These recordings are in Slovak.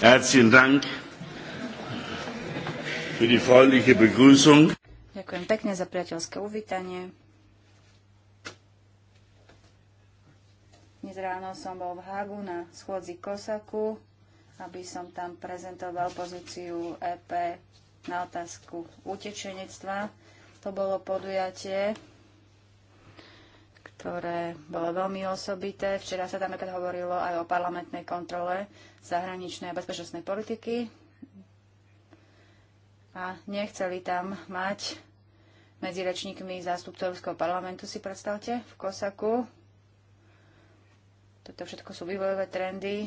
Herzlichen Dank für die freundliche Begrüßung. Ďakujem pekne za priateľské uvítanie. Dnes ráno som bol v Hagu na schôdzi Kosaku, aby som tam prezentoval pozíciu EP na otázku utečenectva. To bolo podujatie, ktoré bolo veľmi osobité. Včera sa tam napríklad hovorilo aj o parlamentnej kontrole zahraničnej a bezpečnostnej politiky. A nechceli tam mať medzi rečníkmi zástupcov Európskeho parlamentu, si predstavte, v Kosaku. Toto všetko sú vývojové trendy,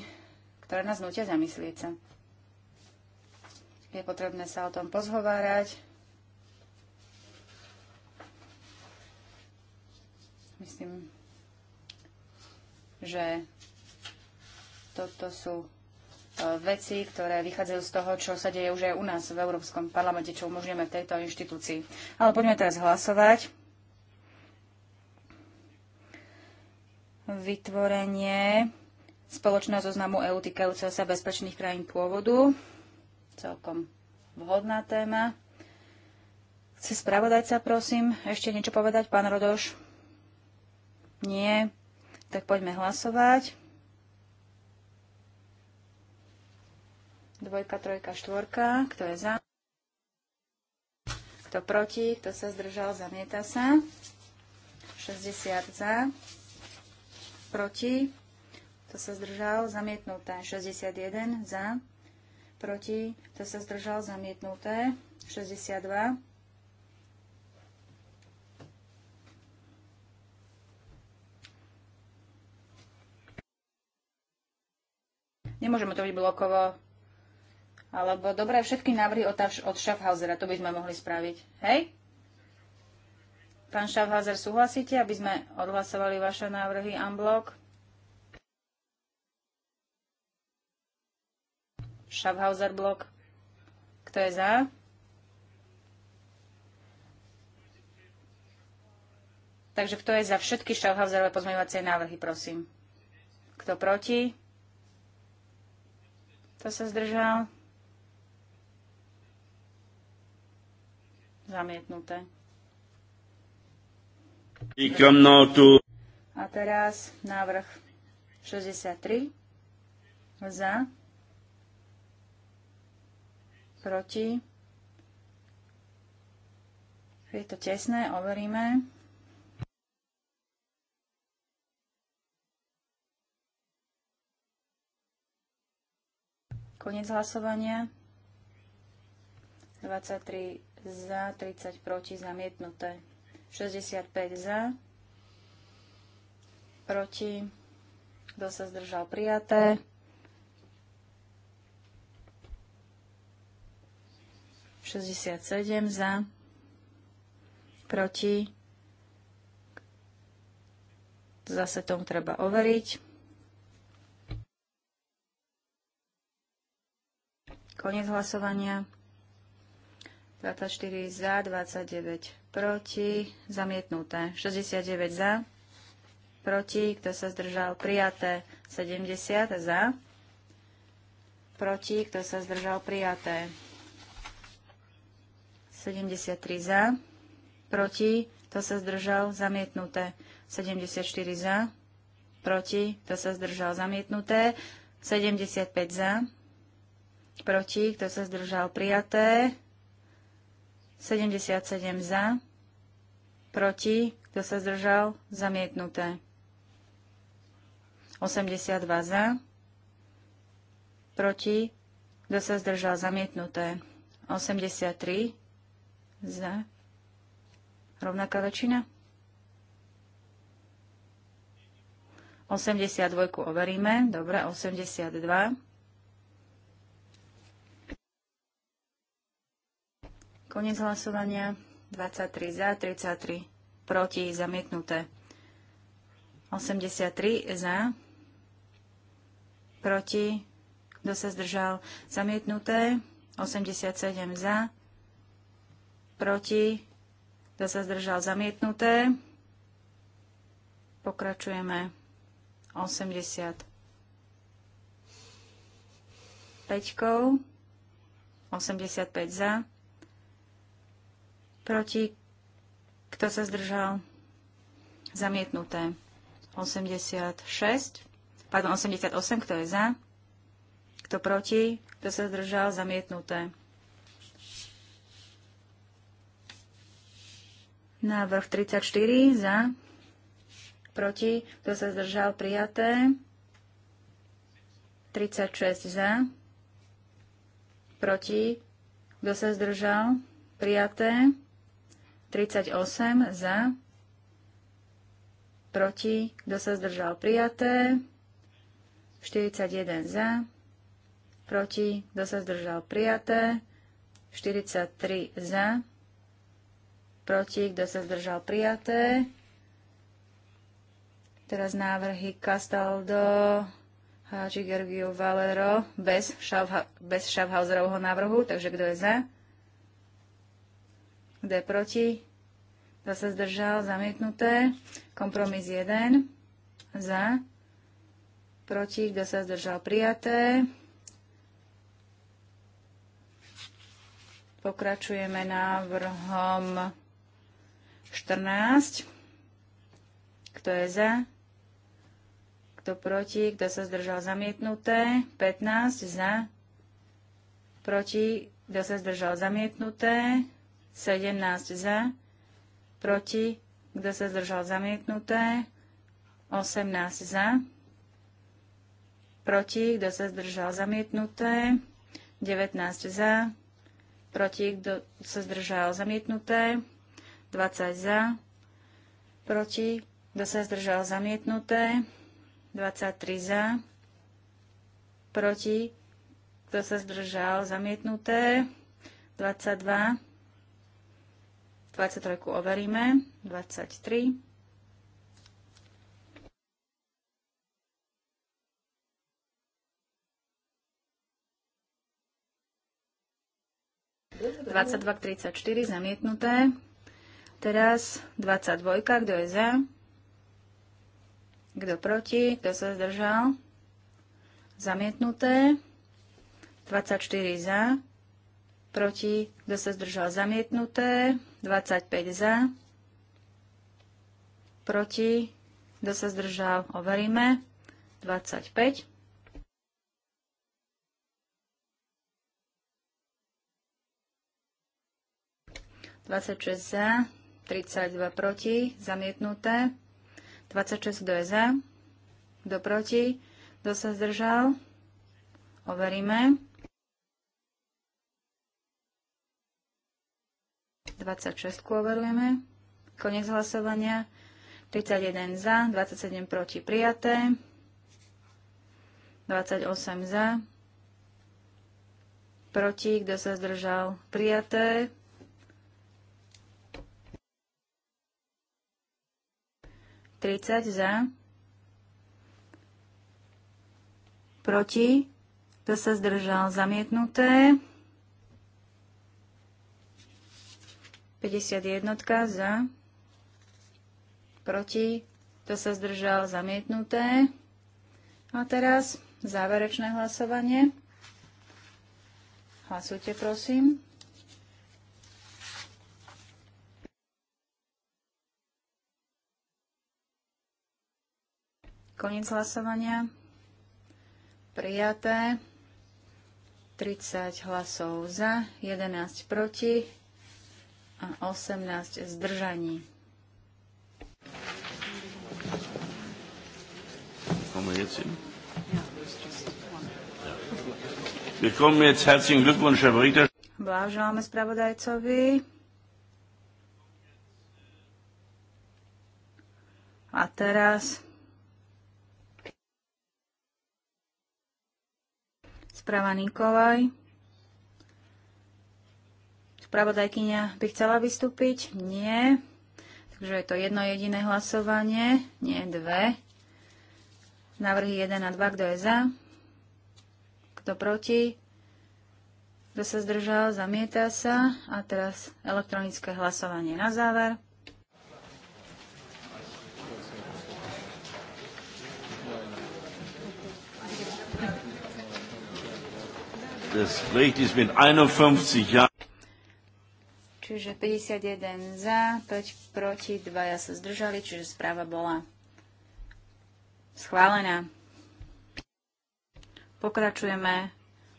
ktoré nás nutia zamyslieť sa. Je potrebné sa o tom pozhovárať, Myslím, že toto sú e, veci, ktoré vychádzajú z toho, čo sa deje už aj u nás v Európskom parlamente, čo umožňujeme v tejto inštitúcii. Ale poďme teraz hlasovať. Vytvorenie spoločného zoznamu EU týkajúceho sa bezpečných krajín pôvodu. Celkom vhodná téma. Chce spravodajca, prosím, ešte niečo povedať, pán Rodoš? Nie. Tak poďme hlasovať. Dvojka, trojka, štvorka. Kto je za? Kto proti? Kto sa zdržal? Zamieta sa. 60 za. Proti. Kto sa zdržal? Zamietnuté. 61 za. Proti. Kto sa zdržal? Zamietnuté. 62 Nemôžeme to byť blokovo. Alebo dobre, všetky návrhy od, od Schaffhausera, to by sme mohli spraviť. Hej? Pán Schaffhauser, súhlasíte, aby sme odhlasovali vaše návrhy unblock? Schaffhauser blok. Kto je za? Takže kto je za všetky Schaffhauserové pozmeňovacie návrhy, prosím? Kto proti? Kto sa zdržal? Zamietnuté. A teraz návrh 63 za proti. Je to tesné, overíme. Koniec hlasovania. 23 za, 30 proti, zamietnuté. 65 za, proti, kto sa zdržal prijaté. 67 za, proti. Zase tomu treba overiť. Koniec hlasovania. 24 za, 29 proti, zamietnuté. 69 za, proti, kto sa zdržal, prijaté. 70 za, proti, kto sa zdržal, prijaté. 73 za, proti, kto sa zdržal, zamietnuté. 74 za, proti, kto sa zdržal, zamietnuté. 75 za, proti, kto sa zdržal prijaté, 77 za, proti, kto sa zdržal zamietnuté, 82 za, proti, kto sa zdržal zamietnuté, 83 za, rovnaká väčšina. 82 overíme, dobre, 82. Konec hlasovania. 23 za, 33 proti, zamietnuté. 83 za, proti, kto sa zdržal, zamietnuté. 87 za, proti, kto sa zdržal, zamietnuté. Pokračujeme. 80. Peťkou. 85 za Proti. Kto sa zdržal? Zamietnuté. 86. Pardon, 88. Kto je za? Kto proti? Kto sa zdržal? Zamietnuté. Návrh 34. Za. Proti. Kto sa zdržal? Prijaté. 36 za. Proti. Kto sa zdržal? Prijaté. 38 za, proti, kto sa zdržal prijaté, 41 za, proti, kto sa zdržal prijaté, 43 za, proti, kto sa zdržal prijaté. Teraz návrhy Castaldo, Háči Gergiu Valero bez, bez Schaffhauserovho návrhu, takže kto je za? Kde je proti? Kto sa zdržal? Zamietnuté. Kompromis 1. Za. Proti. Kto sa zdržal? Prijaté. Pokračujeme návrhom 14. Kto je za? Kto proti? Kto sa zdržal? Zamietnuté. 15. Za. Proti. Kto sa zdržal? Zamietnuté. 17 za, proti, kto sa zdržal zamietnuté, 18 za, proti, kto sa zdržal zamietnuté, 19 za, proti, kto sa zdržal zamietnuté, 20 za, proti, kto sa zdržal zamietnuté, 23 za, proti, kto sa zdržal zamietnuté, 22 23 overíme. 23. Dvadsaťdva k tridsaťštyri zamietnuté. Teraz 22, kto je za? Kto proti? Kto sa zdržal? Zamietnuté. 24 za proti, kto sa zdržal zamietnuté, 25 za, proti, kto sa zdržal, overíme, 25. Dvadsaťšesť za, 32 proti, zamietnuté. 26, kto je za, kto proti, kto sa zdržal, overíme. 26 overujeme. Konec hlasovania. 31 za, 27 proti prijaté. 28 za. Proti, kto sa zdržal, prijaté. Tridsať za. Proti, kto sa zdržal, zamietnuté. 51 za, proti, to sa zdržal, zamietnuté. A teraz záverečné hlasovanie. Hlasujte, prosím. Koniec hlasovania. Prijaté. 30 hlasov za, 11 proti a 18 zdržaní. Blážame spravodajcovi. A teraz správa Nikolaj. Spravodajkynia by chcela vystúpiť? Nie. Takže je to jedno jediné hlasovanie, nie dve. Návrhy 1 a 2, kto je za? Kto proti? Kto sa zdržal? Zamieta sa. A teraz elektronické hlasovanie na záver. Das Recht ist mit 51 Jahren. Čiže 51 za, 5 proti, 2 ja sa zdržali, čiže správa bola schválená. Pokračujeme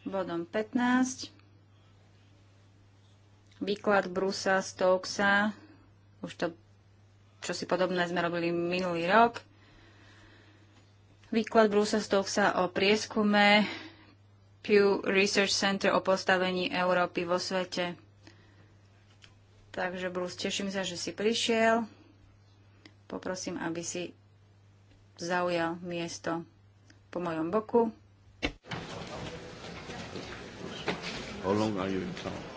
bodom 15. Výklad Brusa Stokesa, už to čo si podobné sme robili minulý rok. Výklad Brusa Stokesa o prieskume Pew Research Center o postavení Európy vo svete. Takže Bruce, teším sa, že si prišiel. Poprosím, aby si zaujal miesto po mojom boku. How long are you in town?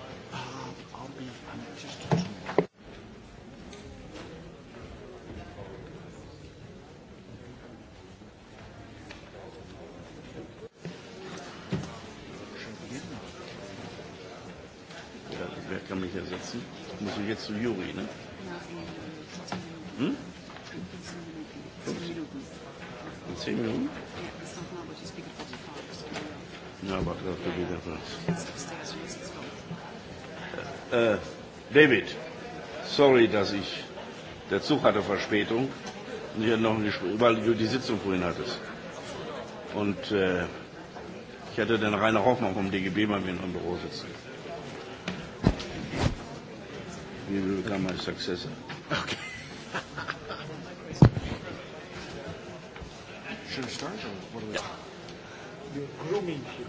muss ich jetzt zu Juri, ne? Hm? In zehn Minuten? Ja, aber das wird wieder was. Äh, David, sorry, dass ich. Der Zug hatte Verspätung. Und ich hatte noch ein Gespräch, weil du die Sitzung vorhin hattest. Und äh, ich hatte den Rainer Hoffmann vom DGB bei mir in einem Büro sitzen. You will become my successor. Okay. Should we start or what are we? Yeah. You're grooming here.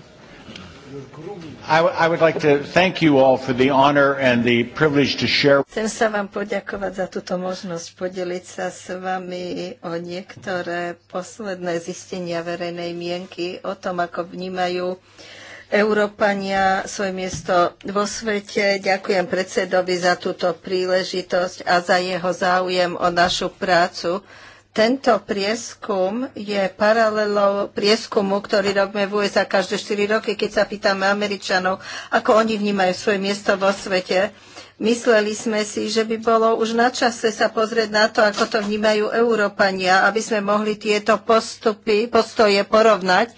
Chcem sa vám poďakovať za túto možnosť podeliť sa s vami o niektoré posledné zistenia verejnej mienky o tom, ako vnímajú Európania svoje miesto vo svete. Ďakujem predsedovi za túto príležitosť a za jeho záujem o našu prácu. Tento prieskum je paralelou prieskumu, ktorý robíme v USA každé 4 roky, keď sa pýtame Američanov, ako oni vnímajú svoje miesto vo svete. Mysleli sme si, že by bolo už na čase sa pozrieť na to, ako to vnímajú Európania, aby sme mohli tieto postupy, postoje porovnať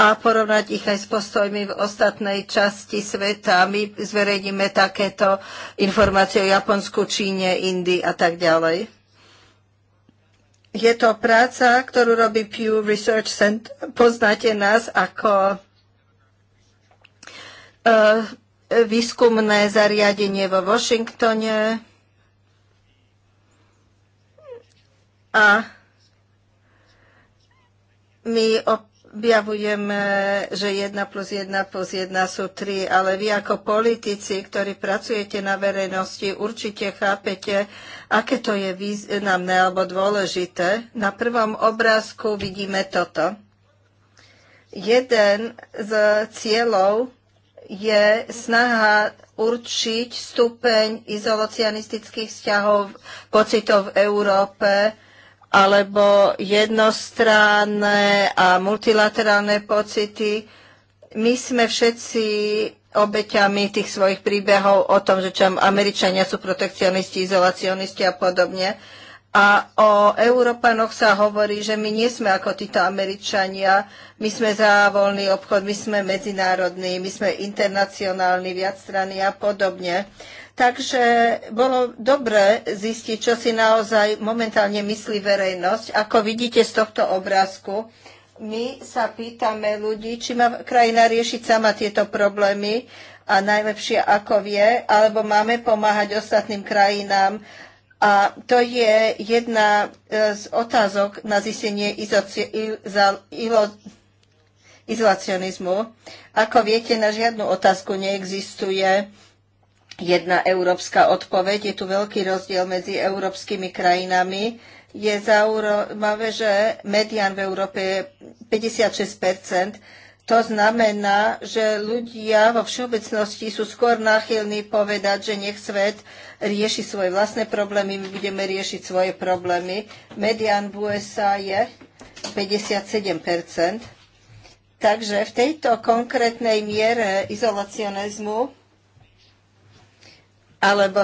a porovnať ich aj s postojmi v ostatnej časti sveta. My zverejníme takéto informácie o Japonsku, Číne, Indii a tak ďalej. Je to práca, ktorú robí Pew Research Center. Poznáte nás ako e, výskumné zariadenie vo Washingtone a my op- objavujeme, že 1 plus 1 plus 1 sú 3, ale vy ako politici, ktorí pracujete na verejnosti, určite chápete, aké to je významné alebo dôležité. Na prvom obrázku vidíme toto. Jeden z cieľov je snaha určiť stupeň izolocianistických vzťahov, pocitov v Európe, alebo jednostranné a multilaterálne pocity. My sme všetci obeťami tých svojich príbehov o tom, že čom Američania sú protekcionisti, izolacionisti a podobne. A o Európanoch sa hovorí, že my nie sme ako títo Američania, my sme za voľný obchod, my sme medzinárodní, my sme internacionálni, viacstranní a podobne. Takže bolo dobre zistiť, čo si naozaj momentálne myslí verejnosť. Ako vidíte z tohto obrázku, my sa pýtame ľudí, či má krajina riešiť sama tieto problémy a najlepšie ako vie, alebo máme pomáhať ostatným krajinám. A to je jedna e, z otázok na zistenie izolacionizmu. Ako viete, na žiadnu otázku neexistuje jedna európska odpoveď. Je tu veľký rozdiel medzi európskymi krajinami. Je zaujímavé, že median v Európe je 56 To znamená, že ľudia vo všeobecnosti sú skôr náchylní povedať, že nech svet rieši svoje vlastné problémy, my budeme riešiť svoje problémy. Median v USA je 57 Takže v tejto konkrétnej miere izolacionizmu alebo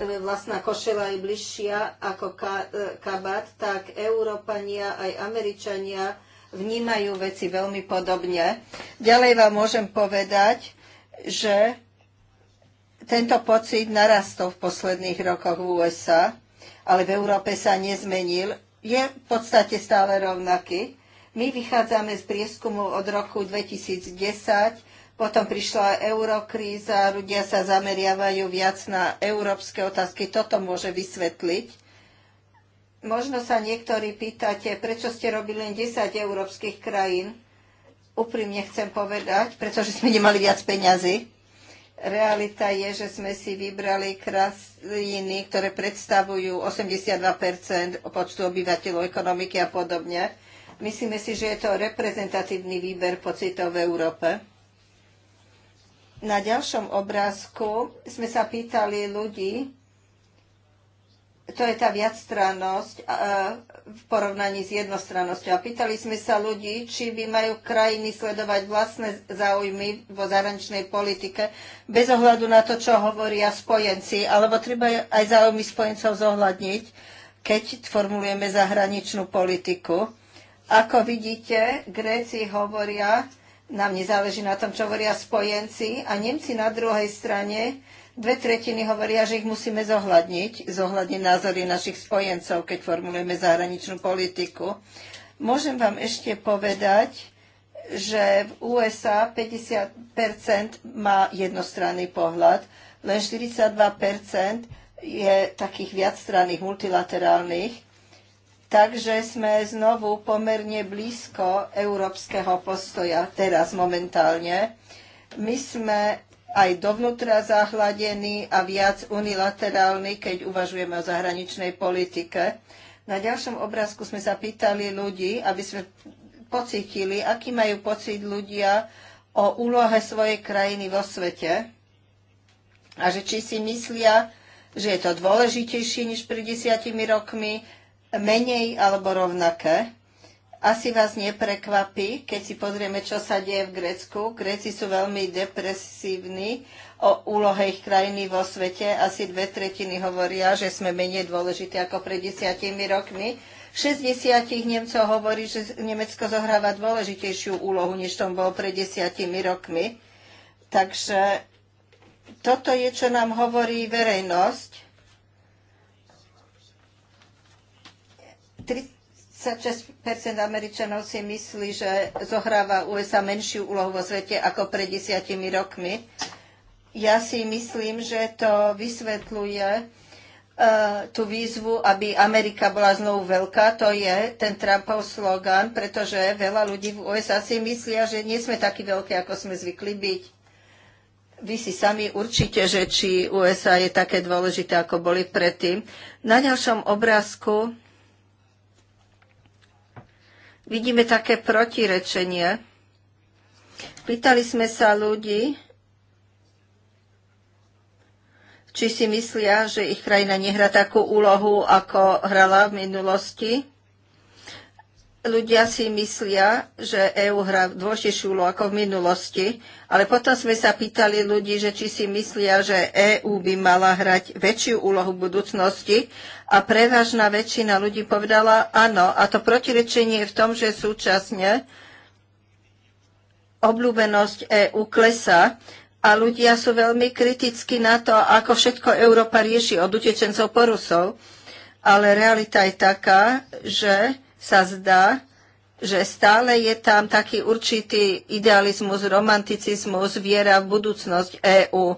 e, vlastná košela je bližšia ako e, kabát, tak Európania aj Američania vnímajú veci veľmi podobne. Ďalej vám môžem povedať, že tento pocit narastol v posledných rokoch v USA, ale v Európe sa nezmenil. Je v podstate stále rovnaký. My vychádzame z prieskumu od roku 2010, potom prišla eurokríza, ľudia sa zameriavajú viac na európske otázky. Toto môže vysvetliť. Možno sa niektorí pýtate, prečo ste robili len 10 európskych krajín. Úprimne chcem povedať, pretože sme nemali viac peňazí. Realita je, že sme si vybrali krajiny, ktoré predstavujú 82 počtu obyvateľov ekonomiky a podobne. Myslíme si, že je to reprezentatívny výber pocitov v Európe. Na ďalšom obrázku sme sa pýtali ľudí, to je tá viacstrannosť v porovnaní s jednostrannosťou. A pýtali sme sa ľudí, či by majú krajiny sledovať vlastné záujmy vo zahraničnej politike bez ohľadu na to, čo hovoria spojenci, alebo treba aj záujmy spojencov zohľadniť, keď formulujeme zahraničnú politiku. Ako vidíte, Gréci hovoria, nám nezáleží na tom, čo hovoria spojenci a Nemci na druhej strane dve tretiny hovoria, že ich musíme zohľadniť, zohľadniť názory našich spojencov, keď formulujeme zahraničnú politiku. Môžem vám ešte povedať, že v USA 50 má jednostranný pohľad, len 42 je takých viacstranných, multilaterálnych Takže sme znovu pomerne blízko európskeho postoja teraz momentálne. My sme aj dovnútra zahladení a viac unilaterálni, keď uvažujeme o zahraničnej politike. Na ďalšom obrázku sme sa pýtali ľudí, aby sme pocítili, aký majú pocit ľudia o úlohe svojej krajiny vo svete a že či si myslia, že je to dôležitejšie než pred desiatimi rokmi, menej alebo rovnaké. Asi vás neprekvapí, keď si pozrieme, čo sa deje v Grécku. Gréci sú veľmi depresívni o úlohe ich krajiny vo svete. Asi dve tretiny hovoria, že sme menej dôležití ako pred desiatimi rokmi. 60 Nemcov hovorí, že Nemecko zohráva dôležitejšiu úlohu, než tom bolo pred desiatimi rokmi. Takže toto je, čo nám hovorí verejnosť 36 Američanov si myslí, že zohráva USA menšiu úlohu vo svete ako pred desiatimi rokmi. Ja si myslím, že to vysvetľuje e, tú výzvu, aby Amerika bola znovu veľká. To je ten Trumpov slogan, pretože veľa ľudí v USA si myslia, že nie sme takí veľké, ako sme zvykli byť. Vy si sami určite, že či USA je také dôležité, ako boli predtým. Na ďalšom obrázku vidíme také protirečenie. Pýtali sme sa ľudí, či si myslia, že ich krajina nehrá takú úlohu, ako hrala v minulosti ľudia si myslia, že EÚ hrá dôležitejšiu úlohu ako v minulosti, ale potom sme sa pýtali ľudí, že či si myslia, že EÚ by mala hrať väčšiu úlohu v budúcnosti a prevažná väčšina ľudí povedala áno. A to protirečenie je v tom, že súčasne obľúbenosť EÚ klesá a ľudia sú veľmi kritickí na to, ako všetko Európa rieši od utečencov po Rusov. Ale realita je taká, že sa zdá, že stále je tam taký určitý idealizmus, romanticizmus, viera v budúcnosť EÚ.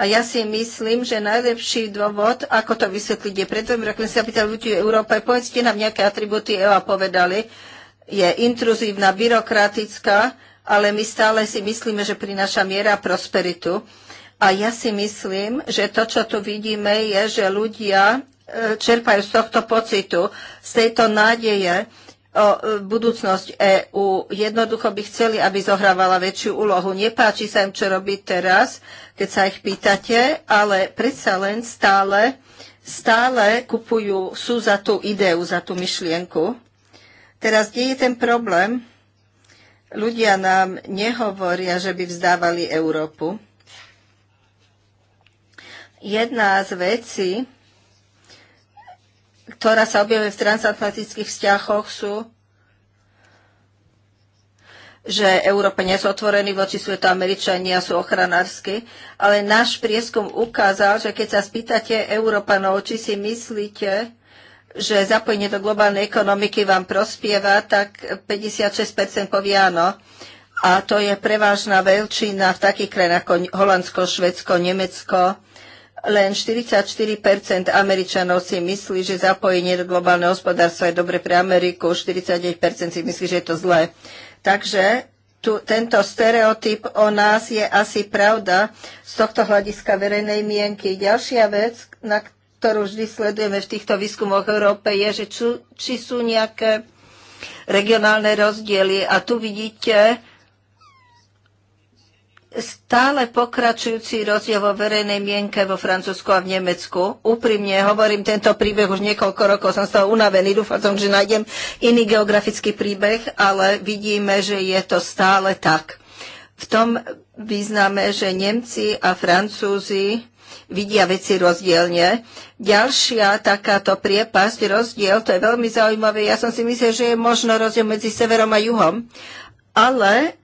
A ja si myslím, že najlepší dôvod, ako to vysvetliť, je pred dvomi rokmi sa pýtali ľudí v Európe, povedzte nám nejaké atributy EÚ a povedali, je intruzívna, byrokratická, ale my stále si myslíme, že prináša miera prosperitu. A ja si myslím, že to, čo tu vidíme, je, že ľudia čerpajú z tohto pocitu, z tejto nádeje o e, budúcnosť EÚ. Jednoducho by chceli, aby zohrávala väčšiu úlohu. Nepáči sa im, čo robí teraz, keď sa ich pýtate, ale predsa len stále, stále kupujú, sú za tú ideu, za tú myšlienku. Teraz, kde je ten problém? Ľudia nám nehovoria, že by vzdávali Európu. Jedna z vecí, ktorá sa objavuje v transatlantických vzťahoch, sú, že Európa nie sú otvorení voči svetu, Američania sú ochranársky, ale náš prieskum ukázal, že keď sa spýtate Európanov, či si myslíte, že zapojenie do globálnej ekonomiky vám prospieva, tak 56% povie áno. A to je prevážna veľčina v takých krajinách ako Holandsko, Švedsko, Nemecko, len 44% Američanov si myslí, že zapojenie do globálneho hospodárstva je dobre pre Ameriku, 49% si myslí, že je to zlé. Takže tu, tento stereotyp o nás je asi pravda z tohto hľadiska verejnej mienky. Ďalšia vec, na ktorú vždy sledujeme v týchto výskumoch v Európe, je, že či, či sú nejaké regionálne rozdiely. A tu vidíte stále pokračujúci rozdiel vo verejnej mienke vo Francúzsku a v Nemecku. Úprimne hovorím tento príbeh už niekoľko rokov, som z toho unavený, dúfam, som, že nájdem iný geografický príbeh, ale vidíme, že je to stále tak. V tom význame, že Nemci a Francúzi vidia veci rozdielne. Ďalšia takáto priepasť, rozdiel, to je veľmi zaujímavé. Ja som si myslel, že je možno rozdiel medzi severom a juhom. Ale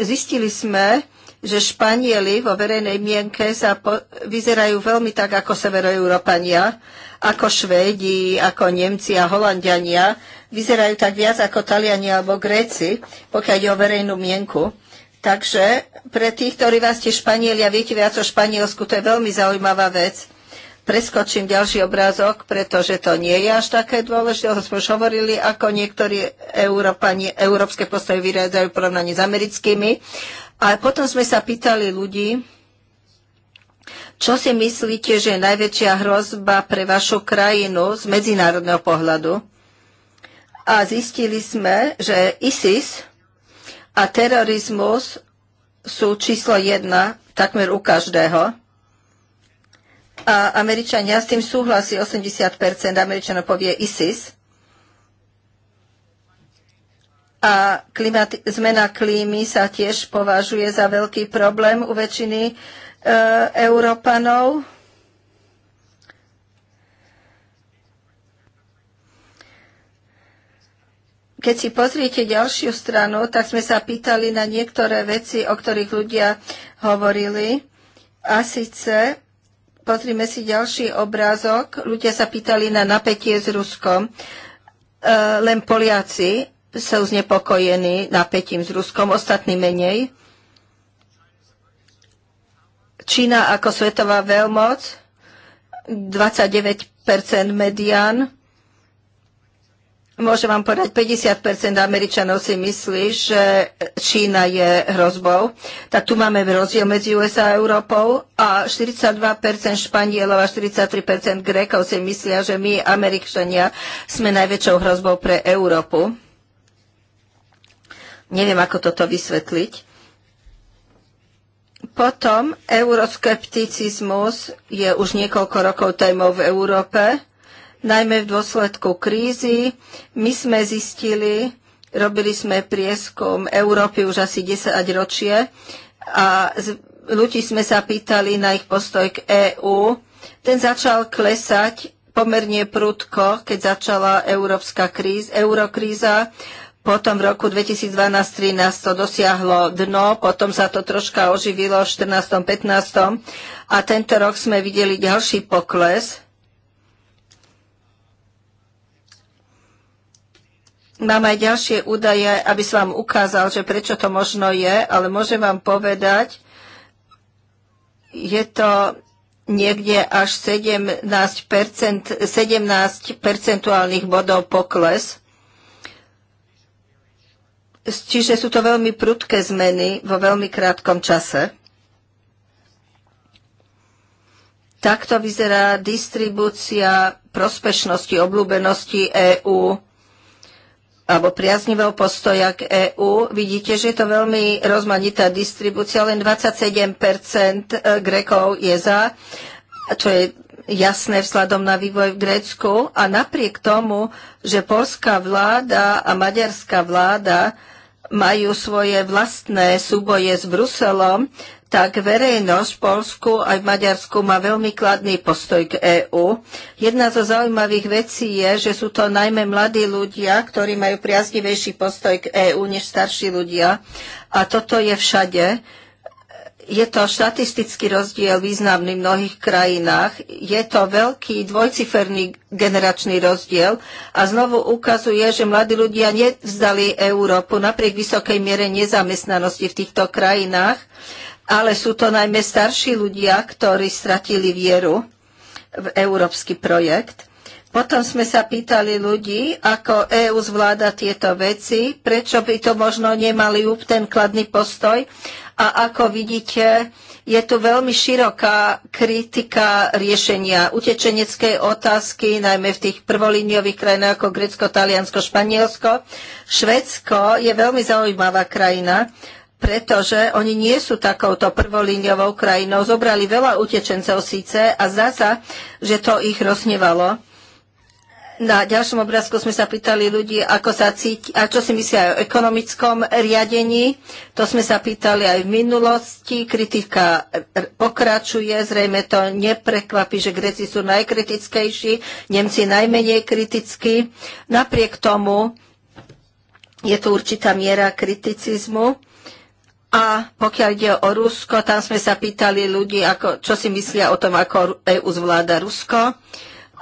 zistili sme, že Španieli vo verejnej mienke sa po, vyzerajú veľmi tak ako severoeurópania, ako Švédi, ako Nemci a Holandiania. Vyzerajú tak viac ako Taliani alebo Gréci, pokiaľ ide o verejnú mienku. Takže pre tých, ktorí vás ste Španielia, viete viac o Španielsku, to je veľmi zaujímavá vec. Preskočím ďalší obrázok, pretože to nie je až také dôležité. O sme už hovorili, ako niektorí Európani, európske postavy vyrádzajú v porovnaní s americkými. A potom sme sa pýtali ľudí, čo si myslíte, že je najväčšia hrozba pre vašu krajinu z medzinárodného pohľadu? A zistili sme, že ISIS a terorizmus sú číslo jedna takmer u každého a Američania s tým súhlasí 80 Američanov povie ISIS. A klimat, zmena klímy sa tiež považuje za veľký problém u väčšiny e, Európanov. Keď si pozriete ďalšiu stranu, tak sme sa pýtali na niektoré veci, o ktorých ľudia hovorili. A síce Pozrime si ďalší obrázok. Ľudia sa pýtali na napätie s Ruskom. E, len Poliaci sú znepokojení napätím s Ruskom, ostatní menej. Čína ako svetová veľmoc, 29 medián, Môžem vám povedať, 50% Američanov si myslí, že Čína je hrozbou. Tak tu máme rozdiel medzi USA a Európou a 42% Španielov a 43% Grékov si myslia, že my, Američania, sme najväčšou hrozbou pre Európu. Neviem, ako toto vysvetliť. Potom euroskepticizmus je už niekoľko rokov témou v Európe najmä v dôsledku krízy. My sme zistili, robili sme prieskum Európy už asi 10 ročie a ľudí sme sa pýtali na ich postoj k EÚ. Ten začal klesať pomerne prudko, keď začala európska kríza, eurokríza. Potom v roku 2012-2013 to dosiahlo dno, potom sa to troška oživilo v 2014-2015 a tento rok sme videli ďalší pokles Mám aj ďalšie údaje, aby som vám ukázal, že prečo to možno je, ale môžem vám povedať, je to niekde až 17, 17 percentuálnych bodov pokles. Čiže sú to veľmi prudké zmeny vo veľmi krátkom čase. Takto vyzerá distribúcia prospešnosti, obľúbenosti EÚ alebo priaznivého postoja k EÚ. Vidíte, že je to veľmi rozmanitá distribúcia, len 27 e, Grekov je za, čo je jasné vzhľadom na vývoj v Grécku. A napriek tomu, že polská vláda a maďarská vláda majú svoje vlastné súboje s Bruselom, tak verejnosť v Polsku aj v Maďarsku má veľmi kladný postoj k EÚ. Jedna zo zaujímavých vecí je, že sú to najmä mladí ľudia, ktorí majú priaznivejší postoj k EÚ než starší ľudia. A toto je všade. Je to štatistický rozdiel významný v mnohých krajinách. Je to veľký dvojciferný generačný rozdiel a znovu ukazuje, že mladí ľudia nevzdali Európu napriek vysokej miere nezamestnanosti v týchto krajinách ale sú to najmä starší ľudia, ktorí stratili vieru v európsky projekt. Potom sme sa pýtali ľudí, ako EÚ zvláda tieto veci, prečo by to možno nemali ten kladný postoj. A ako vidíte, je tu veľmi široká kritika riešenia utečeneckej otázky, najmä v tých prvolíniových krajinách ako Grecko, Taliansko, Španielsko. Švedsko je veľmi zaujímavá krajina, pretože oni nie sú takouto prvolíňovou krajinou. Zobrali veľa utečencov síce a zdá sa, že to ich rozhnevalo. Na ďalšom obrázku sme sa pýtali ľudí, ako sa cíti, a čo si myslia o ekonomickom riadení. To sme sa pýtali aj v minulosti. Kritika pokračuje, zrejme to neprekvapí, že Greci sú najkritickejší, Nemci najmenej kritickí. Napriek tomu je tu určitá miera kriticizmu a pokiaľ ide o Rusko, tam sme sa pýtali ľudí, ako, čo si myslia o tom, ako EU zvláda Rusko.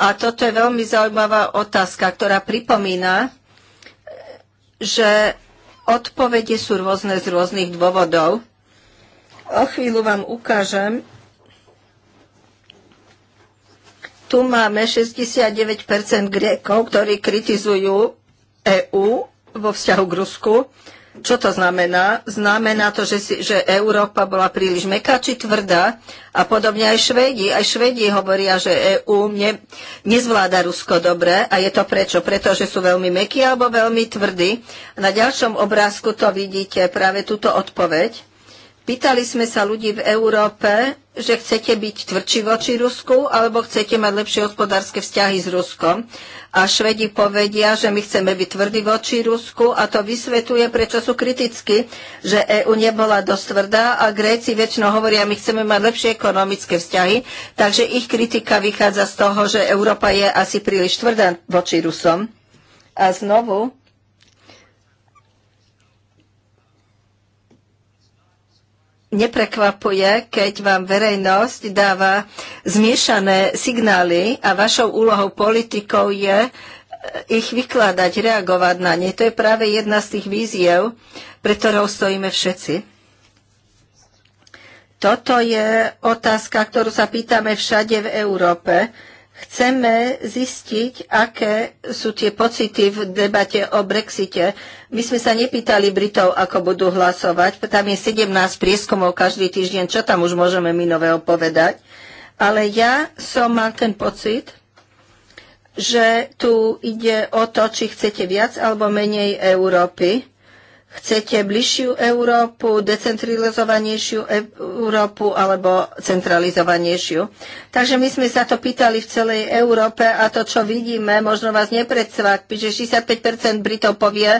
A toto je veľmi zaujímavá otázka, ktorá pripomína, že odpovede sú rôzne z rôznych dôvodov. O chvíľu vám ukážem. Tu máme 69% griekov, ktorí kritizujú EÚ vo vzťahu k Rusku čo to znamená? Znamená to, že, si, že Európa bola príliš meká či tvrdá a podobne aj Švédi. Aj Švédi hovoria, že EÚ ne, nezvláda Rusko dobre a je to prečo? Pretože sú veľmi mekí alebo veľmi tvrdí. Na ďalšom obrázku to vidíte práve túto odpoveď. Pýtali sme sa ľudí v Európe, že chcete byť tvrdší voči Rusku, alebo chcete mať lepšie hospodárske vzťahy s Ruskom. A Švedi povedia, že my chceme byť tvrdí voči Rusku a to vysvetuje, prečo sú kriticky, že EÚ nebola dosť tvrdá a Gréci väčšinou hovoria, my chceme mať lepšie ekonomické vzťahy, takže ich kritika vychádza z toho, že Európa je asi príliš tvrdá voči Rusom. A znovu, neprekvapuje, keď vám verejnosť dáva zmiešané signály a vašou úlohou politikov je eh, ich vykladať, reagovať na ne. To je práve jedna z tých víziev, pre ktorou stojíme všetci. Toto je otázka, ktorú sa pýtame všade v Európe. Chceme zistiť, aké sú tie pocity v debate o Brexite. My sme sa nepýtali Britov, ako budú hlasovať. Tam je 17 prieskumov každý týždeň. Čo tam už môžeme my nového povedať? Ale ja som mal ten pocit, že tu ide o to, či chcete viac alebo menej Európy Chcete bližšiu Európu, decentralizovanejšiu Európu alebo centralizovanejšiu? Takže my sme sa to pýtali v celej Európe a to, čo vidíme, možno vás nepredstvápi, že 65% Britov povie,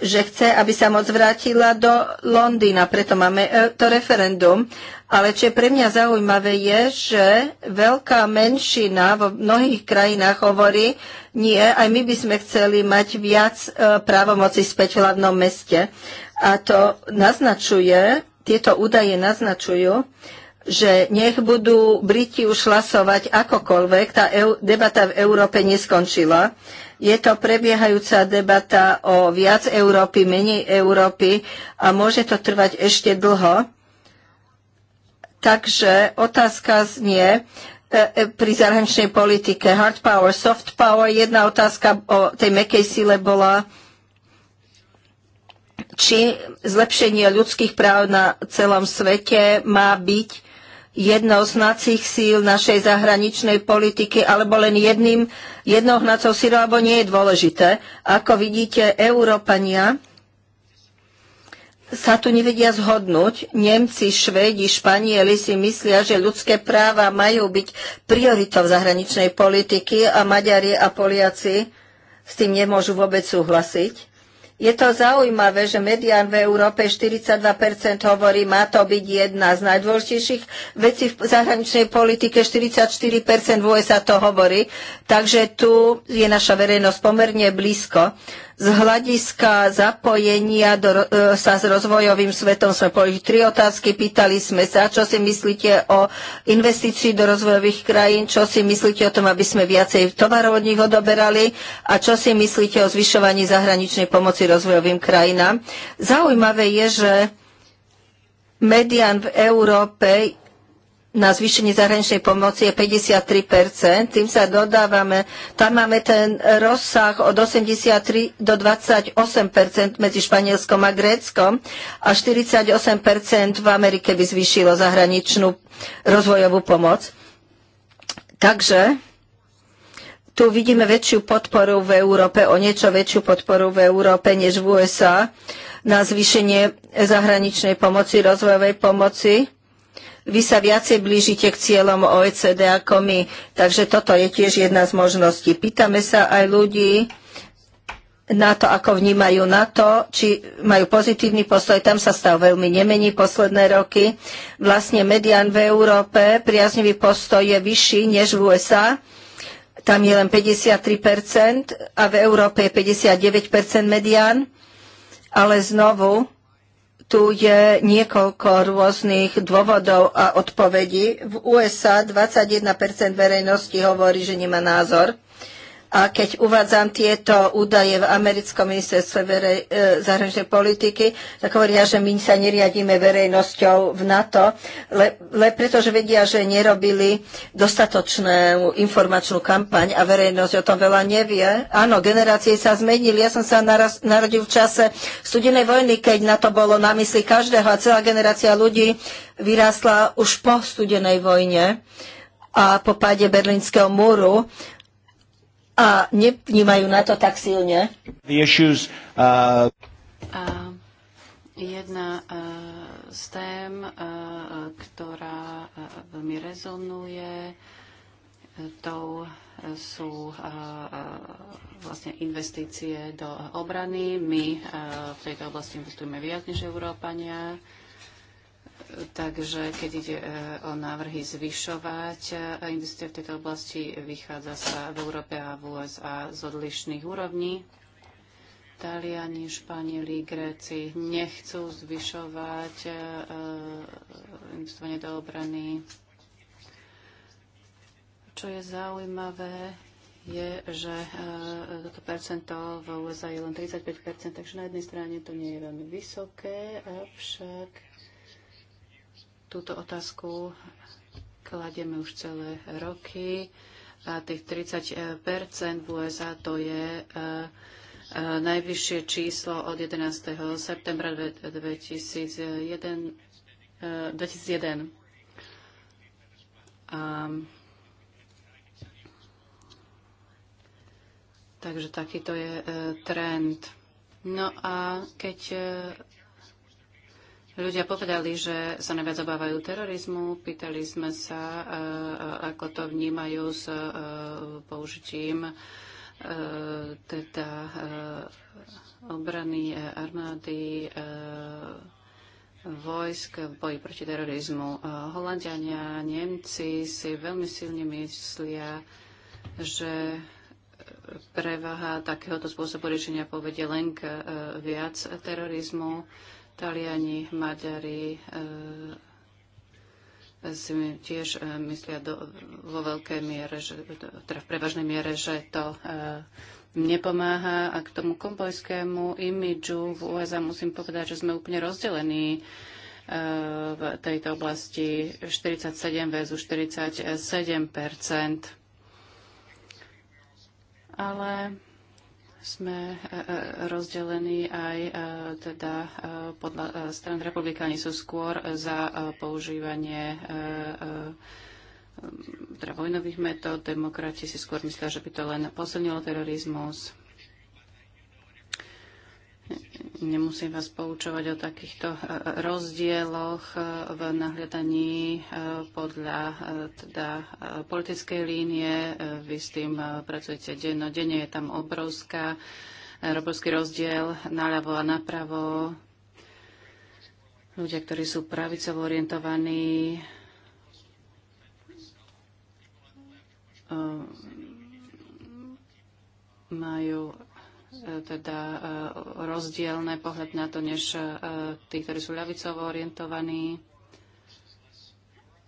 že chce, aby sa moc vrátila do Londýna, preto máme e, to referendum. Ale čo je pre mňa zaujímavé je, že veľká menšina vo mnohých krajinách hovorí, nie, aj my by sme chceli mať viac e, právomoci späť v hlavnom meste. A to naznačuje, tieto údaje naznačujú, že nech budú Briti už hlasovať akokoľvek, tá debata v Európe neskončila. Je to prebiehajúca debata o viac Európy, menej Európy a môže to trvať ešte dlho. Takže otázka znie, e, e, pri zahraničnej politike hard power, soft power. Jedna otázka o tej mekej sile bola, či zlepšenie ľudských práv na celom svete má byť jednou z hnacích síl našej zahraničnej politiky alebo len jedným, jednou hnacou sírou, alebo nie je dôležité. Ako vidíte, Európania sa tu nevedia zhodnúť. Nemci, Švedi, Španieli si myslia, že ľudské práva majú byť prioritou zahraničnej politiky a Maďari a Poliaci s tým nemôžu vôbec súhlasiť. Je to zaujímavé, že median v Európe 42% hovorí, má to byť jedna z najdôležitejších vecí v zahraničnej politike, 44% v USA to hovorí, takže tu je naša verejnosť pomerne blízko. Z hľadiska zapojenia do, e, sa s rozvojovým svetom sme položili tri otázky. Pýtali sme sa, čo si myslíte o investícii do rozvojových krajín, čo si myslíte o tom, aby sme viacej tovarov od nich odoberali a čo si myslíte o zvyšovaní zahraničnej pomoci rozvojovým krajinám. Zaujímavé je, že median v Európe na zvýšenie zahraničnej pomoci je 53%, tým sa dodávame, tam máme ten rozsah od 83 do 28% medzi Španielskom a Gréckom a 48% v Amerike by zvýšilo zahraničnú rozvojovú pomoc. Takže tu vidíme väčšiu podporu v Európe, o niečo väčšiu podporu v Európe než v USA na zvýšenie zahraničnej pomoci, rozvojovej pomoci vy sa viacej blížite k cieľom OECD ako my, takže toto je tiež jedna z možností. Pýtame sa aj ľudí na to, ako vnímajú na to, či majú pozitívny postoj. Tam sa stav veľmi nemení posledné roky. Vlastne median v Európe priaznivý postoj je vyšší než v USA tam je len 53% a v Európe je 59% medián. Ale znovu, tu je niekoľko rôznych dôvodov a odpovedí. V USA 21% verejnosti hovorí, že nemá názor. A keď uvádzam tieto údaje v americkom ministerstve verej, e, zahraničnej politiky, tak hovoria, že my sa neriadíme verejnosťou v NATO, le, le pretože vedia, že nerobili dostatočnú informačnú kampaň a verejnosť o tom veľa nevie. Áno, generácie sa zmenili. Ja som sa naraz, narodil v čase studenej vojny, keď na to bolo na mysli každého a celá generácia ľudí vyrástla už po studenej vojne a po páde Berlínskeho múru a nevnímajú na to tak silne. The issues, uh... A jedna uh, z tém, uh, ktorá uh, veľmi rezonuje, tou sú vlastne investície do obrany. My v tejto oblasti investujeme viac než Európania. Takže keď ide e, o návrhy zvyšovať e, investície v tejto oblasti, vychádza sa v Európe a v USA z odlišných úrovní. Taliani, Španieli, Gréci nechcú zvyšovať e, investovanie do obrany. Čo je zaujímavé, je, že toto percento v USA je len 35%, takže na jednej strane to nie je veľmi vysoké, avšak Túto otázku kladieme už celé roky. A tých 30 v USA to je e, e, najvyššie číslo od 11. septembra 2001. E, a, takže takýto je trend. No a keď Ľudia povedali, že sa najviac obávajú terorizmu. Pýtali sme sa, e, e, ako to vnímajú s e, použitím teda obrany armády vojsk v boji proti terorizmu. Holandiania, Nemci si veľmi silne myslia, že prevaha takéhoto spôsobu riešenia povedie len k viac terorizmu Taliani, Maďari eh, si tiež eh, myslia do, vo veľkej miere, že, teda v prevažnej miere, že to eh, nepomáha. A k tomu kombojskému imidžu v USA musím povedať, že sme úplne rozdelení v tejto oblasti 47 väzu 47 Ale sme e, e, rozdelení aj e, teda podľa stran republikáni sú skôr za používanie teda vojnových metód, demokrati si skôr myslia, že by to len posilnilo terorizmus. Nemusím vás poučovať o takýchto e, rozdieloch e, v nahľadaní e, podľa teda, politickej línie. Vy s tým pracujete dennodenne, je tam obrovská, obrovský rozdiel naľavo a napravo. Ľudia, ktorí sú pravicovo orientovaní, majú E, teda e, rozdielne pohľad na to, než e, tí, ktorí sú ľavicovo orientovaní.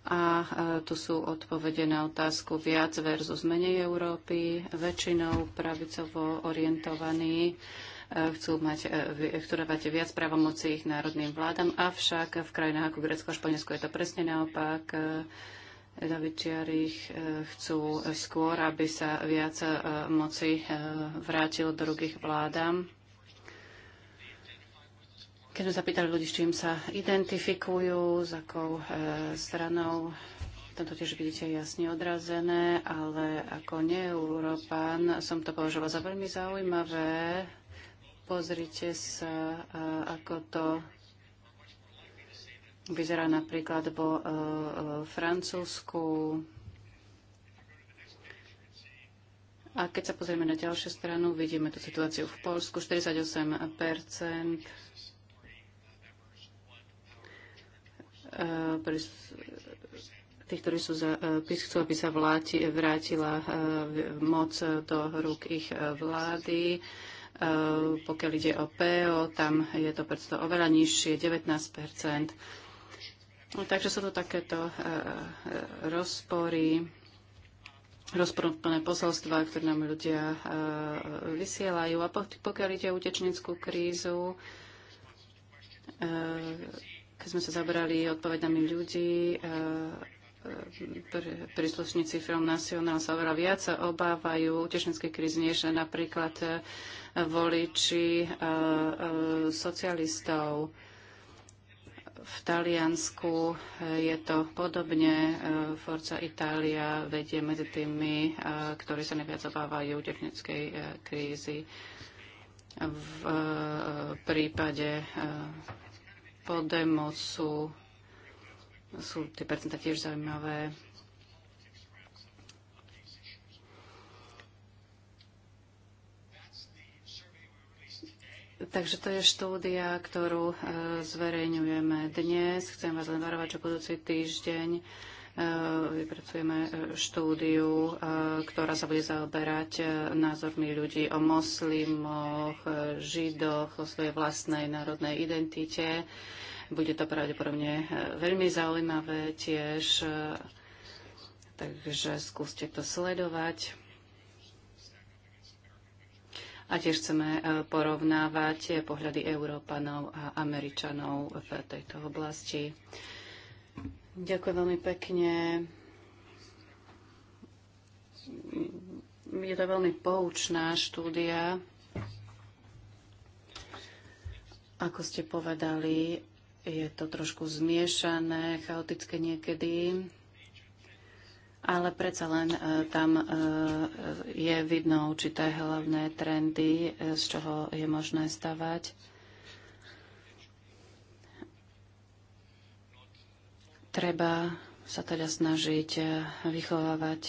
A tu sú odpovede na otázku viac versus menej Európy. Väčšinou pravicovo orientovaní chcú mať, ktoré máte viac právomocí ich národným vládam, avšak v krajinách ako Grécko a Španielsko je to presne naopak ľavičiarich e, chcú skôr, aby sa viac e, moci e, vrátilo druhých vládam. Keď sme zapýtali ľudí, s čím sa identifikujú, s akou stranou, tam to tiež vidíte jasne odrazené, ale ako neeurópan som to považovala za veľmi zaujímavé. Pozrite sa, ako to vyzerá napríklad vo e, e, Francúzsku. A keď sa pozrieme na ďalšiu stranu, vidíme tú situáciu v Polsku, 48 e, tí, ktorí sú za PIS, chcú, aby sa vláti, vrátila moc do rúk ich vlády. Pokiaľ ide o PO, tam je to percento oveľa nižšie, 19 No, takže sú to takéto e, e, rozpory, rozporúplné posolstva, ktoré nám ľudia e, vysielajú. A pokiaľ ide o utečnickú krízu, keď sme sa zabrali odpovedami ľudí, príslušníci Film National sa oveľa viac obávajú utečenské krízy, než napríklad voliči socialistov v Taliansku eh, je to podobne. Eh, Forza Itália vedie medzi tými, eh, ktorí sa najviac obávajú technickej krízy. V prípade Podemosu sú tie percenta tiež zaujímavé. Takže to je štúdia, ktorú e, zverejňujeme dnes. Chcem vás len varovať, že budúci týždeň e, vypracujeme e, štúdiu, ktorá sa bude zaoberať názormi ľudí o moslimoch, židoch, o svojej vlastnej národnej identite. Bude to pravdepodobne veľmi zaujímavé tiež, takže skúste to sledovať a tiež chceme e, porovnávať pohľady Európanov a Američanov v tejto oblasti. Ďakujem veľmi pekne. Je to veľmi poučná štúdia. Ako ste povedali, je to trošku zmiešané, chaotické niekedy ale predsa len e, tam e, e, je vidno určité hlavné trendy, z čoho je možné stavať. Treba sa teda snažiť vychovávať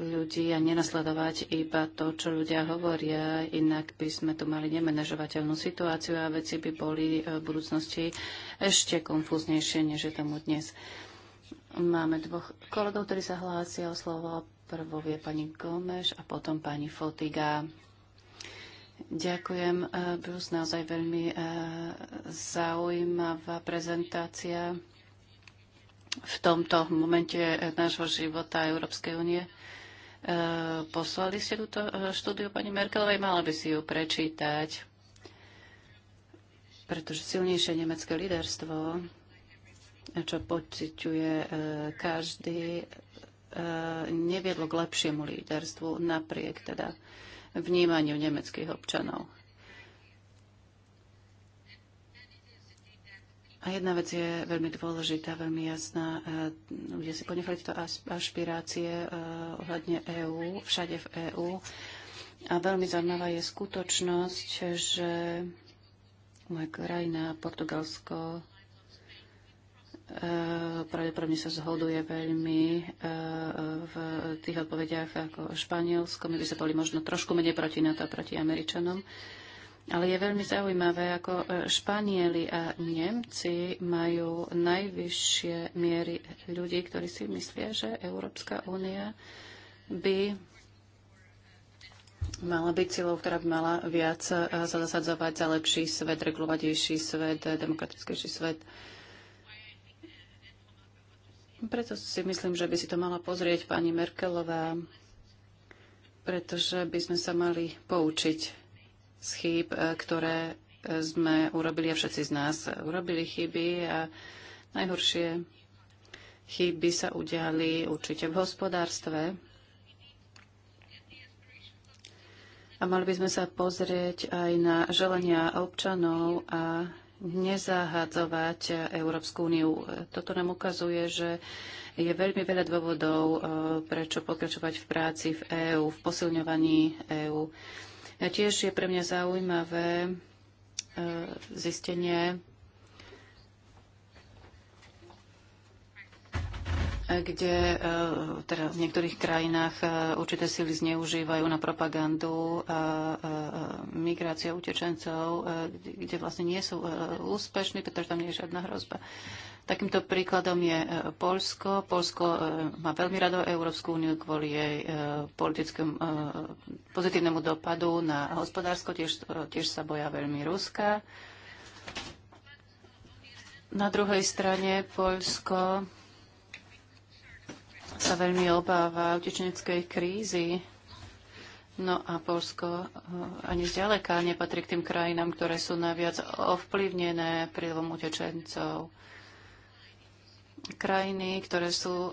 ľudí a nenasledovať iba to, čo ľudia hovoria, inak by sme tu mali nemenažovateľnú situáciu a veci by boli v budúcnosti ešte konfúznejšie, než je tomu dnes. Máme dvoch kolegov, ktorí sa hlásia o slovo. Prvou je pani Gomeš a potom pani Fotiga. Ďakujem, e, Bruce, naozaj veľmi e, zaujímavá prezentácia v tomto momente e, nášho života Európskej únie. Poslali ste túto štúdiu pani Merkelovej, mala by si ju prečítať, pretože silnejšie nemecké líderstvo čo pociťuje e, každý, e, neviedlo k lepšiemu líderstvu napriek teda vnímaniu nemeckých občanov. A jedna vec je veľmi dôležitá, veľmi jasná. E, ľudia si ponechali tieto ašpirácie ohľadne EÚ, všade v EÚ. A veľmi zaujímavá je skutočnosť, že moja krajina, Portugalsko, E, pravdepodobne sa zhoduje veľmi e, v tých odpovediach ako Španielsko. My by sa boli možno trošku menej proti NATO a proti Američanom. Ale je veľmi zaujímavé, ako e, Španieli a Nemci majú najvyššie miery ľudí, ktorí si myslia, že Európska únia by mala byť silou, ktorá by mala viac zasadzovať za lepší svet, regulovatejší svet, demokratickejší svet. Preto si myslím, že by si to mala pozrieť pani Merkelová, pretože by sme sa mali poučiť z chýb, e, ktoré e, sme urobili a všetci z nás urobili chyby a najhoršie chyby sa udiali určite v hospodárstve. A mali by sme sa pozrieť aj na želania občanov a nezahadzovať Európsku úniu. Toto nám ukazuje, že je veľmi veľa dôvodov, e, prečo pokračovať v práci v EÚ, v posilňovaní EÚ. E, tiež je pre mňa zaujímavé e, zistenie E, kde e, teda v niektorých krajinách e, určité sily zneužívajú na propagandu migrácia utečencov, kde vlastne nie sú úspešní, pretože tam nie je žiadna hrozba. Takýmto príkladom je Polsko. Polsko má veľmi rado Európsku úniu kvôli jej politickému pozitívnemu dopadu na hospodársko, tiež, tiež sa boja veľmi Ruska. Na druhej strane Polsko sa veľmi obáva utečeneckej krízy. No a Polsko eh, ani zďaleka nepatrí k tým krajinám, ktoré sú najviac ovplyvnené prílom utečencov. Krajiny, ktoré sú eh,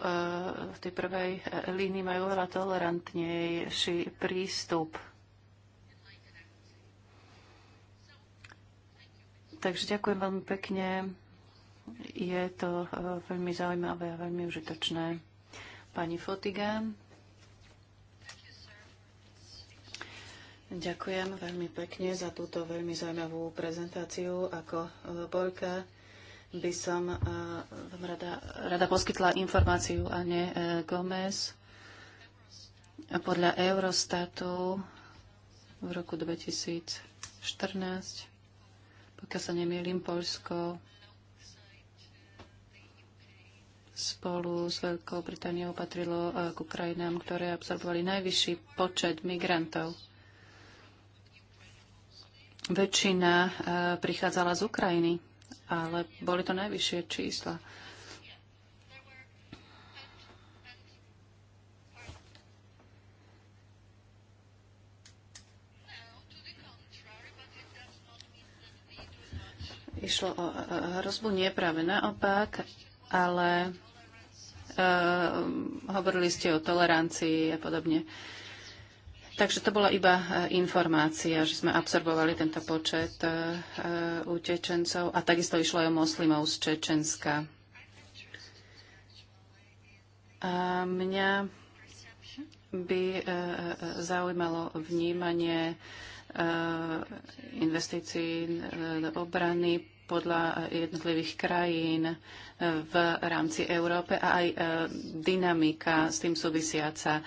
v tej prvej eh, línii, majú oveľa tolerantnejší prístup Takže ďakujem veľmi pekne. Je to veľmi zaujímavé a veľmi užitočné. Pani Fotiga. Ďakujem veľmi pekne za túto veľmi zaujímavú prezentáciu. Ako e, Borka by som e, vám rada, rada poskytla informáciu Ane e, Gomez. Podľa Eurostatu v roku 2014, pokiaľ sa nemýlim, Polsko spolu s Veľkou Britániou patrilo e, k krajinám, ktoré absorbovali najvyšší počet migrantov. Väčšina e, prichádzala z Ukrajiny, ale boli to najvyššie čísla. Išlo o e, hrozbu nie práve naopak, ale Eh, hovorili ste o tolerancii a podobne. Takže to bola iba eh, informácia, že sme absorbovali tento počet eh, utečencov a takisto išlo aj o moslimov z Čečenska. A mňa by zaujímalo vnímanie investícií do obrany podľa eh, jednotlivých krajín eh, v rámci Európe a aj eh, dynamika s tým súvisiaca.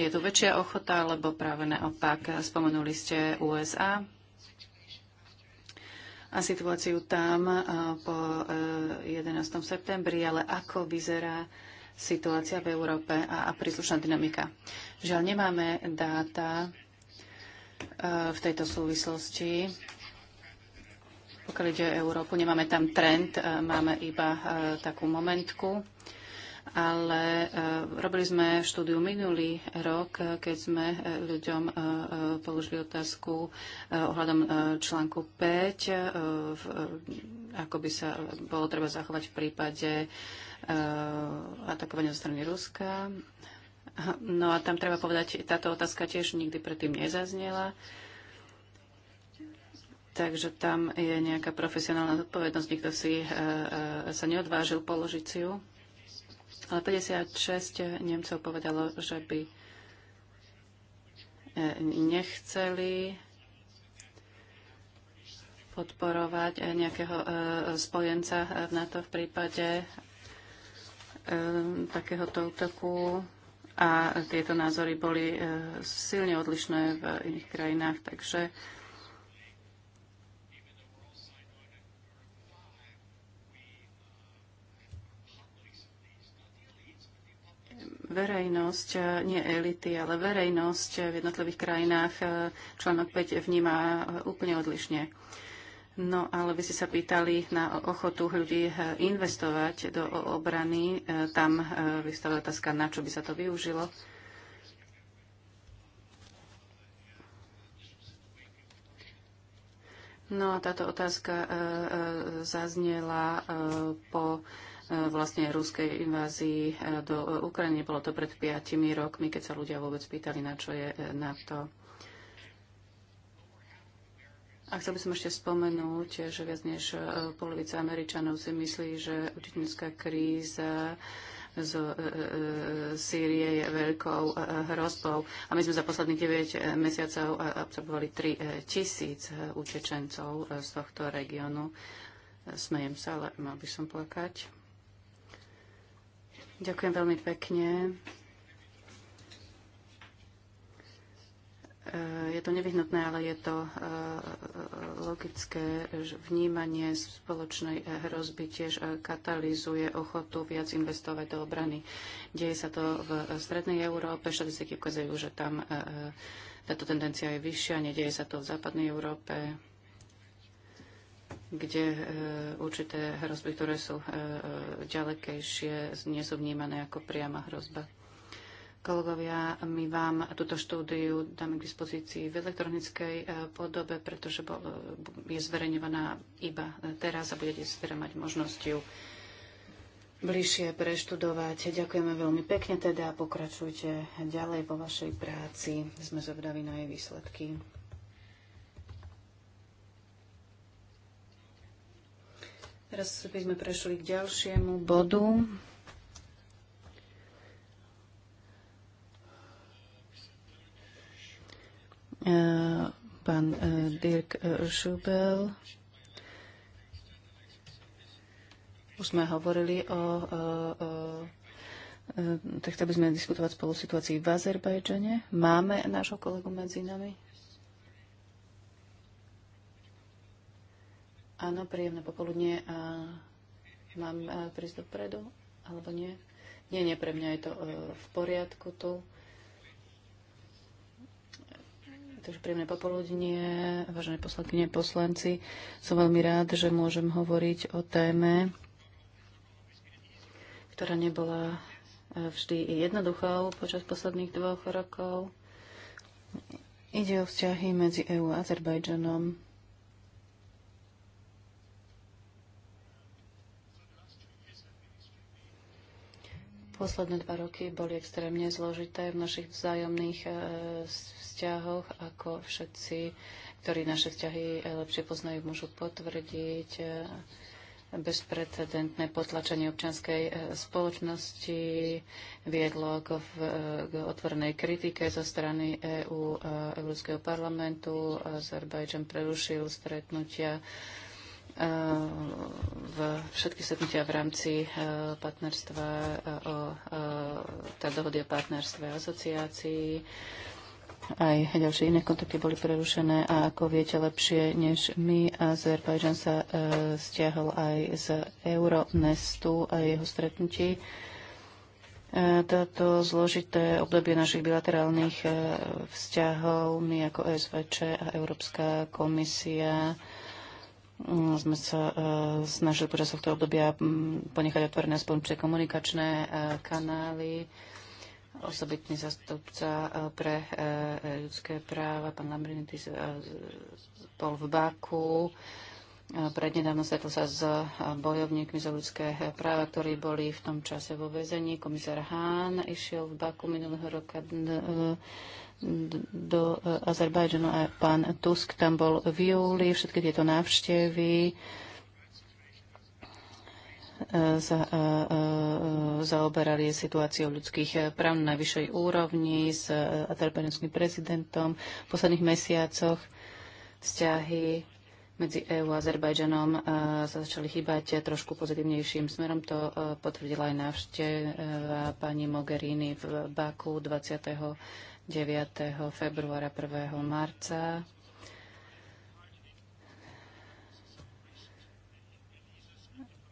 Je tu väčšia ochota, lebo práve naopak spomenuli ste USA a situáciu tam po 11. septembri, ale ako vyzerá situácia v Európe a príslušná dynamika. Žiaľ, nemáme dáta v tejto súvislosti pokiaľ ide o Európu, nemáme tam trend, e, máme iba e, takú momentku. Ale e, robili sme štúdiu minulý rok, keď sme ľuďom položili otázku ohľadom článku 5, ako by sa bolo treba zachovať v prípade atakovania zo strany Ruska. No a tam treba povedať, táto otázka tiež nikdy predtým nezaznela. Takže tam je nejaká profesionálna zodpovednosť, nikto si uh, uh, sa neodvážil položiť si ju. Ale 56 Nemcov povedalo, že by e, nechceli podporovať nejakého spojenca v NATO v prípade takéhoto útoku a tieto názory boli silne odlišné v iných krajinách, takže verejnosť, e, nie elity, ale verejnosť v jednotlivých krajinách e, článok 5 vníma e, úplne odlišne. No ale vy ste sa pýtali na ochotu ľudí investovať do obrany. Tam vystavila otázka, na čo by sa to využilo. No a táto otázka zaznela po vlastne ruskej invázii e, do e, Ukrajiny. Bolo to pred piatimi rokmi, keď sa ľudia vôbec pýtali, na čo je e, NATO. A chcel by som ešte spomenúť, že viac než polovica Američanov si myslí, že učiteľská kríza z e, e, Sýrie je veľkou e, hrozbou. A my sme za posledných 9 mesiacov absorbovali 3 tisíc utečencov z tohto regiónu. Smejem sa, ale mal by som plakať. Ďakujem veľmi pekne. E, je to nevyhnutné, ale je to e, e, logické. Že vnímanie spoločnej hrozby tiež katalizuje ochotu viac investovať do obrany. Deje sa to v strednej Európe. Štatistiky ukazujú, že tam táto tendencia je vyššia. Nedieje sa to v západnej Európe kde e, určité hrozby, ktoré sú e, e, ďalekejšie, nie sú vnímané ako priama hrozba. Kolegovia, my vám túto štúdiu dáme k dispozícii v elektronickej podobe, pretože je zverejňovaná iba teraz a budete teda mať možnosť ju bližšie preštudovať. Ďakujeme veľmi pekne teda a pokračujte ďalej vo vašej práci. Sme zvedaví na jej výsledky. Teraz by sme prešli k ďalšiemu bodu. E, pán e, Dirk Šubel. E, Už sme hovorili o, o, o tak chceli by sme diskutovať spolu situácii v Azerbajdžane. Máme nášho kolegu medzi nami? Áno, príjemné popoludne. A mám e, prísť dopredu? Alebo nie? Nie, nie, pre mňa je to e, v poriadku tu. Takže príjemné popoludnie, vážené poslankyne, poslanci. Som veľmi rád, že môžem hovoriť o téme, ktorá nebola e, vždy jednoduchou počas posledných dvoch rokov. Ide o vzťahy medzi EÚ a Azerbajdžanom. Posledné dva roky boli extrémne zložité v našich vzájomných e, vzťahoch, ako všetci, ktorí naše vzťahy e, lepšie poznajú, môžu potvrdiť e, bezprecedentné potlačenie občianskej spoločnosti viedlo k, v, k otvorenej kritike zo strany EÚ EU, Európskeho parlamentu. Azerbajdžan prerušil stretnutia v všetky stretnutia v rámci e, partnerstva, e, o, e, tá dohody o partnerstve a asociácii, aj ďalšie iné kontakty boli prerušené a ako viete lepšie než my, Azerbajdžan sa e, stiahol aj z Euronestu a jeho stretnutí. E, toto zložité obdobie našich bilaterálnych e, vzťahov my ako SVČ a Európska komisia e, Mm, sme sa e, snažili počas tohto obdobia mm, ponechať otvorené aspoň pre komunikačné e, kanály. Osobitný zastupca e, pre ľudské práva, pán Lambrinitis, bol v Baku Prednedávno stretol sa s eh, bojovníkmi za ľudské eh, práva, ktorí boli v tom čase vo väzení. Komisár Hahn išiel v Baku minulého roka eh, do Azerbajdžanu a pán Tusk tam bol v júli. Všetky tieto návštevy zaoberali situáciou ľudských práv na vyššej úrovni s azerbajdžanským prezidentom. V posledných mesiacoch vzťahy medzi EÚ a Azerbajdžanom e, sa začali chýbať trošku pozitívnejším smerom. To e, potvrdila aj návšteva pani Mogherini v Baku 29. februára 1. marca.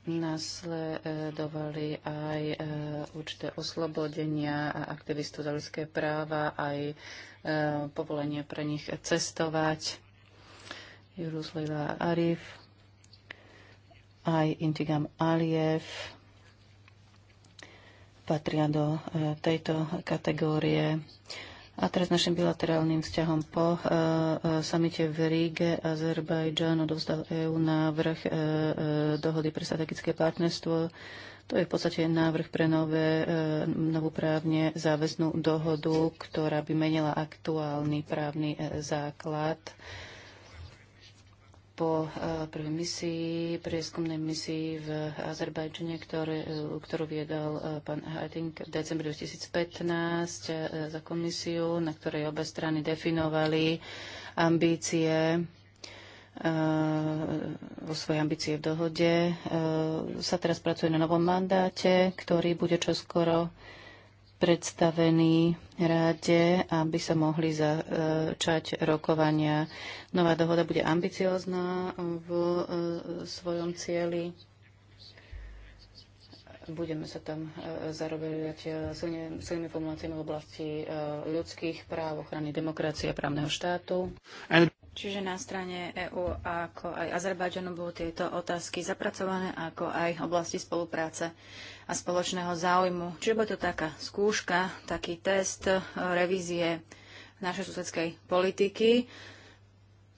Nasledovali aj e, určité oslobodenia aktivistov za ľudské práva, aj povolenie pre nich cestovať. Jurusleva Arif, aj Intigam Aliev patria do e, tejto kategórie. A teraz našim bilaterálnym vzťahom po uh, samite v Ríge Azerbajdžan odovzdal EÚ návrh uh, dohody pre strategické partnerstvo. To je v podstate návrh pre nové, uh, novú právne záväznú dohodu, ktorá by menila aktuálny právny základ uh, po eh, prvej misii, prieskumnej misii v Azerbajdžane, eh, ktorú viedol eh, pán Harding v decembri 2015 za komisiu, na ktorej obe strany definovali ambície vo svoje ambície v dohode. Sa teraz pracuje na novom mandáte, ktorý bude čoskoro skoro predstavení ráde, aby sa mohli začať rokovania. Nová dohoda bude ambiciozná v e, svojom cieli. Budeme sa tam e, zarobiať e, silnými formuláciami v oblasti ľudských práv, ochrany demokracie a právneho štátu. And Čiže na strane EÚ ako aj Azerbajdžanu budú tieto otázky zapracované, ako aj oblasti spolupráce a spoločného záujmu. Čiže bude to taká skúška, taký test e, revízie našej susedskej politiky,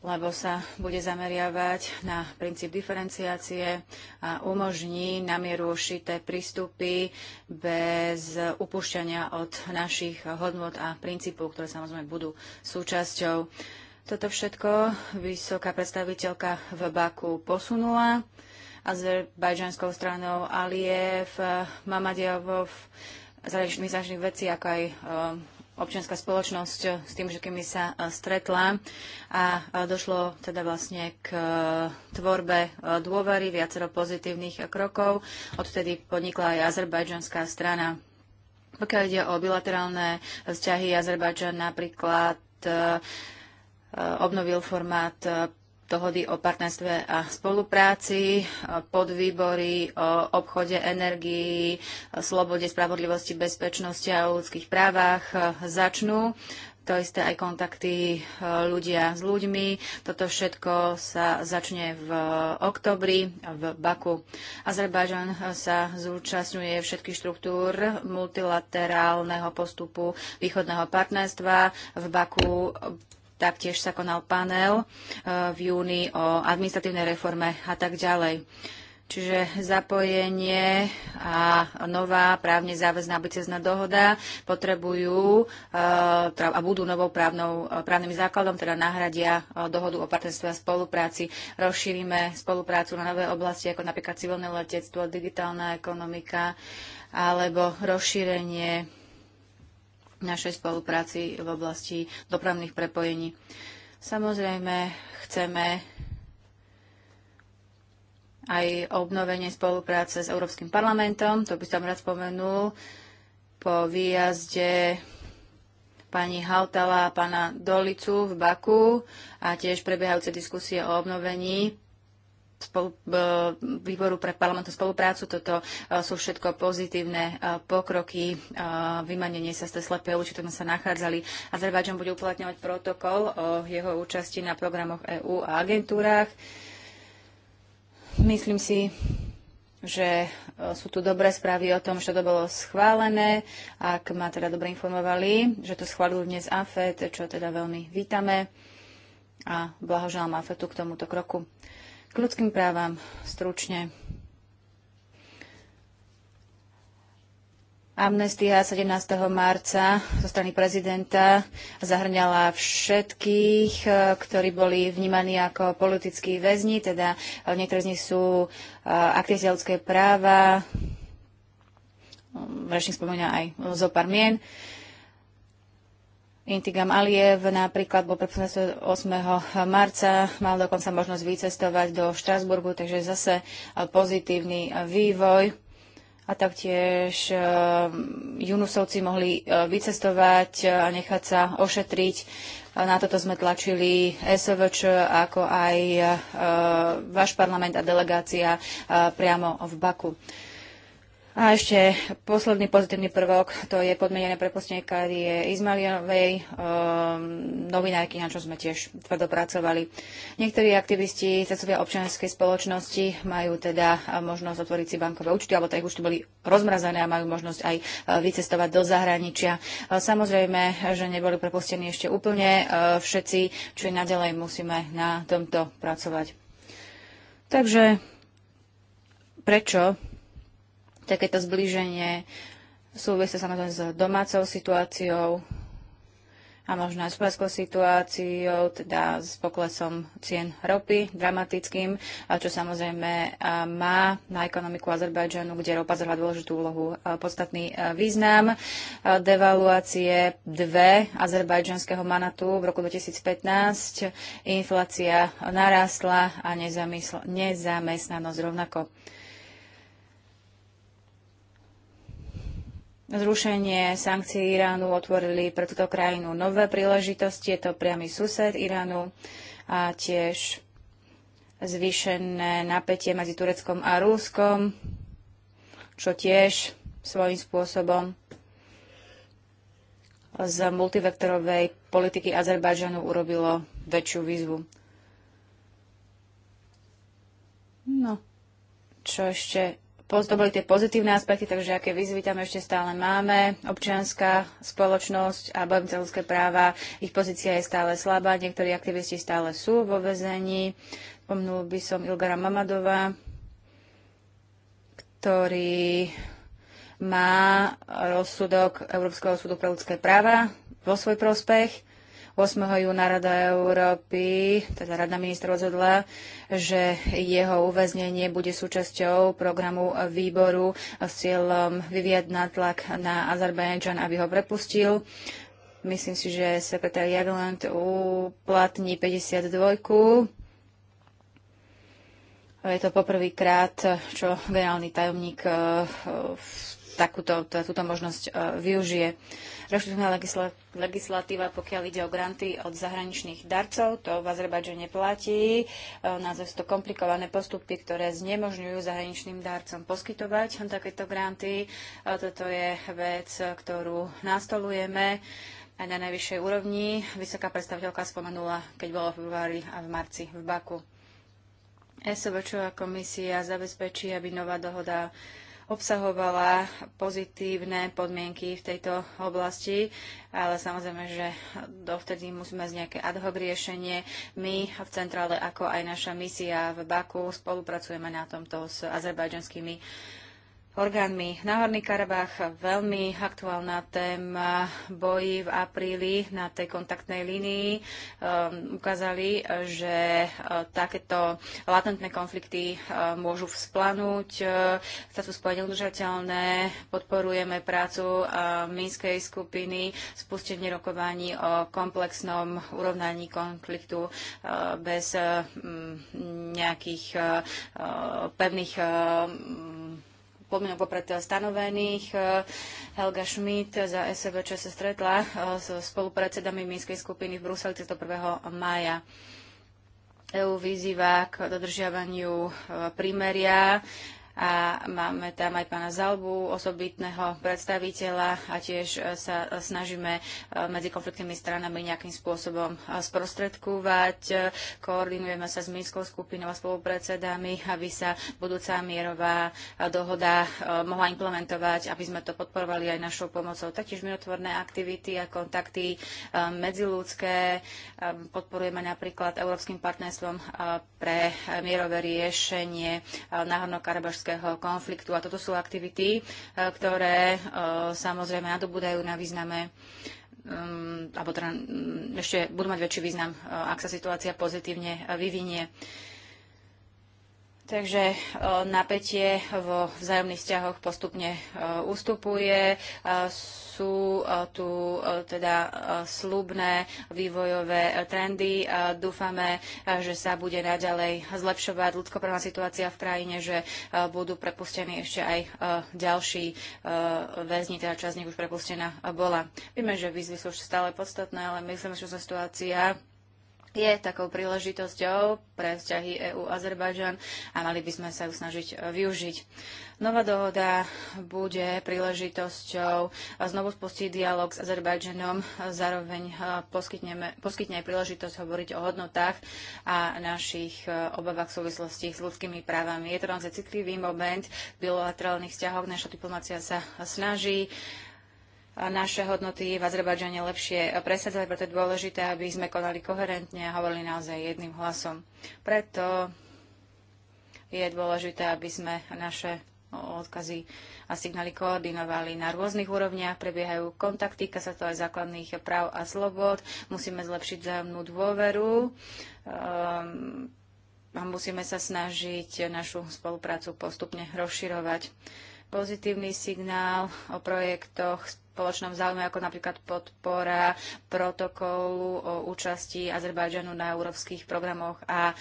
lebo sa bude zameriavať na princíp diferenciácie a umožní namieru šité prístupy bez upúšťania od našich hodnot a princípov, ktoré samozrejme budú súčasťou toto všetko vysoká predstaviteľka v Baku posunula. Azerbajdžanskou stranou Aliev, Mamadijavov, zahraničných zahraničných vecí, ako aj eh, občianská spoločnosť s tým, že kými sa eh, stretla a eh, došlo teda vlastne k tvorbe dôvery, viacero pozitívnych krokov. Odvtedy podnikla aj azerbajdžanská strana. Pokiaľ ide o bilaterálne vzťahy Azerbajdžan napríklad obnovil formát e, dohody o partnerstve a spolupráci, e, podvýbory o obchode, energii, e, slobode, spravodlivosti, bezpečnosti a ľudských právach začnú. To isté aj kontakty ľudia s ľuďmi. Toto všetko sa začne v oktobri v Baku. Azerbajžan sa zúčastňuje všetkých štruktúr multilaterálneho postupu východného partnerstva. V Baku Taktiež sa konal panel e, v júni o administratívnej reforme a tak ďalej. Čiže zapojenie a nová právne záväzná obicezná dohoda potrebujú e, a budú novou právnou, e, právnym základom, teda nahradia dohodu o partnerstve a spolupráci. Rozšírime spoluprácu na nové oblasti, ako napríklad civilné letectvo, digitálna ekonomika alebo rozšírenie našej spolupráci v oblasti dopravných prepojení. Samozrejme, chceme aj obnovenie spolupráce s Európskym parlamentom, to by som rád spomenul, po výjazde pani Hautala a pána Dolicu v Baku a tiež prebiehajúce diskusie o obnovení spolu, e, výboru pre parlamentnú spoluprácu. Toto e, sú všetko pozitívne e, pokroky, vymanenie sa z tej slepej uličky, ktoré sa nachádzali. Azerbajdžan bude uplatňovať protokol o jeho účasti na programoch EÚ a agentúrách. Myslím si, že sú tu dobré správy o tom, že to bolo schválené, ak ma teda dobre informovali, že to schválil dnes AFET, čo teda veľmi vítame a blahoželám AFETu k tomuto kroku. K ľudským právam stručne. Amnestia 17. marca zo strany prezidenta zahrňala všetkých, e, ktorí boli vnímaní ako politickí väzni, teda e, niektorí z nich sú e, aktivisti ľudské práva, mm, rečník spomína aj zo pár mien. Intigam Aliev napríklad bol 8. marca, mal dokonca možnosť vycestovať do Štrasburgu, takže zase eh, pozitívny eh, vývoj. A taktiež Junusovci eh, mohli vycestovať a nechať sa ošetriť. Na toto sme tlačili SVČ, ako aj váš parlament a delegácia priamo v Baku. A ešte posledný pozitívny prvok, to je podmienené prepustenie Kárie Izmaliovej, um, ehm, novinárky, na čo sme tiež tvrdo pracovali. Niektorí aktivisti, cestovia občianskej spoločnosti majú teda eh, možnosť otvoriť si bankové účty, alebo tak účty boli rozmrazené a majú možnosť aj eh, vycestovať do zahraničia. Eh, samozrejme, že neboli prepustení ešte úplne všetci, či naďalej musíme na tomto pracovať. Takže prečo Takéto zblíženie súvisia samozrejme s domácou situáciou a možno aj s hospodárskou situáciou, teda s poklesom cien ropy dramatickým, čo samozrejme má na ekonomiku Azerbajdžanu, kde ropa zhrá dôležitú úlohu, podstatný význam. Devaluácie dve azerbajdžanského manatu v roku 2015, inflácia narastla a nezamestnanosť rovnako. zrušenie sankcií Iránu otvorili pre túto krajinu nové príležitosti. Je to priamy sused Iránu a tiež zvýšené napätie medzi Tureckom a Rúskom, čo tiež svojím spôsobom z multivektorovej politiky Azerbajdžanu urobilo väčšiu výzvu. No, čo ešte to boli tie pozitívne aspekty, takže aké výzvy tam ešte stále máme. Občianská spoločnosť a bojom za ľudské práva, ich pozícia je stále slabá, niektorí aktivisti stále sú vo vezení. Pomnul by som Ilgara Mamadova, ktorý má rozsudok Európskeho súdu pre ľudské práva vo svoj prospech 8. júna Rada Európy, teda Rada ministra rozhodla, že jeho uväznenie bude súčasťou programu výboru s cieľom vyvíjať nátlak na Azerbajdžan, aby ho prepustil. Myslím si, že sekretár Jagland uplatní 52. Je to poprvýkrát, čo generálny tajomník v eh, takúto, túto možnosť e, využije. Reštriktívna legislatíva, pokiaľ ide o granty od zahraničných darcov, to v Azerbajdžane platí. E, naozaj sú to komplikované postupy, ktoré znemožňujú zahraničným darcom poskytovať takéto granty. E, toto je vec, ktorú nastolujeme aj na najvyššej úrovni. Vysoká predstaviteľka spomenula, keď bolo v februári a v marci v Baku. SOVČová komisia zabezpečí, aby nová dohoda obsahovala pozitívne podmienky v tejto oblasti, ale samozrejme, že dovtedy musíme z nejaké ad hoc riešenie. My v centrále, ako aj naša misia v Baku, spolupracujeme na tomto s azerbajdžanskými orgánmi. Horný Karabach, veľmi aktuálna téma boji v apríli na tej kontaktnej línii um, ukázali, že uh, takéto latentné konflikty uh, môžu vzplanúť. Uh, sa sú spojene udržateľné, podporujeme prácu uh, Minskej skupiny, spustenie rokovaní o komplexnom urovnaní konfliktu uh, bez mm, uh, nejakých uh, pevných uh, podmienok popred stanovených. E, Helga Schmidt za SVČ sa stretla e, s spolupredsedami Minskej skupiny v Bruseli 31. mája. EU vyzýva k dodržiavaniu e, primeria a máme tam aj pána Zalbu, osobitného predstaviteľa a tiež e, sa snažíme e, medzi konfliktnými stranami nejakým spôsobom e, sprostredkovať. Koordinujeme sa s Minskou skupinou a spolupredsedami, aby sa budúca mierová dohoda mohla implementovať, aby sme to podporovali aj našou pomocou. Taktiež mirotvorné aktivity a kontakty medziludské podporujeme napríklad Európskym partnerstvom pre mierové riešenie náhorno karabašské vojenského konfliktu. A toto sú aktivity, e, ktoré e, samozrejme nadobúdajú na význame mm, alebo teda mm, ešte budú mať väčší význam, e, ak sa situácia pozitívne vyvinie. Takže e, napätie vo vzájomných vzťahoch postupne e, ustupuje. E, sú tu teda slubné vývojové trendy. Dúfame, že sa bude naďalej zlepšovať ľudskoprávna situácia v krajine, že budú prepustení ešte aj ďalší väzni, teda časť z nich už prepustená bola. Vieme, že výzvy sú stále podstatné, ale myslím, že sa situácia je takou príležitosťou pre vzťahy EU-Azerbajdžan a mali by sme sa ju snažiť e, využiť. Nová dohoda bude príležitosťou e, znovu spustiť dialog s Azerbajdžanom, e, zároveň poskytne aj príležitosť hovoriť o hodnotách a našich obavách v súvislosti s ľudskými právami. Je to naozaj citlivý moment v bilaterálnych vzťahov, naša diplomácia sa snaží naše hodnoty v Azerbajdžane lepšie presadzovať, preto je dôležité, aby sme konali koherentne a hovorili naozaj jedným hlasom. Preto je dôležité, aby sme naše odkazy a signály koordinovali. Na rôznych úrovniach prebiehajú kontakty, týka sa to aj základných práv a slobod. Musíme zlepšiť vzájomnú dôveru. Um, a musíme sa snažiť našu spoluprácu postupne rozširovať pozitívny signál o projektoch spoločnom záujme, ako napríklad podpora protokolu o účasti Azerbajdžanu na európskych programoch a e,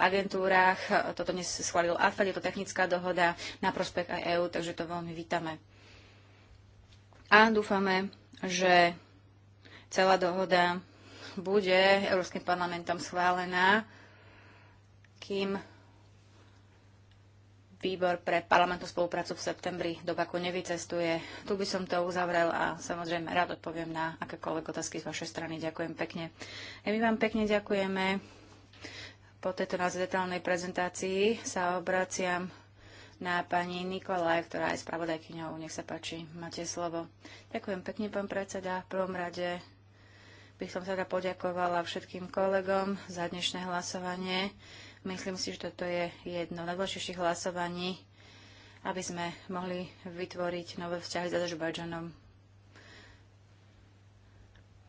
agentúrach. Toto dnes schválil AFED, je to technická dohoda na prospech aj EÚ, takže to veľmi vítame. A dúfame, že celá dohoda bude Európskym parlamentom schválená, kým výbor pre parlamentnú spoluprácu v septembri do Baku nevycestuje. Tu by som to uzavrel a samozrejme rád odpoviem na akékoľvek otázky z vašej strany. Ďakujem pekne. A my vám pekne ďakujeme. Po tejto nás detálnej prezentácii sa obraciam na pani Nikolaj, ktorá je spravodajkyňou. Nech sa páči, máte slovo. Ďakujem pekne, pán predseda. V prvom rade by som teda poďakovala všetkým kolegom za dnešné hlasovanie. Myslím si, že toto je jedno najdôležitejších hlasovaní, aby sme mohli vytvoriť nové vzťahy s Azerbajdžanom.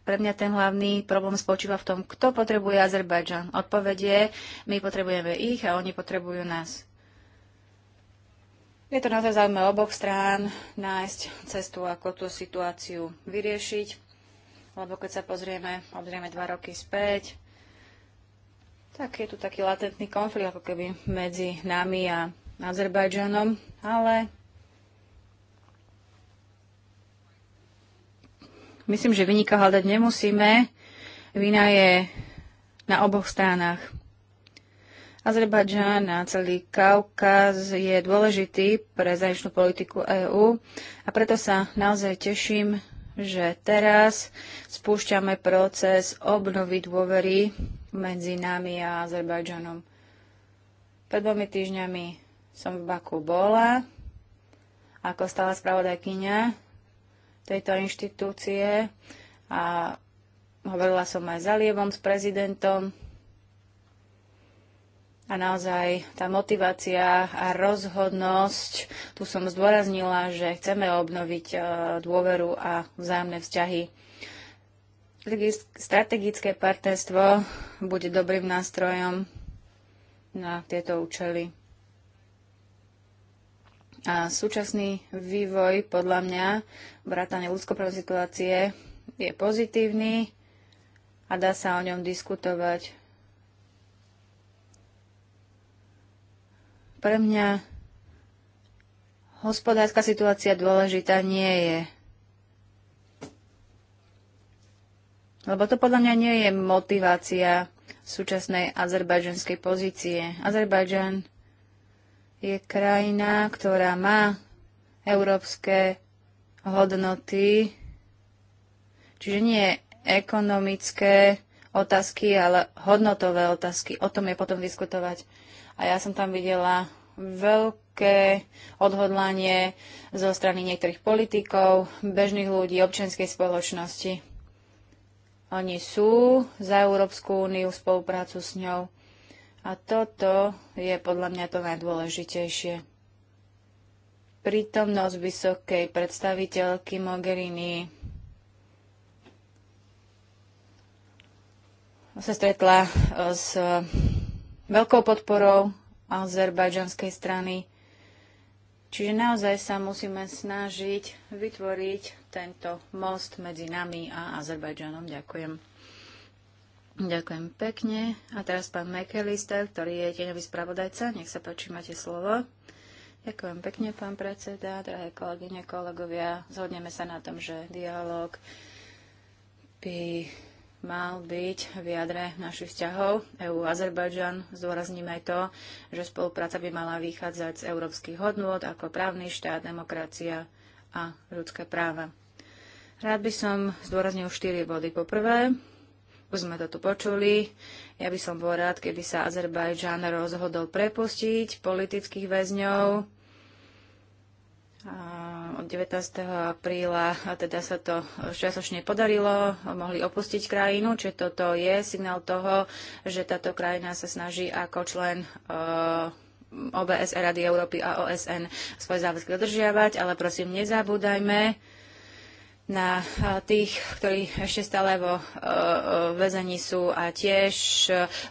Pre mňa ten hlavný problém spočíva v tom, kto potrebuje Azerbajdžan. Odpovedie, my potrebujeme ich a oni potrebujú nás. Je to naozaj zaujímavé oboch strán nájsť cestu, ako tú situáciu vyriešiť, lebo keď sa pozrieme, obzrieme dva roky späť, tak je tu taký latentný konflikt ako keby medzi nami a Azerbajdžanom, ale myslím, že vynika hľadať nemusíme. Vina je na oboch stranách. Azerbajdžan a celý Kaukaz je dôležitý pre zahraničnú politiku EÚ a preto sa naozaj teším, že teraz spúšťame proces obnovy dôvery medzi nami a Azerbajdžanom. Pred dvomi týždňami som v Baku bola ako stála spravodajkyňa tejto inštitúcie a hovorila som aj za Lievom s prezidentom a naozaj tá motivácia a rozhodnosť, tu som zdôraznila, že chceme obnoviť e, dôveru a vzájomné vzťahy strategické partnerstvo bude dobrým nástrojom na tieto účely. A súčasný vývoj podľa mňa vrátane ľudskoprávnej situácie je pozitívny a dá sa o ňom diskutovať. Pre mňa hospodárska situácia dôležitá nie je. Lebo to podľa mňa nie je motivácia súčasnej azerbajdžanskej pozície. Azerbajdžan je krajina, ktorá má európske hodnoty, čiže nie ekonomické otázky, ale hodnotové otázky. O tom je potom diskutovať. A ja som tam videla veľké odhodlanie zo strany niektorých politikov, bežných ľudí, občianskej spoločnosti. Oni sú za Európsku úniu, spoluprácu s ňou. A toto je podľa mňa to najdôležitejšie. Prítomnosť vysokej predstaviteľky Mogherini sa stretla s veľkou podporou azerbajdžanskej strany Čiže naozaj sa musíme snažiť vytvoriť tento most medzi nami a Azerbajdžanom. Ďakujem. Ďakujem pekne. A teraz pán McAllister, ktorý je tieňový spravodajca. Nech sa páči, máte slovo. Ďakujem pekne, pán predseda, drahé kolegyne, kolegovia. Zhodneme sa na tom, že dialog by mal byť v jadre našich vzťahov EU-Azerbajdžan. Zdôrazníme aj to, že spolupráca by mala vychádzať z európskych hodnôt ako právny štát, demokracia a ľudské práva. Rád by som zdôraznil štyri body. Poprvé, už sme to tu počuli, ja by som bol rád, keby sa Azerbajdžan rozhodol prepustiť politických väzňov, od 19. apríla teda sa to čiastočne podarilo, mohli opustiť krajinu, čiže toto je signál toho, že táto krajina sa snaží ako člen eh, OBS, e, Rady Európy a OSN svoje záväzky dodržiavať, ale prosím, nezabúdajme na eh, tých, ktorí ešte stále vo eh, väzení sú a tiež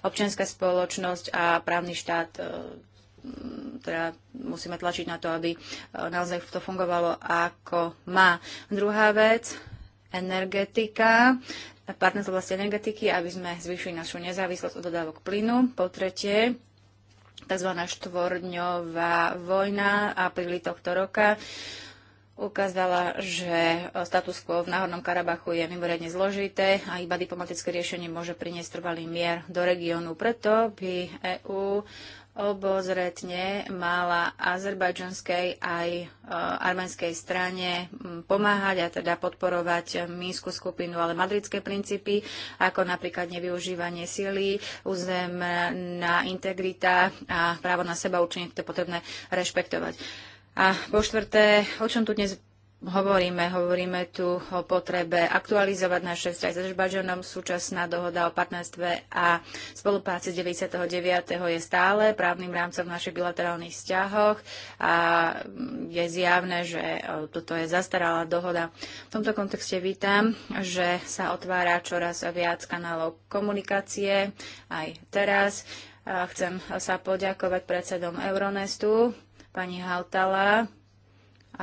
občianská spoločnosť a právny štát teda musíme tlačiť na to, aby e, naozaj to fungovalo ako má. Druhá vec, energetika, z oblasti energetiky, aby sme zvýšili našu nezávislosť od dodávok plynu. Po tretie, tzv. štvordňová vojna apríli tohto roka ukázala, že e, status quo v Náhornom Karabachu je mimoriadne zložité a iba diplomatické riešenie môže priniesť trvalý mier do regiónu. Preto by EÚ obozretne mala azerbajdžanskej aj e, arménskej strane pomáhať a teda podporovať Mínsku skupinu, ale madridské princípy, ako napríklad nevyužívanie sily, na integrita a právo na seba určenie, to je potrebné rešpektovať. A po štvrté, o čom tu dnes hovoríme? Hovoríme tu o potrebe aktualizovať naše vzťahy s Azerbajdžanom. Súčasná dohoda o partnerstve a spolupráci z 99. je stále právnym rámcom v našich bilaterálnych vzťahoch a je zjavné, že toto je zastaralá dohoda. V tomto kontexte vítam, že sa otvára čoraz viac kanálov komunikácie aj teraz. Chcem sa poďakovať predsedom Euronestu, pani Haltala,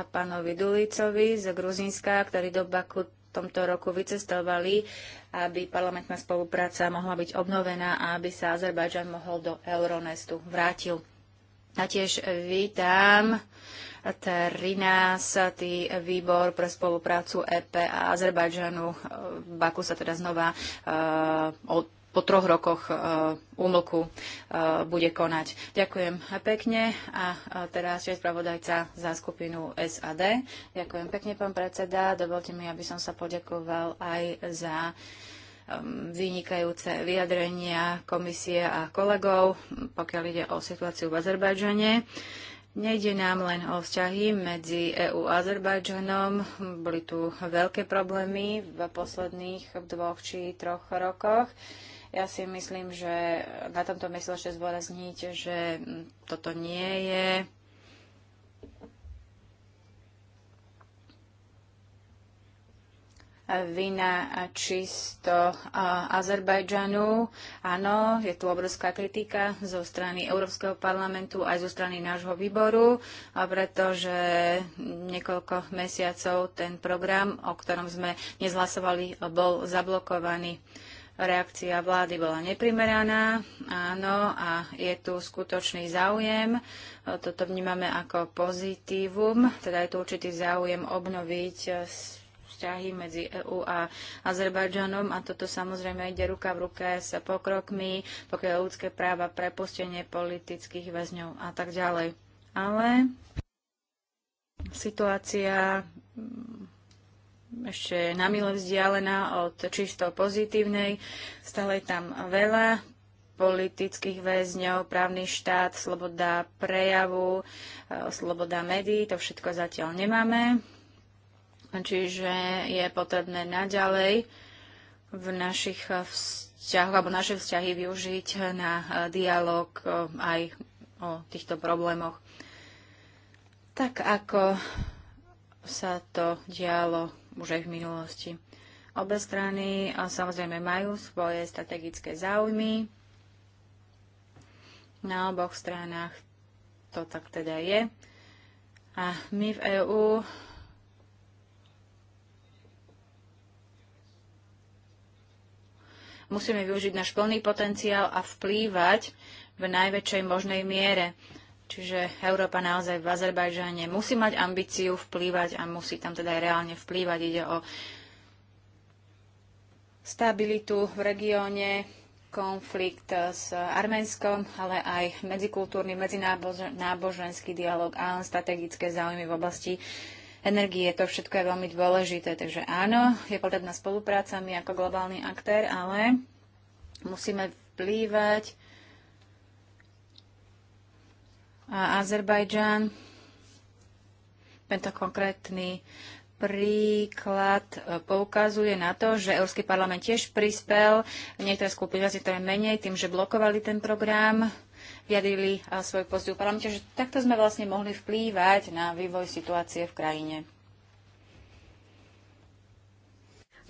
a pánovi Dulicovi z Gruzínska, ktorí do Baku tomto roku vycestovali, aby parlamentná spolupráca mohla byť obnovená a aby sa Azerbajdžan mohol do Euronestu vrátil. A tiež vítam 13. výbor pre spoluprácu EP a Azerbajdžanu. V Baku sa teda znova uh, po troch rokoch e, úmlku e, bude konať. Ďakujem pekne a teraz je spravodajca za skupinu SAD. Ďakujem pekne, pán predseda. Dovolte mi, aby som sa poďakoval aj za vynikajúce vyjadrenia komisie a kolegov, pokiaľ ide o situáciu v Azerbajdžane. Nejde nám len o vzťahy medzi EÚ a Azerbajdžanom. Boli tu veľké problémy v posledných dvoch či troch rokoch. Ja si myslím, že na tomto mieste ešte zvorazniť, že toto nie je vina čisto Azerbajdžanu. Áno, je tu obrovská kritika zo strany Európskeho parlamentu aj zo strany nášho výboru, pretože niekoľko mesiacov ten program, o ktorom sme nezhlasovali, bol zablokovaný. Reakcia vlády bola neprimeraná, áno, a je tu skutočný záujem. Toto vnímame ako pozitívum, teda je tu určitý záujem obnoviť eh, vzťahy medzi EÚ a Azerbajdžanom a toto samozrejme ide ruka v ruke s pokrokmi, pokiaľ ľudské práva, prepustenie politických väzňov a tak ďalej. Ale situácia mm, ešte na mile vzdialená od čisto pozitívnej. Stále je tam veľa politických väzňov, právny štát, sloboda prejavu, e, sloboda médií, to všetko zatiaľ nemáme. Čiže je potrebné naďalej v našich vzťahoch, alebo naše vzťahy využiť na e, dialog e, aj o týchto problémoch. Tak ako sa to dialo už aj v minulosti. Obe strany samozrejme majú svoje strategické záujmy. Na oboch stranách to tak teda je. A my v EÚ musíme využiť náš plný potenciál a vplývať v najväčšej možnej miere Čiže Európa naozaj v Azerbajžane musí mať ambíciu vplývať a musí tam teda aj reálne vplývať. Ide o stabilitu v regióne, konflikt s Arménskom, ale aj medzikultúrny, medzináboženský dialog a strategické záujmy v oblasti energie. To všetko je veľmi dôležité. Takže áno, je potrebná spolupráca my ako globálny aktér, ale musíme vplývať a Azerbajdžan. Tento konkrétny príklad e, poukazuje na to, že Európsky parlament tiež prispel, niektoré skupiny, je menej, tým, že blokovali ten program, vyjadrili svoj pozdiu v parlamente, že takto sme vlastne mohli vplývať na vývoj situácie v krajine.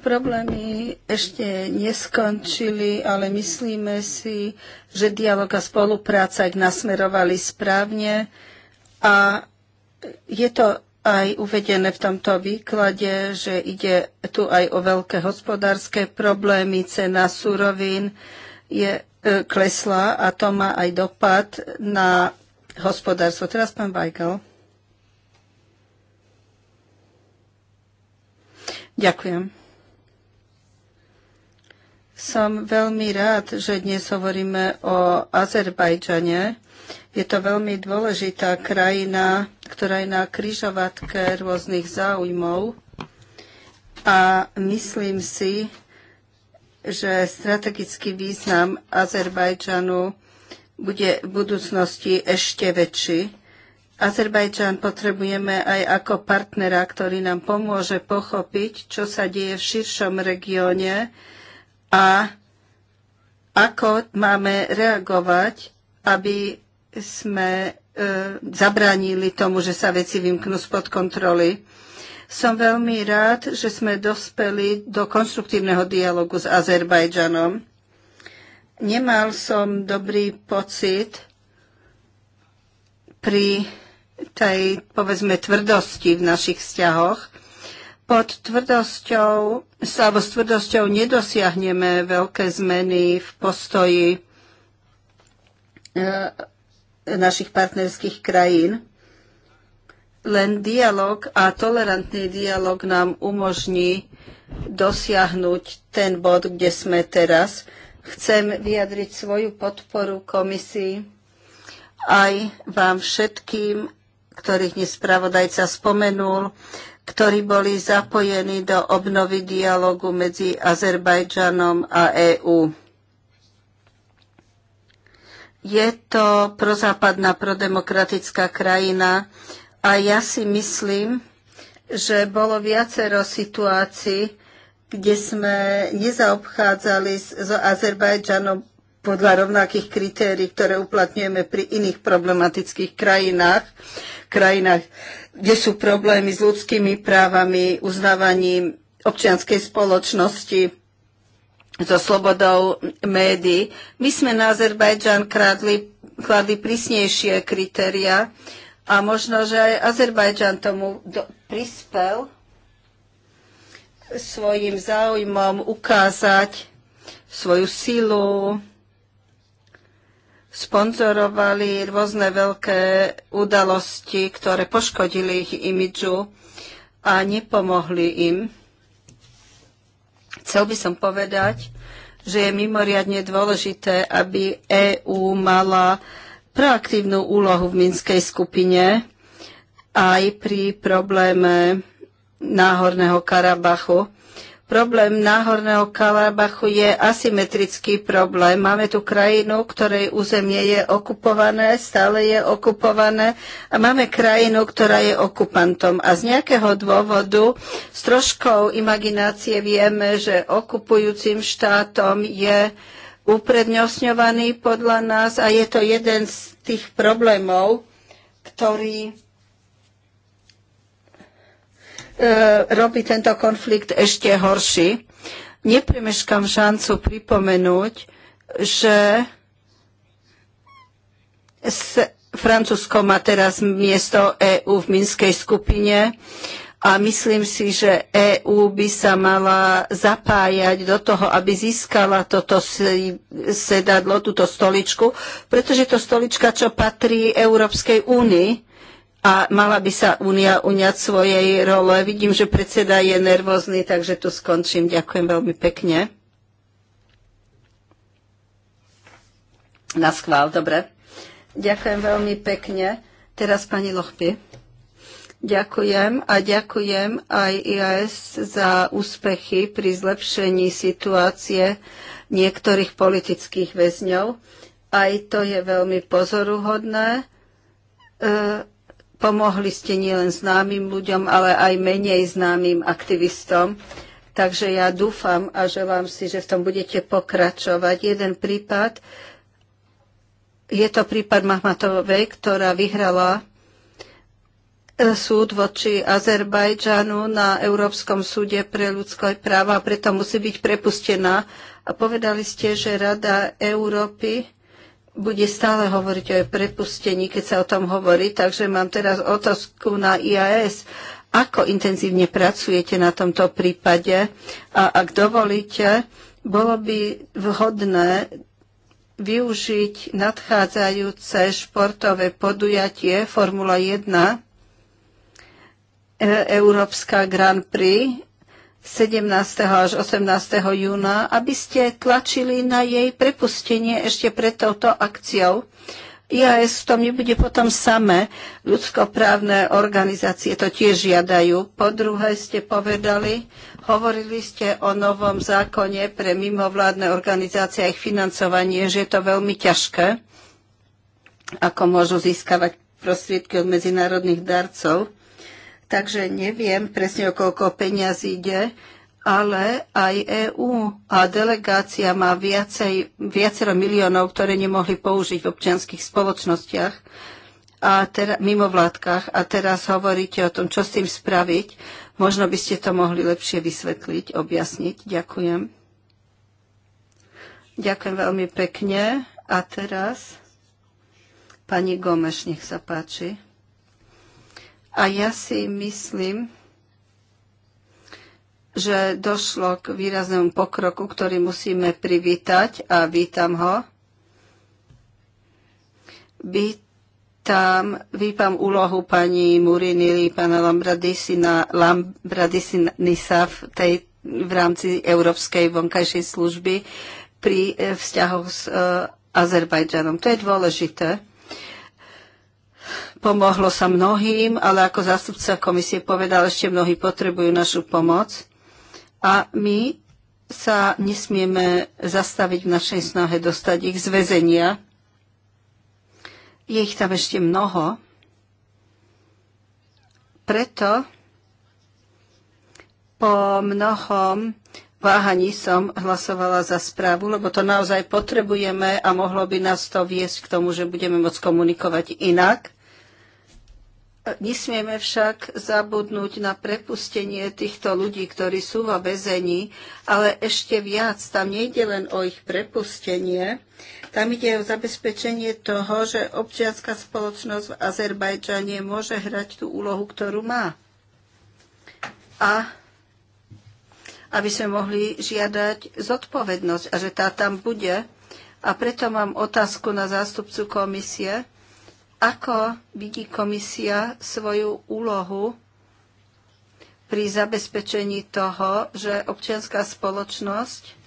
Problémy ešte neskončili, ale myslíme si, že dialog a spolupráca ich nasmerovali správne a je to aj uvedené v tomto výklade, že ide tu aj o veľké hospodárske problémy, cena surovín je e, klesla a to má aj dopad na hospodárstvo. Teraz pán Weigel. Ďakujem. Som veľmi rád, že dnes hovoríme o Azerbajdžane. Je to veľmi dôležitá krajina, ktorá je na kryžovatke rôznych záujmov a myslím si, že strategický význam Azerbajdžanu bude v budúcnosti ešte väčší. Azerbajdžan potrebujeme aj ako partnera, ktorý nám pomôže pochopiť, čo sa deje v širšom regióne a ako máme reagovať, aby sme e, zabránili tomu, že sa veci vymknú spod kontroly. Som veľmi rád, že sme dospeli do konstruktívneho dialogu s Azerbajdžanom. Nemal som dobrý pocit pri tej, povedzme, tvrdosti v našich vzťahoch. Pod tvrdosťou sa s tvrdosťou nedosiahneme veľké zmeny v postoji e, našich partnerských krajín. Len dialog a tolerantný dialog nám umožní dosiahnuť ten bod, kde sme teraz. Chcem vyjadriť svoju podporu komisii aj vám všetkým, ktorých nespravodajca spomenul, ktorí boli zapojení do obnovy dialogu medzi Azerbajdžanom a EÚ. Je to prozápadná, prodemokratická krajina a ja si myslím, že bolo viacero situácií, kde sme nezaobchádzali s, Azerbajdžanom podľa rovnakých kritérií, ktoré uplatňujeme pri iných problematických krajinách krajinách, kde sú problémy s ľudskými právami, uznávaním občianskej spoločnosti, so slobodou médií. My sme na Azerbajdžan kradli, kladli prísnejšie kritéria a možno, že aj Azerbajdžan tomu do, prispel svojim záujmom ukázať svoju silu, sponzorovali rôzne veľké udalosti, ktoré poškodili ich imidžu a nepomohli im. Chcel by som povedať, že je mimoriadne dôležité, aby EÚ mala proaktívnu úlohu v Minskej skupine aj pri probléme Náhorného Karabachu. Problém Náhorného Kalabachu je asymetrický problém. Máme tu krajinu, ktorej územie je okupované, stále je okupované a máme krajinu, ktorá je okupantom. A z nejakého dôvodu s troškou imaginácie vieme, že okupujúcim štátom je uprednostňovaný podľa nás a je to jeden z tých problémov, ktorý E, robí tento konflikt ešte horší. Nepremeškam šancu pripomenúť, že Francúzsko má teraz miesto EÚ v Minskej skupine a myslím si, že EÚ by sa mala zapájať do toho, aby získala toto sedadlo, túto stoličku, pretože to stolička, čo patrí Európskej únii a mala by sa Únia uňať svojej role. Vidím, že predseda je nervózny, takže tu skončím. Ďakujem veľmi pekne. Na schvál, dobre. Ďakujem veľmi pekne. Teraz pani Lochpy. Ďakujem a ďakujem aj IAS za úspechy pri zlepšení situácie niektorých politických väzňov. Aj to je veľmi pozoruhodné. E Pomohli ste nielen známym ľuďom, ale aj menej známym aktivistom. Takže ja dúfam a želám si, že v tom budete pokračovať. Jeden prípad, je to prípad Mahmatovej, ktorá vyhrala e, súd voči Azerbajdžanu na Európskom súde pre ľudské práva, preto musí byť prepustená. A povedali ste, že Rada Európy bude stále hovoriť o prepustení, keď sa o tom hovorí. Takže mám teraz otázku na IAS. Ako intenzívne pracujete na tomto prípade? A ak dovolíte, bolo by vhodné využiť nadchádzajúce športové podujatie Formula 1, e- Európska Grand Prix 17. až 18. júna, aby ste tlačili na jej prepustenie ešte pred touto akciou. IAS v tom nebude potom samé. Ľudskoprávne organizácie to tiež žiadajú. Po druhé ste povedali, hovorili ste o novom zákone pre mimovládne organizácie a ich financovanie, že je to veľmi ťažké, ako môžu získavať prostriedky od medzinárodných darcov takže neviem presne, o koľko peniaz ide, ale aj EÚ a delegácia má viacej, viacero miliónov, ktoré nemohli použiť v občianských spoločnostiach a tera, vládkach a teraz hovoríte o tom, čo s tým spraviť. Možno by ste to mohli lepšie vysvetliť, objasniť. Ďakujem. Ďakujem veľmi pekne. A teraz pani Gomeš, nech sa páči. A ja si myslím, že došlo k výraznému pokroku, ktorý musíme privítať a vítam ho. Vítam, vítam úlohu pani Murinili, pana Lambradisina, Lambradisina v, tej, v rámci Európskej vonkajšej služby pri eh, vzťahoch s eh, Azerbajdžanom. To je dôležité. Pomohlo sa mnohým, ale ako zástupca komisie povedal, ešte mnohí potrebujú našu pomoc. A my sa nesmieme zastaviť v našej snahe dostať ich z väzenia. Je ich tam ešte mnoho. Preto po mnohom váhaní som hlasovala za správu, lebo to naozaj potrebujeme a mohlo by nás to viesť k tomu, že budeme môcť komunikovať inak Nesmieme však zabudnúť na prepustenie týchto ľudí, ktorí sú vo vezení, ale ešte viac, tam nejde len o ich prepustenie, tam ide o zabezpečenie toho, že občianská spoločnosť v Azerbajdžane môže hrať tú úlohu, ktorú má. A aby sme mohli žiadať zodpovednosť a že tá tam bude. A preto mám otázku na zástupcu komisie ako vidí komisia svoju úlohu pri zabezpečení toho, že občianská spoločnosť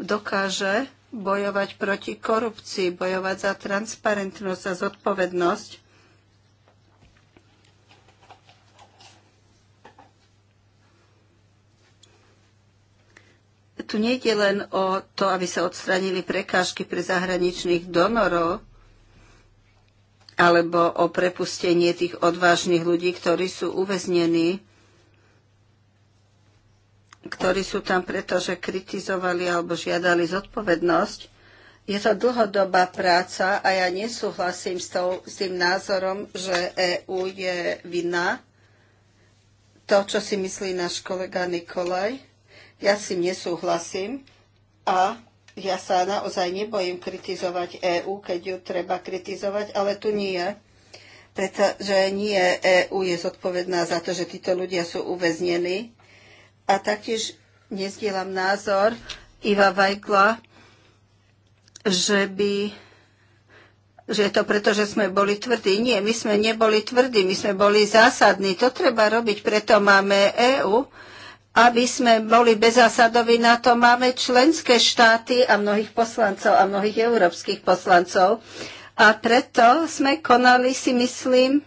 dokáže bojovať proti korupcii, bojovať za transparentnosť a zodpovednosť tu nejde len o to, aby sa odstranili prekážky pre zahraničných donorov, alebo o prepustenie tých odvážnych ľudí, ktorí sú uväznení, ktorí sú tam preto, že kritizovali alebo žiadali zodpovednosť. Je to dlhodobá práca a ja nesúhlasím s, tou, s tým názorom, že EÚ je vinná. To, čo si myslí náš kolega Nikolaj, ja s tým nesúhlasím a ja sa naozaj nebojím kritizovať EÚ, keď ju treba kritizovať, ale tu nie. Pretože nie EÚ je zodpovedná za to, že títo ľudia sú uväznení. A taktiež nezdielam názor Iva Vajkla, že by že je to preto, že sme boli tvrdí. Nie, my sme neboli tvrdí, my sme boli zásadní. To treba robiť, preto máme EÚ. EU aby sme boli bezásadoví na to, máme členské štáty a mnohých poslancov a mnohých európskych poslancov. A preto sme konali, si myslím,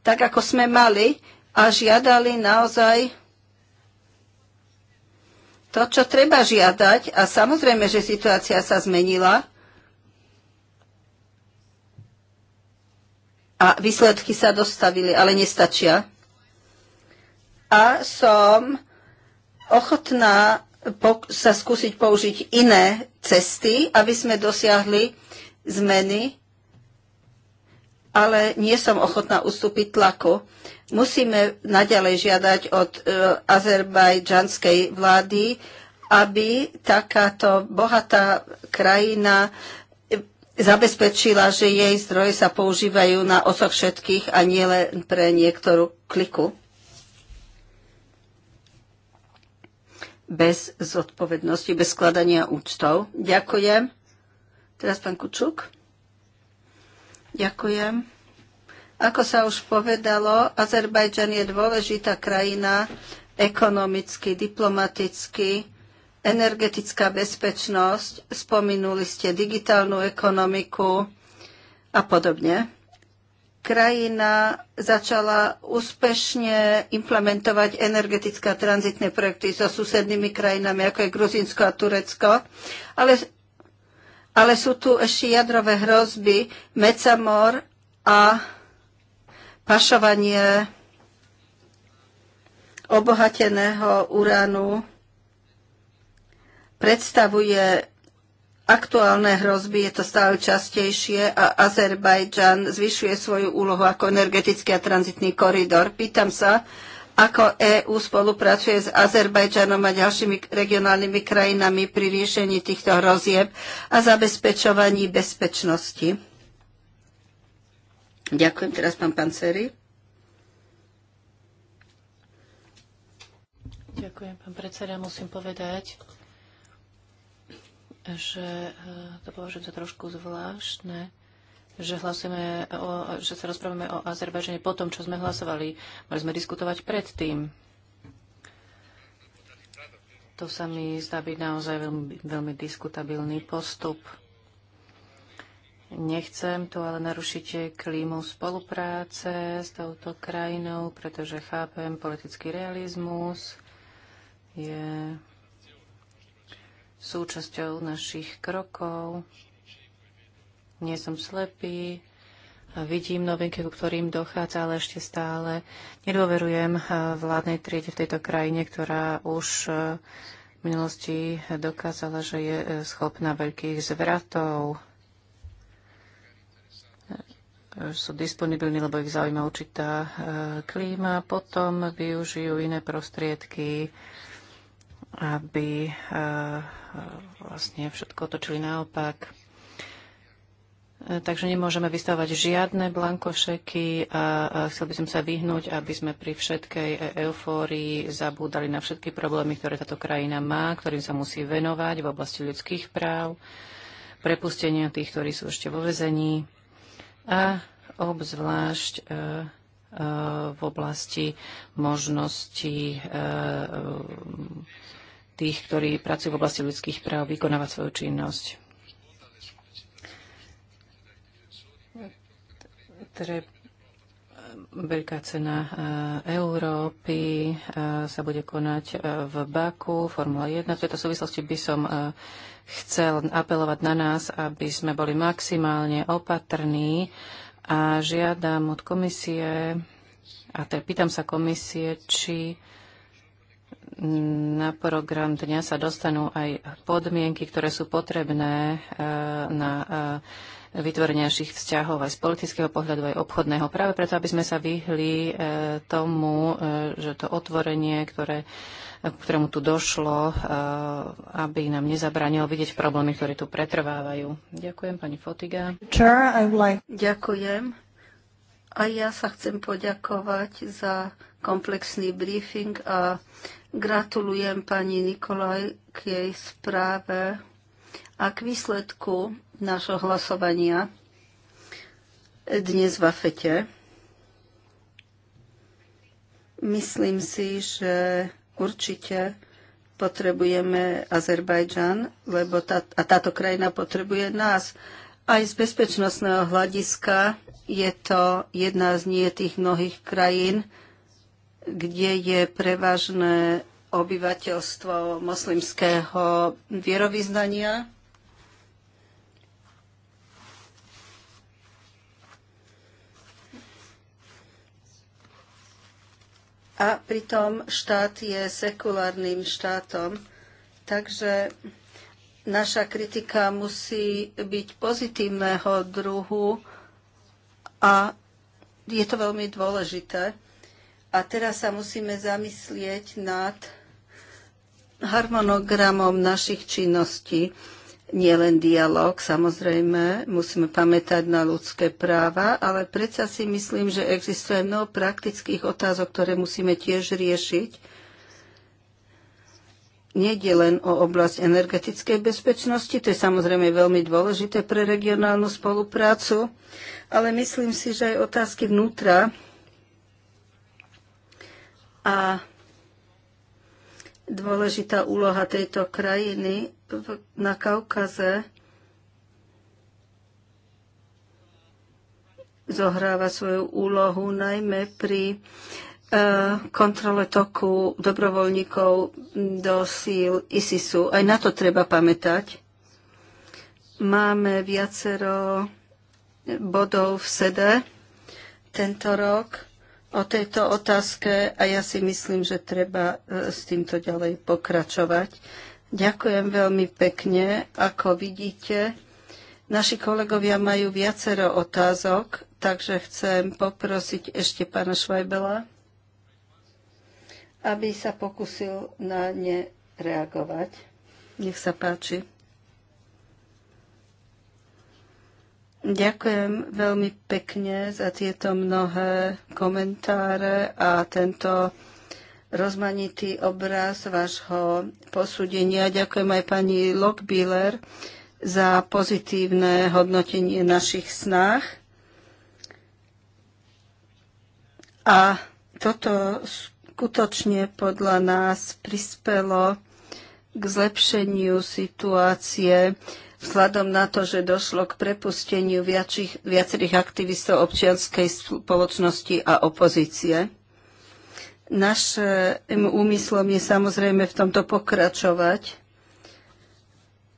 tak ako sme mali a žiadali naozaj to, čo treba žiadať. A samozrejme, že situácia sa zmenila. A výsledky sa dostavili, ale nestačia. A som ochotná sa skúsiť použiť iné cesty, aby sme dosiahli zmeny, ale nie som ochotná ustúpiť tlaku. Musíme naďalej žiadať od e, azerbajdžanskej vlády, aby takáto bohatá krajina e, zabezpečila, že jej zdroje sa používajú na osoch všetkých a nielen pre niektorú kliku. bez zodpovednosti, bez skladania účtov. Ďakujem. Teraz pán Kučuk. Ďakujem. Ako sa už povedalo, Azerbajdžan je dôležitá krajina ekonomicky, diplomaticky, energetická bezpečnosť, spominuli ste digitálnu ekonomiku a podobne krajina začala úspešne implementovať energetické a tranzitné projekty so susednými krajinami, ako je Gruzinsko a Turecko. Ale, ale sú tu ešte jadrové hrozby, mecamor a pašovanie obohateného uránu predstavuje aktuálne hrozby, je to stále častejšie a Azerbajdžan zvyšuje svoju úlohu ako energetický a tranzitný koridor. Pýtam sa, ako EÚ spolupracuje s Azerbajdžanom a ďalšími regionálnymi krajinami pri riešení týchto hrozieb a zabezpečovaní bezpečnosti. Ďakujem teraz pán Panceri. Ďakujem, pán predseda. Musím povedať, že eh, to považujem za trošku zvláštne, že, hlasujeme o, že sa rozprávame o Azerbajdžane po tom, čo sme hlasovali. Mali sme diskutovať predtým. To sa mi zdá byť naozaj veľmi, veľmi diskutabilný postup. Nechcem tu ale narušiť klímu spolupráce s touto krajinou, pretože chápem politický realizmus. Je súčasťou našich krokov. Nie som slepý, vidím novinky, ku ktorým dochádza, ale ešte stále nedôverujem eh, vládnej triede v tejto krajine, ktorá už eh, v minulosti dokázala, že je eh, schopná veľkých zvratov. Sú disponibilní, lebo ich zaujíma určitá klíma. Potom využijú iné prostriedky aby eh, vlastne všetko otočili naopak. Takže nemôžeme vystavovať žiadne blankošeky a chcel by som sa vyhnúť, aby sme pri všetkej e- eufórii zabúdali na všetky problémy, ktoré táto krajina má, ktorým sa musí venovať v oblasti ľudských práv, prepustenia tých, ktorí sú ešte vo vezení a obzvlášť e, e, v oblasti možnosti tých, ktorí pracujú v oblasti ľudských práv, vykonávať svoju činnosť. Treb, veľká cena eh, Európy eh, sa bude konať eh, v Baku, Formula 1. V tejto súvislosti by som chcel apelovať na nás, aby sme boli maximálne opatrní a žiadam od komisie, a teda pýtam sa komisie, či na program dňa sa dostanú aj podmienky, ktoré sú potrebné e, na e, vytvorenie našich vzťahov aj z politického pohľadu, aj obchodného. Práve preto, aby sme sa vyhli e, tomu, že to otvorenie, ktoré, ktorému tu došlo, aby nám nezabránilo vidieť problémy, ktoré tu pretrvávajú. Ďakujem, pani Fotiga. Ďakujem. A ja sa chcem poďakovať za komplexný briefing a gratulujem pani Nikolaj k jej správe a k výsledku nášho hlasovania dnes v Afete. Myslím si, že určite potrebujeme Azerbajdžan, lebo tá, a táto krajina potrebuje nás. Aj z bezpečnostného hľadiska je to jedna z nie tých mnohých krajín, kde je prevažné obyvateľstvo moslimského vierovýznania. A pritom štát je sekulárnym štátom, takže naša kritika musí byť pozitívneho druhu a je to veľmi dôležité. A teraz sa musíme zamyslieť nad harmonogramom našich činností. Nie len dialog, samozrejme, musíme pamätať na ľudské práva, ale predsa si myslím, že existuje mnoho praktických otázok, ktoré musíme tiež riešiť. Nejde len o oblasť energetickej bezpečnosti, to je samozrejme veľmi dôležité pre regionálnu spoluprácu, ale myslím si, že aj otázky vnútra a dôležitá úloha tejto krajiny na Kaukaze zohráva svoju úlohu najmä pri e, kontrole toku dobrovoľníkov do síl ISISu. Aj na to treba pamätať. Máme viacero bodov v sede tento rok o tejto otázke a ja si myslím, že treba e, s týmto ďalej pokračovať. Ďakujem veľmi pekne. Ako vidíte, naši kolegovia majú viacero otázok, takže chcem poprosiť ešte pána Švajbela, aby sa pokusil na ne reagovať. Nech sa páči. Ďakujem veľmi pekne za tieto mnohé komentáre a tento rozmanitý obraz vášho posúdenia. Ďakujem aj pani Lockbiller za pozitívne hodnotenie našich snách. A toto skutočne podľa nás prispelo k zlepšeniu situácie vzhľadom na to, že došlo k prepusteniu viacerých aktivistov občianskej spoločnosti a opozície. Našim úmyslom je samozrejme v tomto pokračovať.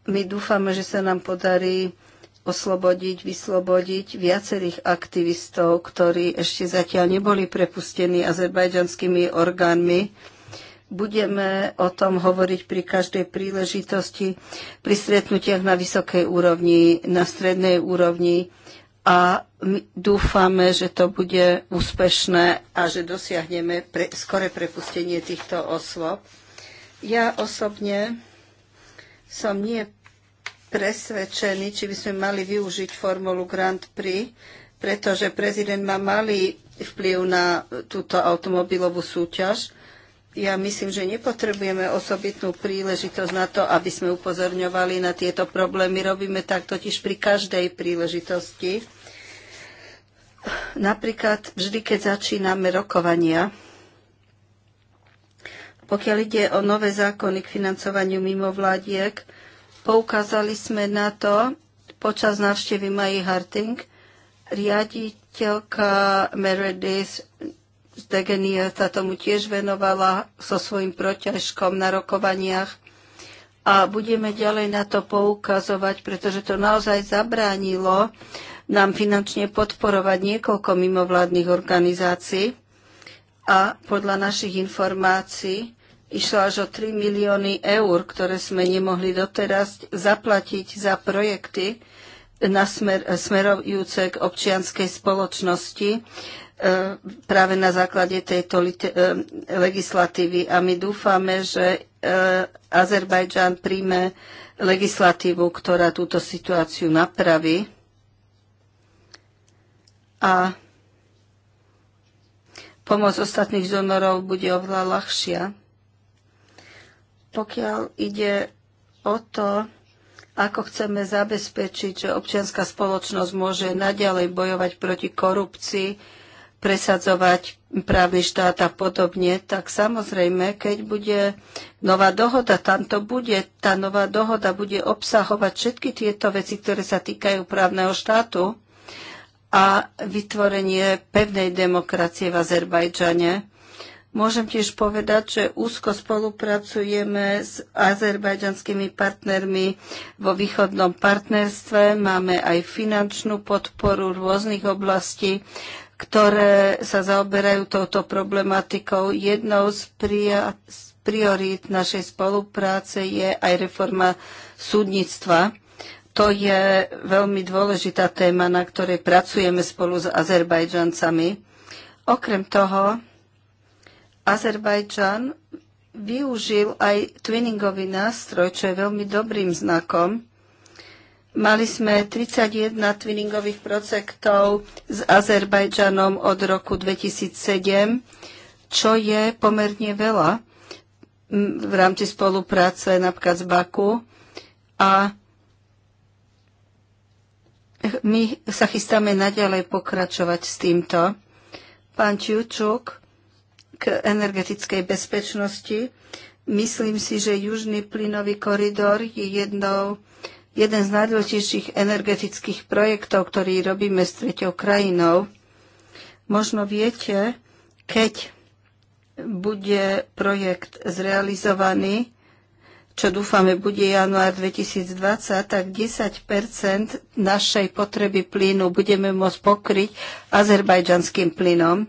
My dúfame, že sa nám podarí oslobodiť, vyslobodiť viacerých aktivistov, ktorí ešte zatiaľ neboli prepustení azerbajdžanskými orgánmi Budeme o tom hovoriť pri každej príležitosti, pri stretnutiach na vysokej úrovni, na strednej úrovni a my dúfame, že to bude úspešné a že dosiahneme pre, skore prepustenie týchto osôb. Ja osobne som nie presvedčený, či by sme mali využiť formulu Grand Prix, pretože prezident má malý vplyv na túto automobilovú súťaž ja myslím, že nepotrebujeme osobitnú príležitosť na to, aby sme upozorňovali na tieto problémy. Robíme tak totiž pri každej príležitosti. Napríklad vždy, keď začíname rokovania, pokiaľ ide o nové zákony k financovaniu mimovládiek, poukázali sme na to počas návštevy Maji Harting, riaditeľka Meredith Degenia sa tomu tiež venovala so svojím proťažkom na rokovaniach a budeme ďalej na to poukazovať, pretože to naozaj zabránilo nám finančne podporovať niekoľko mimovládnych organizácií a podľa našich informácií išlo až o 3 milióny eur, ktoré sme nemohli doteraz zaplatiť za projekty nasmer, smerujúce k občianskej spoločnosti E, práve na základe tejto e, legislatívy. A my dúfame, že e, Azerbajdžan príjme legislatívu, ktorá túto situáciu napraví. A pomoc ostatných donorov bude oveľa ľahšia. Pokiaľ ide o to, ako chceme zabezpečiť, že občianská spoločnosť môže naďalej bojovať proti korupcii, presadzovať právny štát a podobne, tak samozrejme, keď bude nová dohoda, tam to bude, tá nová dohoda bude obsahovať všetky tieto veci, ktoré sa týkajú právneho štátu a vytvorenie pevnej demokracie v Azerbajdžane. Môžem tiež povedať, že úzko spolupracujeme s azerbajdžanskými partnermi vo východnom partnerstve. Máme aj finančnú podporu rôznych oblastí ktoré sa zaoberajú touto problematikou. Jednou z, pria, z priorít našej spolupráce je aj reforma súdnictva. To je veľmi dôležitá téma, na ktorej pracujeme spolu s Azerbajdžancami. Okrem toho, Azerbajdžan využil aj twinningový nástroj, čo je veľmi dobrým znakom. Mali sme 31 twinningových projektov s Azerbajdžanom od roku 2007, čo je pomerne veľa v rámci spolupráce napríklad z Baku. A my sa chystáme naďalej pokračovať s týmto. Pán Čiučuk k energetickej bezpečnosti. Myslím si, že južný plynový koridor je jednou jeden z najdôležitejších energetických projektov, ktorý robíme s treťou krajinou. Možno viete, keď bude projekt zrealizovaný, čo dúfame bude január 2020, tak 10 našej potreby plynu budeme môcť pokryť azerbajdžanským plynom.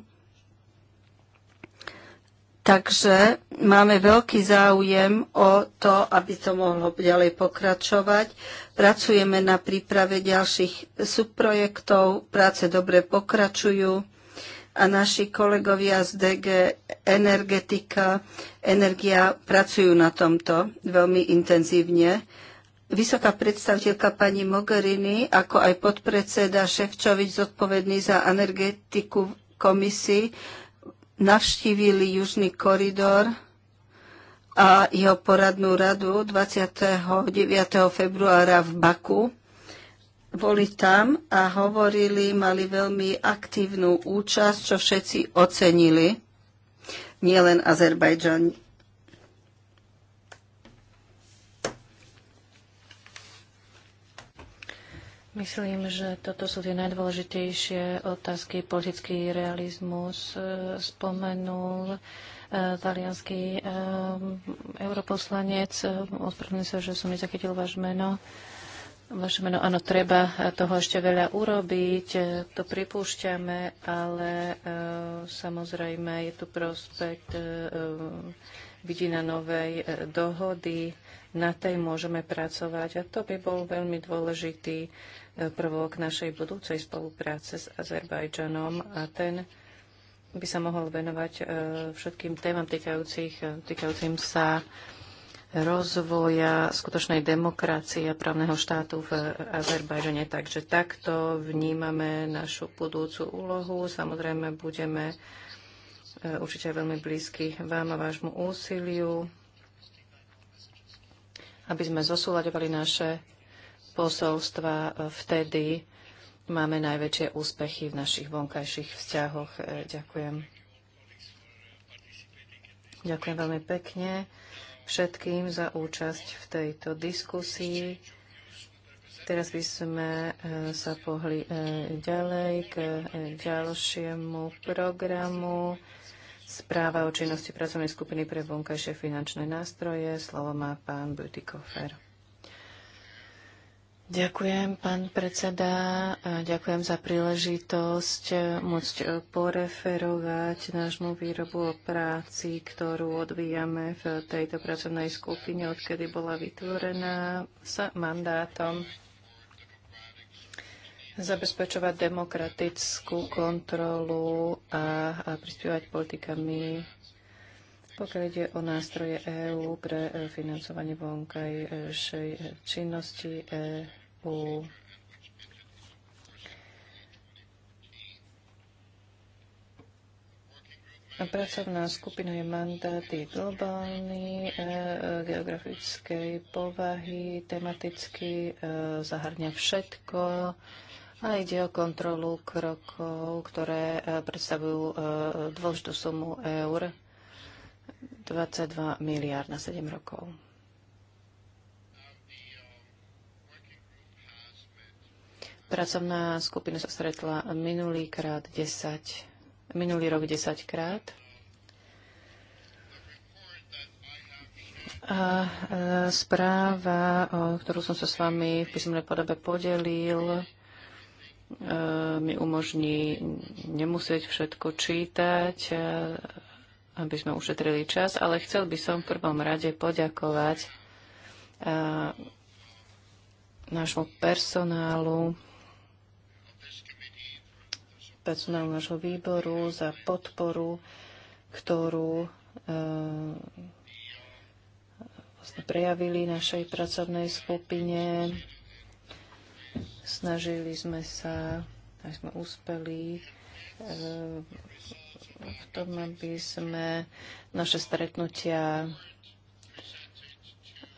Takže máme veľký záujem o to, aby to mohlo ďalej pokračovať. Pracujeme na príprave ďalších subprojektov, práce dobre pokračujú a naši kolegovia z DG Energetika, Energia pracujú na tomto veľmi intenzívne. Vysoká predstaviteľka pani Mogherini, ako aj podpredseda Ševčovič zodpovedný za energetiku komisii, navštívili Južný koridor a jeho poradnú radu 29. februára v Baku. Boli tam a hovorili, mali veľmi aktívnu účasť, čo všetci ocenili, nielen Azerbajdžan, Myslím, že toto sú tie najdôležitejšie otázky. Politický realizmus e, spomenul e, talianský e, europoslanec. Ospravedlňujem sa, že som nezachytil váš meno. Vaše meno, áno, treba toho ešte veľa urobiť, to pripúšťame, ale e, samozrejme je tu prospekt e, vidina novej e, dohody, na tej môžeme pracovať a to by bol veľmi dôležitý prvok našej budúcej spolupráce s Azerbajdžanom a ten by sa mohol venovať e, všetkým témam e, týkajúcim sa rozvoja skutočnej demokracie a právneho štátu v Azerbajdžane. Takže takto vnímame našu budúcu úlohu. Samozrejme, budeme e, určite veľmi blízky vám a vášmu úsiliu, aby sme zosúľadovali naše posolstva e, vtedy máme najväčšie úspechy v našich vonkajších vzťahoch. E, ďakujem. Ďakujem veľmi pekne všetkým za účasť v tejto diskusii. Teraz by sme e, sa pohli ďalej k ďalšiemu programu. Správa o činnosti pracovnej skupiny pre vonkajšie finančné nástroje. Slovo má pán Butikofer. Ďakujem, pán predseda. Ďakujem za príležitosť e, môcť e, poreferovať nášmu výrobu o práci, ktorú odvíjame v tejto pracovnej skupine, odkedy bola vytvorená s mandátom zabezpečovať demokratickú kontrolu a, a prispievať politikami pokiaľ ide o nástroje EÚ pre e, financovanie vonkajšej činnosti, EÚ. Pracovná skupina je mandáty globálny, e, e, geografickej povahy, tematicky e, zahrňa všetko a ide o kontrolu krokov, ktoré predstavujú dôležitú sumu eur 22 miliárd na 7 rokov. Pracovná skupina sa stretla minulý, krát 10, minulý rok 10 krát. A e, správa, o ktorú som sa s vami v písomnej podobe podelil, e, mi umožní nemusieť všetko čítať, e, aby sme ušetrili čas, ale chcel by som v prvom rade poďakovať nášmu personálu, personál nášho výboru za podporu, ktorú e, vlastne prejavili našej pracovnej skupine. Snažili sme sa, aj sme uspeli e, v tom, aby sme naše stretnutia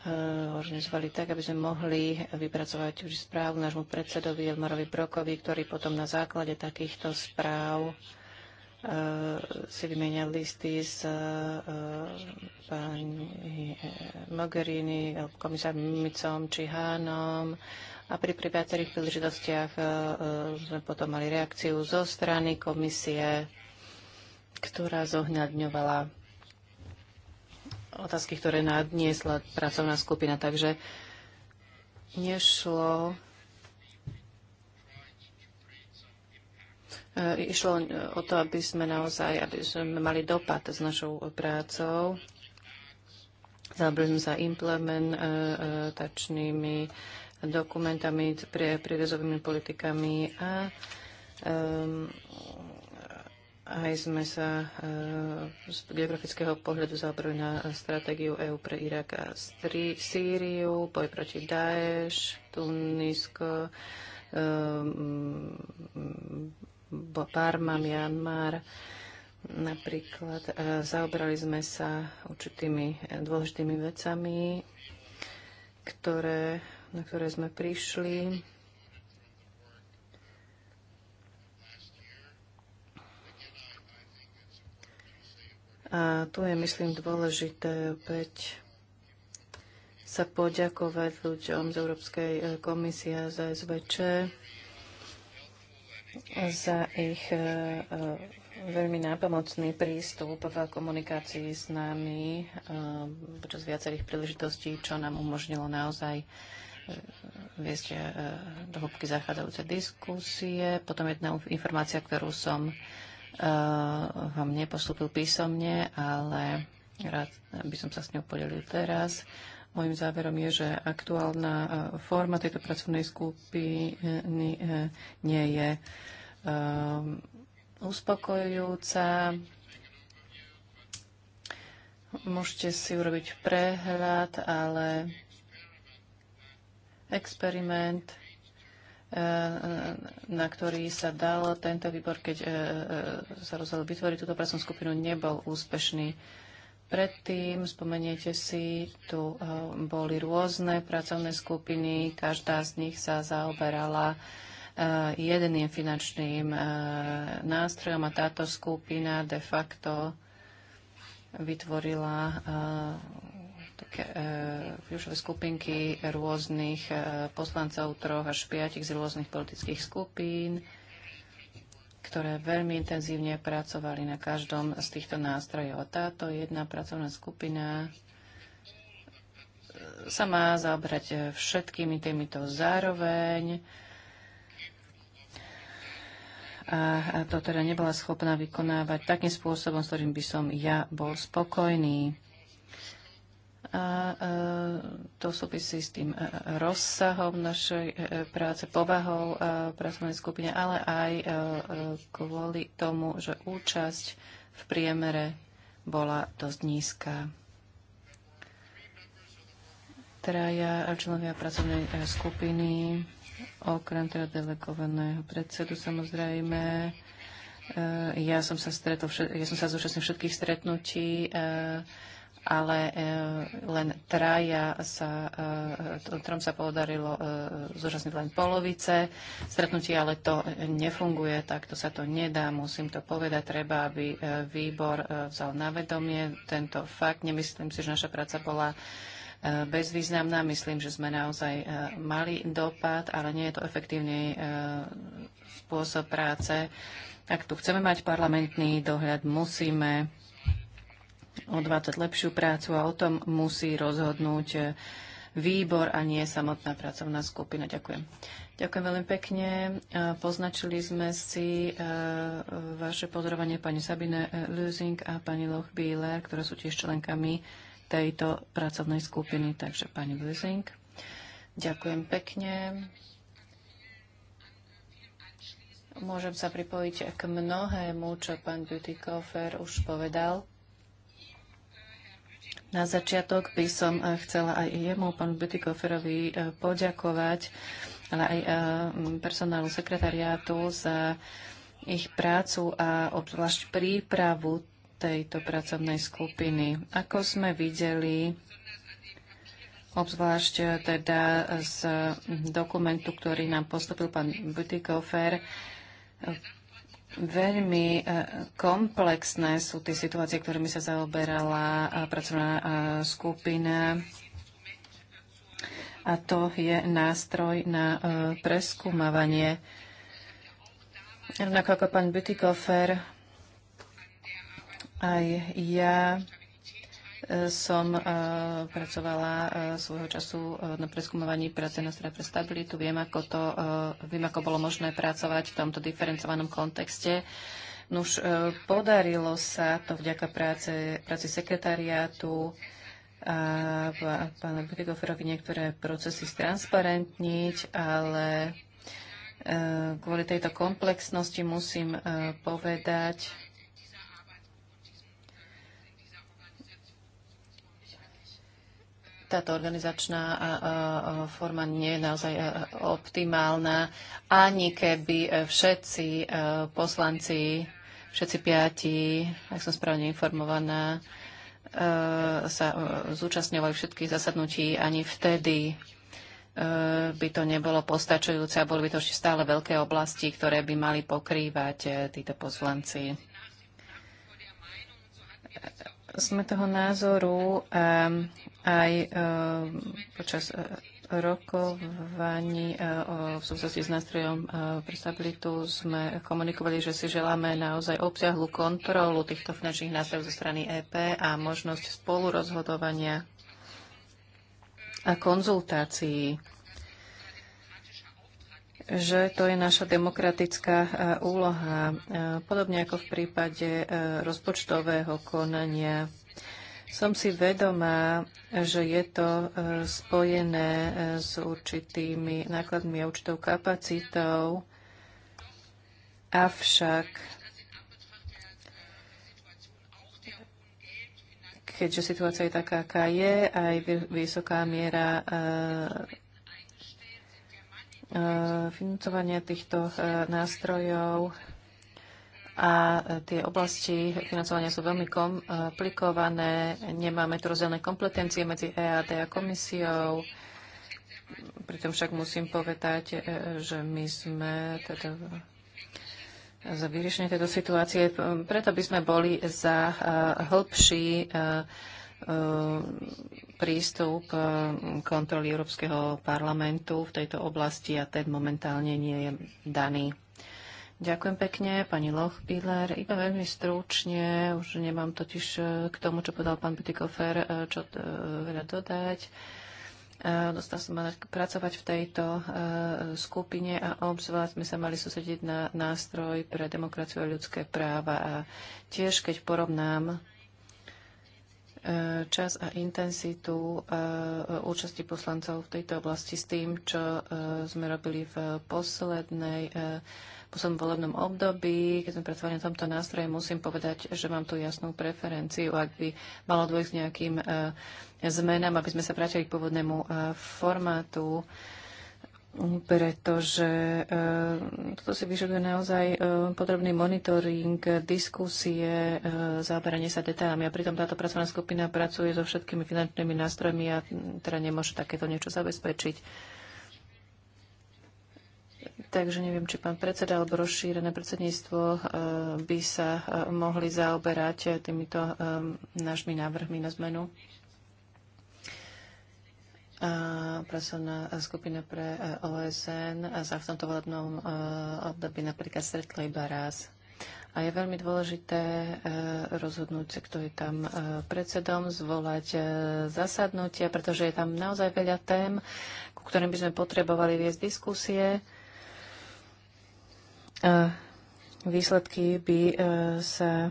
Eh, organizovali tak, aby sme mohli vypracovať už správu nášmu predsedovi Elmarovi Brokovi, ktorý potom na základe takýchto správ eh, si vymenia listy s eh, pani Mogherini, komisár Micom či Hánom a pri, pri viacerých príležitostiach sme potom mali reakciu zo strany komisie, ktorá zohňadňovala otázky, ktoré nadniesla pracovná skupina. Takže nešlo e, Išlo o to, aby sme naozaj aby sme mali dopad s našou prácou. Zabili sme sa implementačnými dokumentami, prievezovými politikami a um, aj sme sa eh, z geografického pohľadu zaobrali na stratégiu EÚ pre Irak a Sýriu, boj proti Daesh, Tunisko, Parma, eh, Myanmar. Napríklad eh, zaobrali sme sa určitými dôležitými vecami, ktoré, na ktoré sme prišli A tu je, myslím, dôležité opäť sa poďakovať ľuďom z Európskej e, komisie a SVČ za ich e, e, veľmi nápomocný prístup v komunikácii s nami počas viacerých príležitostí, čo nám umožnilo naozaj viesť do hĺbky zachádzajúce diskusie. Potom jedna informácia, ktorú som vám nepostúpil písomne, ale rád by som sa s ňou podelil teraz. Mojím záverom je, že aktuálna eh, forma tejto pracovnej skupiny eh, nie je eh, uspokojujúca. Môžete si urobiť prehľad, ale experiment E, e, na ktorý sa dal tento výbor, keď e, sa rozhodol vytvoriť túto pracovnú skupinu, nebol úspešný. Predtým, spomeniete si, tu boli rôzne pracovné skupiny, každá z nich sa zaoberala jedným finančným nástrojom a táto skupina de facto vytvorila také e, kľúčové skupinky rôznych e, poslancov, troch až piatich z rôznych politických skupín, ktoré veľmi intenzívne pracovali na každom z týchto nástrojov. Táto jedna pracovná skupina e, sa má zaobrať všetkými týmito zároveň. A to teda nebola schopná vykonávať takým spôsobom, s ktorým by som ja bol spokojný a e, to súvisí s tým e, rozsahom našej e, práce, povahou pracovnej skupine, ale aj kvôli tomu, že účasť v priemere bola dosť nízka. Traja členovia pracovnej skupiny, okrem teda delegovaného predsedu samozrejme, ja som sa stretol, ja som sa zúčastnil všetkých stretnutí ale e, len traja sa, e, trom sa podarilo e, zúčastniť len polovice stretnutia, ale to nefunguje, tak to sa to nedá, musím to povedať, treba, aby výbor vzal na vedomie tento fakt. Nemyslím si, že naša práca bola bezvýznamná. Myslím, že sme naozaj mali dopad, ale nie je to efektívny spôsob práce. Ak tu chceme mať parlamentný dohľad, musíme odvádzať lepšiu prácu a o tom musí rozhodnúť e, výbor a nie samotná pracovná skupina. Ďakujem. Ďakujem veľmi pekne. E, poznačili sme si e, vaše pozorovanie pani Sabine Lusing a pani Loch Bieler, ktoré sú tiež členkami tejto pracovnej skupiny. Takže pani Lusing. Ďakujem pekne. Môžem sa pripojiť k mnohému, čo pán Kofer už povedal. Na začiatok by som eh, chcela aj jemu, pánu Bytikoferovi, eh, poďakovať, ale aj eh, personálu sekretariátu za ich prácu a obzvlášť prípravu tejto pracovnej skupiny. Ako sme videli, obzvlášť teda z dokumentu, ktorý nám postupil pán Butikofer, Veľmi e, komplexné sú tie situácie, ktorými sa zaoberala e, pracovná e, skupina. A to je nástroj na preskúmavanie. Rovnako ako pán Bütikofer, aj ja som e, pracovala e, svojho času e, na preskúmovaní práce na pre stabilitu. Viem ako, to, viem, ako bolo možné pracovať v tomto diferencovanom kontexte. Nuž, podarilo sa to vďaka práce, práci sekretariátu a pána Grigoferovi niektoré procesy stransparentniť, ale kvôli tejto komplexnosti musím povedať, táto organizačná forma nie je naozaj optimálna, ani keby e, všetci e, poslanci, všetci piati, ak som správne informovaná, e, sa zúčastňovali všetkých zasadnutí, ani vtedy by to nebolo postačujúce a boli by to ešte stále veľké oblasti, ktoré by mali pokrývať títo poslanci sme toho názoru a ehm, aj ehm, počas e, rokovaní e, v súvislosti s nástrojom e, pre stabilitu sme komunikovali, že si želáme naozaj obsiahlu kontrolu týchto finančných nástrojov zo strany EP a možnosť spolurozhodovania a konzultácií že to je naša demokratická e, úloha. E, podobne ako v prípade e, rozpočtového konania. Som si vedomá, že je to spojené s určitými nákladmi a určitou kapacitou, avšak keďže situácia je taká, aká je, aj vysoká miera Eh, financovanie týchto eh, nástrojov a eh, tie oblasti financovania sú veľmi komplikované. Nemáme tu rozdielne kompetencie medzi EAD a komisiou. Pritom však musím povedať, že my sme teda za vyriešenie tejto situácie. Preto by sme boli za hĺbší prístup eh, kontroly Európskeho parlamentu v tejto oblasti a ten momentálne nie je daný. Ďakujem pekne, pani Lochbiller. Iba veľmi stručne, už nemám totiž eh, k tomu, čo povedal pán Petikofer, eh, čo veľa dodať. Dostal som mať pracovať v tejto skupine a obzvať sme sa mali susediť na nástroj pre demokraciu a ľudské práva. A tiež, keď porovnám E, čas a intenzitu e, účasti poslancov v tejto oblasti s tým, čo e, sme robili v poslednej, poslednom volebnom období, keď sme pracovali na tomto nástroji, musím povedať, že mám tu jasnú preferenciu, ak by malo dôjsť nejakým zmenám, aby sme sa vrátili k pôvodnému formátu pretože eh, toto si vyžaduje naozaj eh, podrobný monitoring, diskusie, eh, zaoberanie sa detailami. A pritom táto pracovná skupina pracuje so všetkými finančnými nástrojmi a hm, teda nemôže takéto niečo zabezpečiť. Takže neviem, či pán predseda alebo rozšírené predsedníctvo by sa mohli zaoberať týmito nášmi návrhmi na zmenu pracovná skupina pre e, OSN sa v tomto volebnom e, období napríklad stretla iba raz. A je veľmi dôležité e, rozhodnúť, kto je tam predsedom, zvolať zasadnutia, pretože je tam naozaj veľa tém, ku ktorým by sme potrebovali viesť diskusie. Výsledky by e, sa e,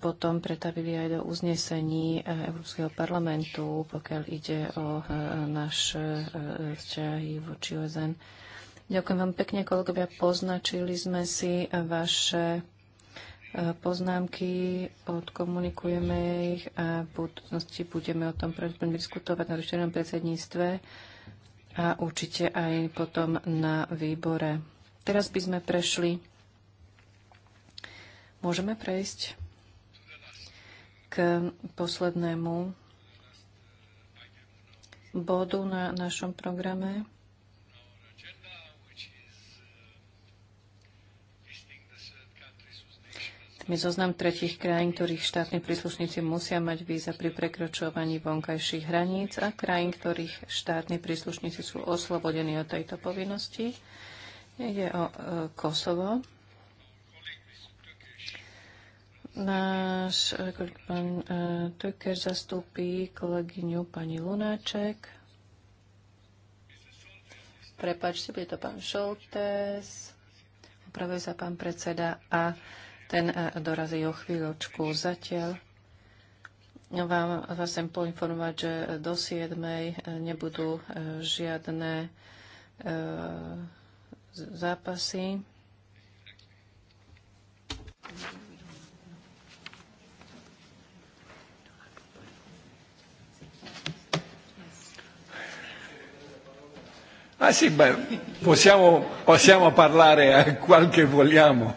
potom pretavili aj do uznesení e, Európskeho parlamentu, pokiaľ ide o naše vzťahy voči OSN. Ďakujem vám pekne, kolegovia. Poznačili sme si vaše poznámky, odkomunikujeme ich a v budúcnosti budeme o tom pravdepodobne diskutovať na rozšírenom predsedníctve a určite aj potom na výbore. Teraz by sme prešli Môžeme prejsť k poslednému bodu na našom programe. Tým je zoznam tretich krajín, ktorých štátni príslušníci musia mať víza pri prekročovaní vonkajších hraníc a krajín, ktorých štátni príslušníci sú oslobodení od tejto povinnosti. Ide o e, Kosovo. Náš eh, pán eh, Töker zastúpi kolegyňu pani Lunáček. Prepačte, bude to pán Šoltes. Opravuje sa pán predseda a ten eh, dorazí o chvíľočku. Zatiaľ vám vás chcem poinformovať, že do 7. nebudú žiadne zápasy. Thank you. Ah sì, beh, possiamo, possiamo parlare a qualche vogliamo.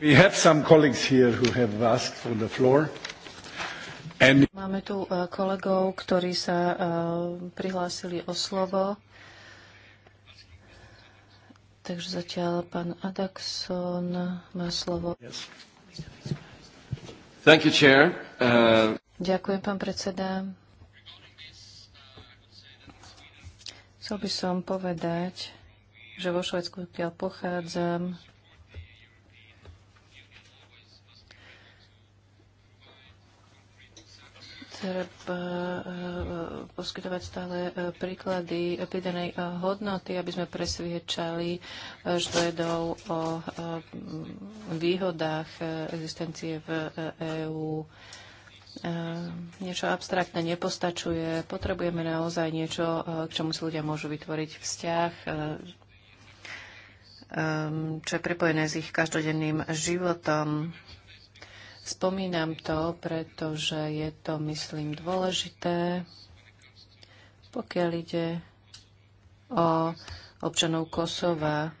Máme tu e, kolegov, ktorí sa e, prihlásili o slovo. Takže zatiaľ pán Adakson má slovo. Thank you, chair. Uh, Ďakujem, pán predseda. Chcel by som povedať, že vo Švedsku, odkiaľ pochádzam, treba e, poskytovať stále e, príklady pridanej e, hodnoty, aby sme presviečali Švedov o výhodách existencie v EÚ. Niečo abstraktné nepostačuje. Potrebujeme naozaj niečo, k čomu si ľudia môžu vytvoriť vzťah, čo je prepojené s ich každodenným životom. Spomínam to, pretože je to, myslím, dôležité, pokiaľ ide o občanov Kosova,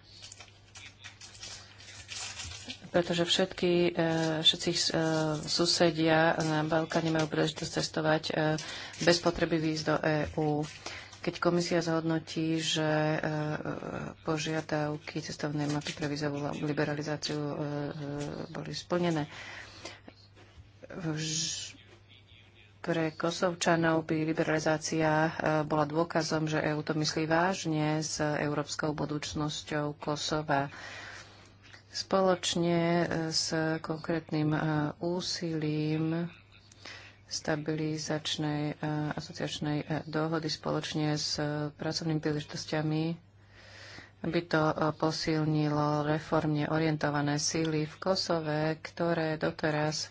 pretože všetky, e, všetci e, susedia na Balkáne majú príležitosť cestovať e, bez potreby výjsť do EÚ. Keď komisia zhodnotí, že požiadavky cestovnej mapy pre vízovú liberalizáciu boli splnené, pre Kosovčanov by liberalizácia eh, bola dôkazom, že EÚ to myslí vážne s európskou budúcnosťou Kosova. Spoločne eh, s konkrétnym eh, úsilím stabilizačnej asociačnej dohody spoločne s pracovnými príležitostiami by to posilnilo reformne orientované síly v Kosove, ktoré doteraz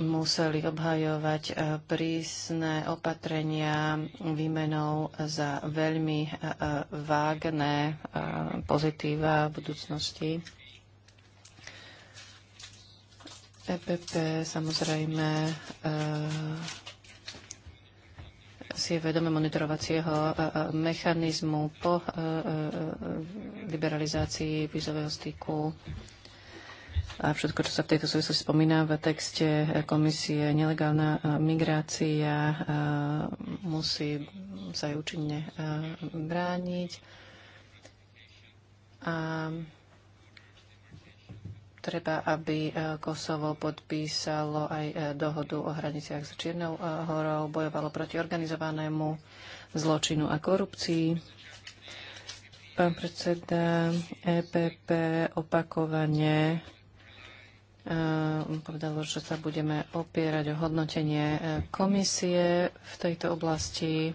museli obhajovať e, prísne opatrenia výmenou za veľmi e, e, vágne pozitíva v budúcnosti. EPP samozrejme si je vedome monitorovacieho mechanizmu po liberalizácii vizového styku a všetko, čo sa v tejto súvislosti spomína v texte komisie, nelegálna e, migrácia e, musí sa aj účinne e, brániť. A treba, aby Kosovo podpísalo aj dohodu o hraniciach s Čiernou horou, bojovalo proti organizovanému zločinu a korupcii pán predseda EPP opakovane Ehm, povedalo, že sa budeme opierať o hodnotenie e, komisie v tejto oblasti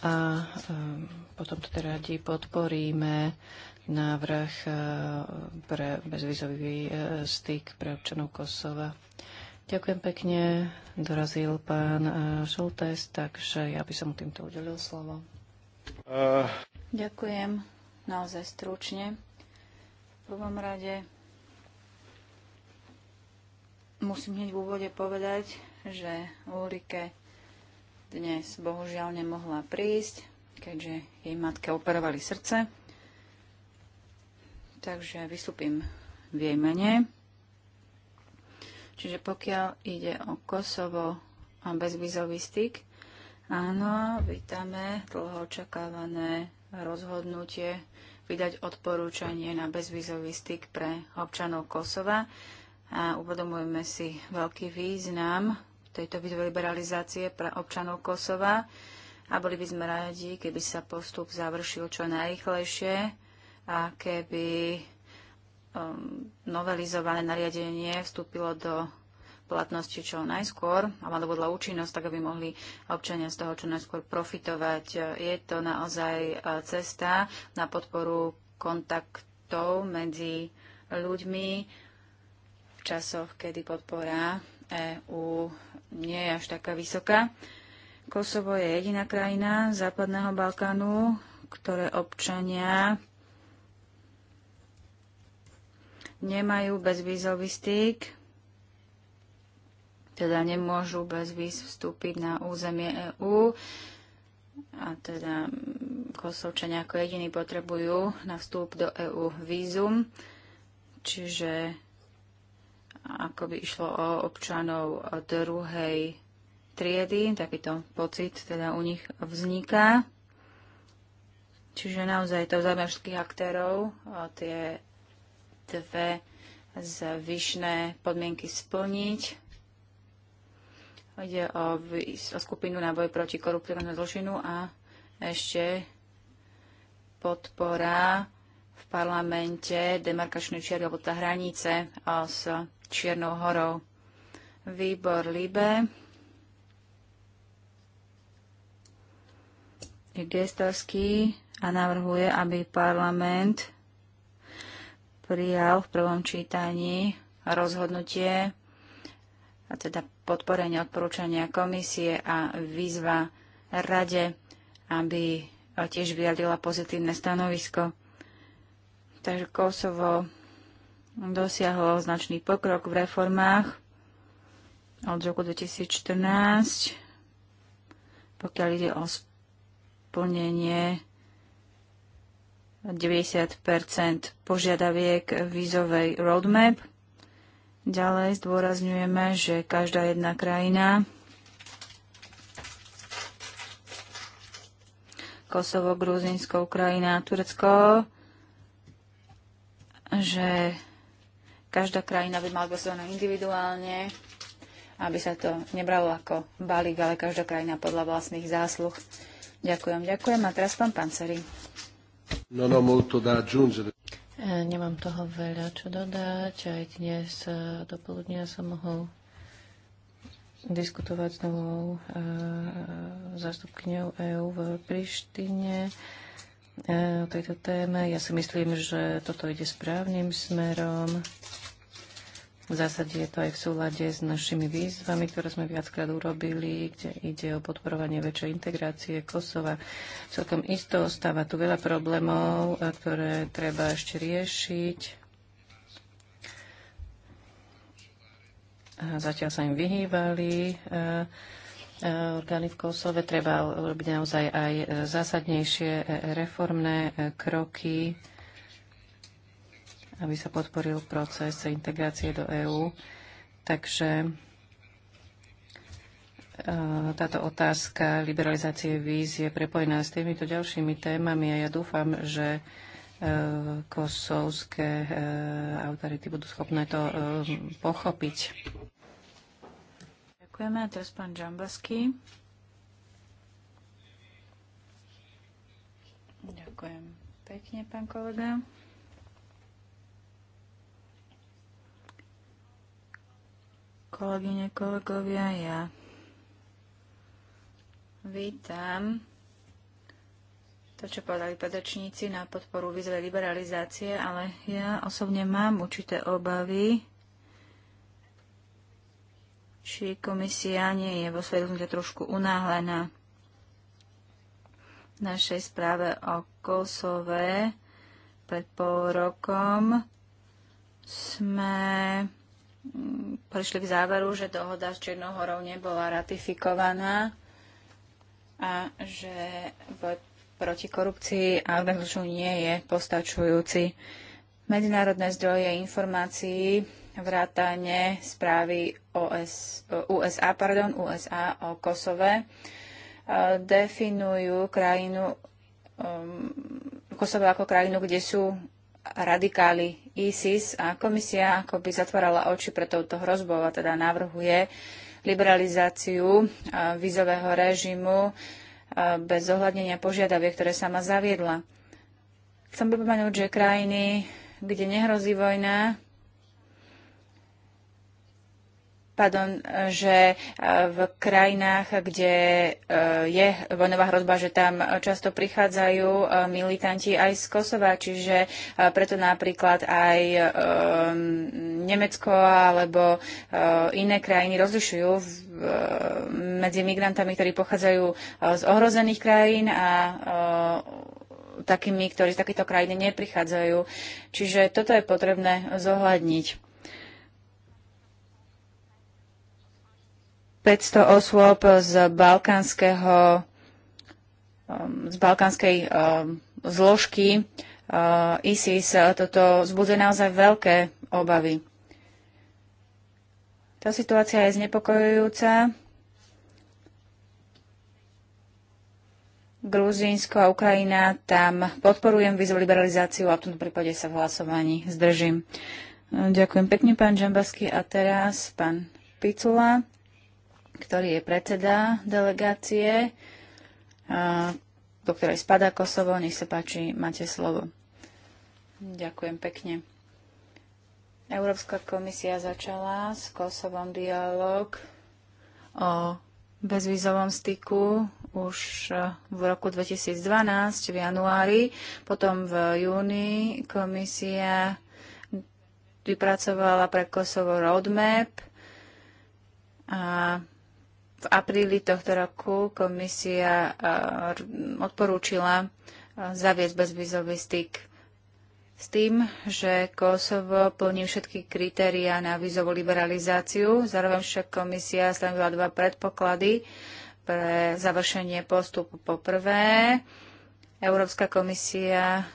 a ehm, potom to teda radi podporíme návrh e, pre bezvizový e, styk pre občanov Kosova. Ďakujem pekne. Dorazil pán Šoltes, takže ja by som týmto udelil slovo. Uh. Ďakujem. Naozaj stručne prvom rade musím hneď v úvode povedať, že Ulrike dnes bohužiaľ nemohla prísť, keďže jej matke operovali srdce. Takže vystúpim v jej mene. Čiže pokiaľ ide o Kosovo a bezvizový styk, áno, vítame dlho očakávané rozhodnutie vydať odporúčanie na bezvízový styk pre občanov Kosova a uvedomujeme si veľký význam tejto výzvy liberalizácie pre občanov Kosova a boli by sme radi, keby sa postup završil čo najrychlejšie a keby um, novelizované nariadenie vstúpilo do platnosti čo najskôr a dovodla účinnosť, tak aby mohli občania z toho čo najskôr profitovať. Je to naozaj e, cesta na podporu kontaktov medzi ľuďmi v časoch, kedy podpora EÚ nie je až taká vysoká. Kosovo je jediná krajina Západného Balkánu, ktoré občania nemajú bezvýzový styk teda nemôžu bez víz vstúpiť na územie EÚ a teda Kosovčania ako jediní potrebujú na vstup do EÚ vízum, čiže ako by išlo o občanov druhej triedy, takýto pocit teda u nich vzniká. Čiže naozaj to zaujíma všetkých aktérov, tie dve zvyšné podmienky splniť Ide o, o skupinu na boj proti koruptívnemu zlošinu a ešte podpora v parlamente demarkačnej čiary, alebo tá teda hranice s Čiernou horou. Výbor Libe. Je gestorský a navrhuje, aby parlament prijal v prvom čítaní rozhodnutie a teda podporenie odporúčania komisie a výzva rade, aby tiež vyjadrila pozitívne stanovisko. Takže Kosovo dosiahlo značný pokrok v reformách od roku 2014, pokiaľ ide o splnenie 90 požiadaviek vízovej roadmap – Ďalej zdôrazňujeme, že každá jedna krajina Kosovo, Gruzinsko, Ukrajina, Turecko, že každá krajina by mala dosledované individuálne, aby sa to nebralo ako balík, ale každá krajina podľa vlastných zásluh. Ďakujem, ďakujem. A teraz pán Pancery. No, no, molto da aggiungere. E, nemám toho veľa čo dodať. Aj dnes e, do poludnia som mohol diskutovať s novou e, zástupkyňou EÚ v Prištine o tejto téme. Ja si myslím, že toto ide správnym smerom. V zásade je to aj v súlade s našimi výzvami, ktoré sme viackrát urobili, kde ide o podporovanie väčšej integrácie Kosova. Celkom isto ostáva tu veľa problémov, ktoré treba ešte riešiť. zatiaľ sa im vyhýbali e, e, orgány v Kosove. Treba urobiť naozaj aj zásadnejšie e, reformné kroky aby sa podporil proces integrácie do EÚ. Takže e, táto otázka liberalizácie víz je prepojená s týmito ďalšími témami a ja dúfam, že e, kosovské e, autority budú schopné to pochopiť. Ďakujeme. A teraz pán Džambaský. Ďakujem pekne, pán kolega. Kolegyne, kolegovia, ja vítam to, čo povedali pedačníci na podporu výzve liberalizácie, ale ja osobne mám určité obavy, či komisia nie je vo svojej trošku unáhlená našej správe o Kosove pred pol rokom sme Mm, prišli k záveru, že dohoda s Černohorou nebola ratifikovaná a že boj proti korupcii a organizáciu nie je postačujúci. Medzinárodné zdroje informácií vrátane správy OS, USA, pardon, USA o Kosove e, definujú krajinu um, Kosovo ako krajinu, kde sú radikáli ISIS a komisia ako by zatvorala oči pre touto hrozbou a teda navrhuje liberalizáciu e, vízového režimu e, bez zohľadnenia požiadaviek, ktoré sama zaviedla. Chcem pripomenúť, že krajiny, kde nehrozí vojna, pardon, že e, v krajinách, kde e, je vojnová hrozba, že tam často prichádzajú e, militanti aj z Kosova, čiže preto napríklad aj Nemecko alebo iné krajiny rozlišujú medzi migrantami, ktorí pochádzajú z ohrozených krajín a takými, ktorí z takéto krajiny neprichádzajú. Čiže toto je potrebné zohľadniť. 500 osôb z balkánskeho um, z balkánskej um, zložky uh, ISIS. Toto zbudzuje naozaj veľké obavy. Tá situácia je znepokojujúca. Gruzínsko a Ukrajina, tam podporujem výzvu liberalizáciu a v tomto prípade sa v hlasovaní zdržím. Ďakujem pekne, pán Žambaský. A teraz pán Picula ktorý je predseda delegácie, do ktorej spadá Kosovo. Nech sa páči, máte slovo. Ďakujem pekne. Európska komisia začala s Kosovom dialog o bezvízovom styku už e, v roku 2012 v januári. Potom v júni komisia vypracovala pre Kosovo roadmap a v apríli tohto roku komisia eh, odporúčila eh, zaviesť bezvizový styk s tým, že Kosovo plní všetky kritériá na vízovú liberalizáciu. Zároveň však komisia stanovila dva predpoklady pre završenie postupu. Po prvé, Európska komisia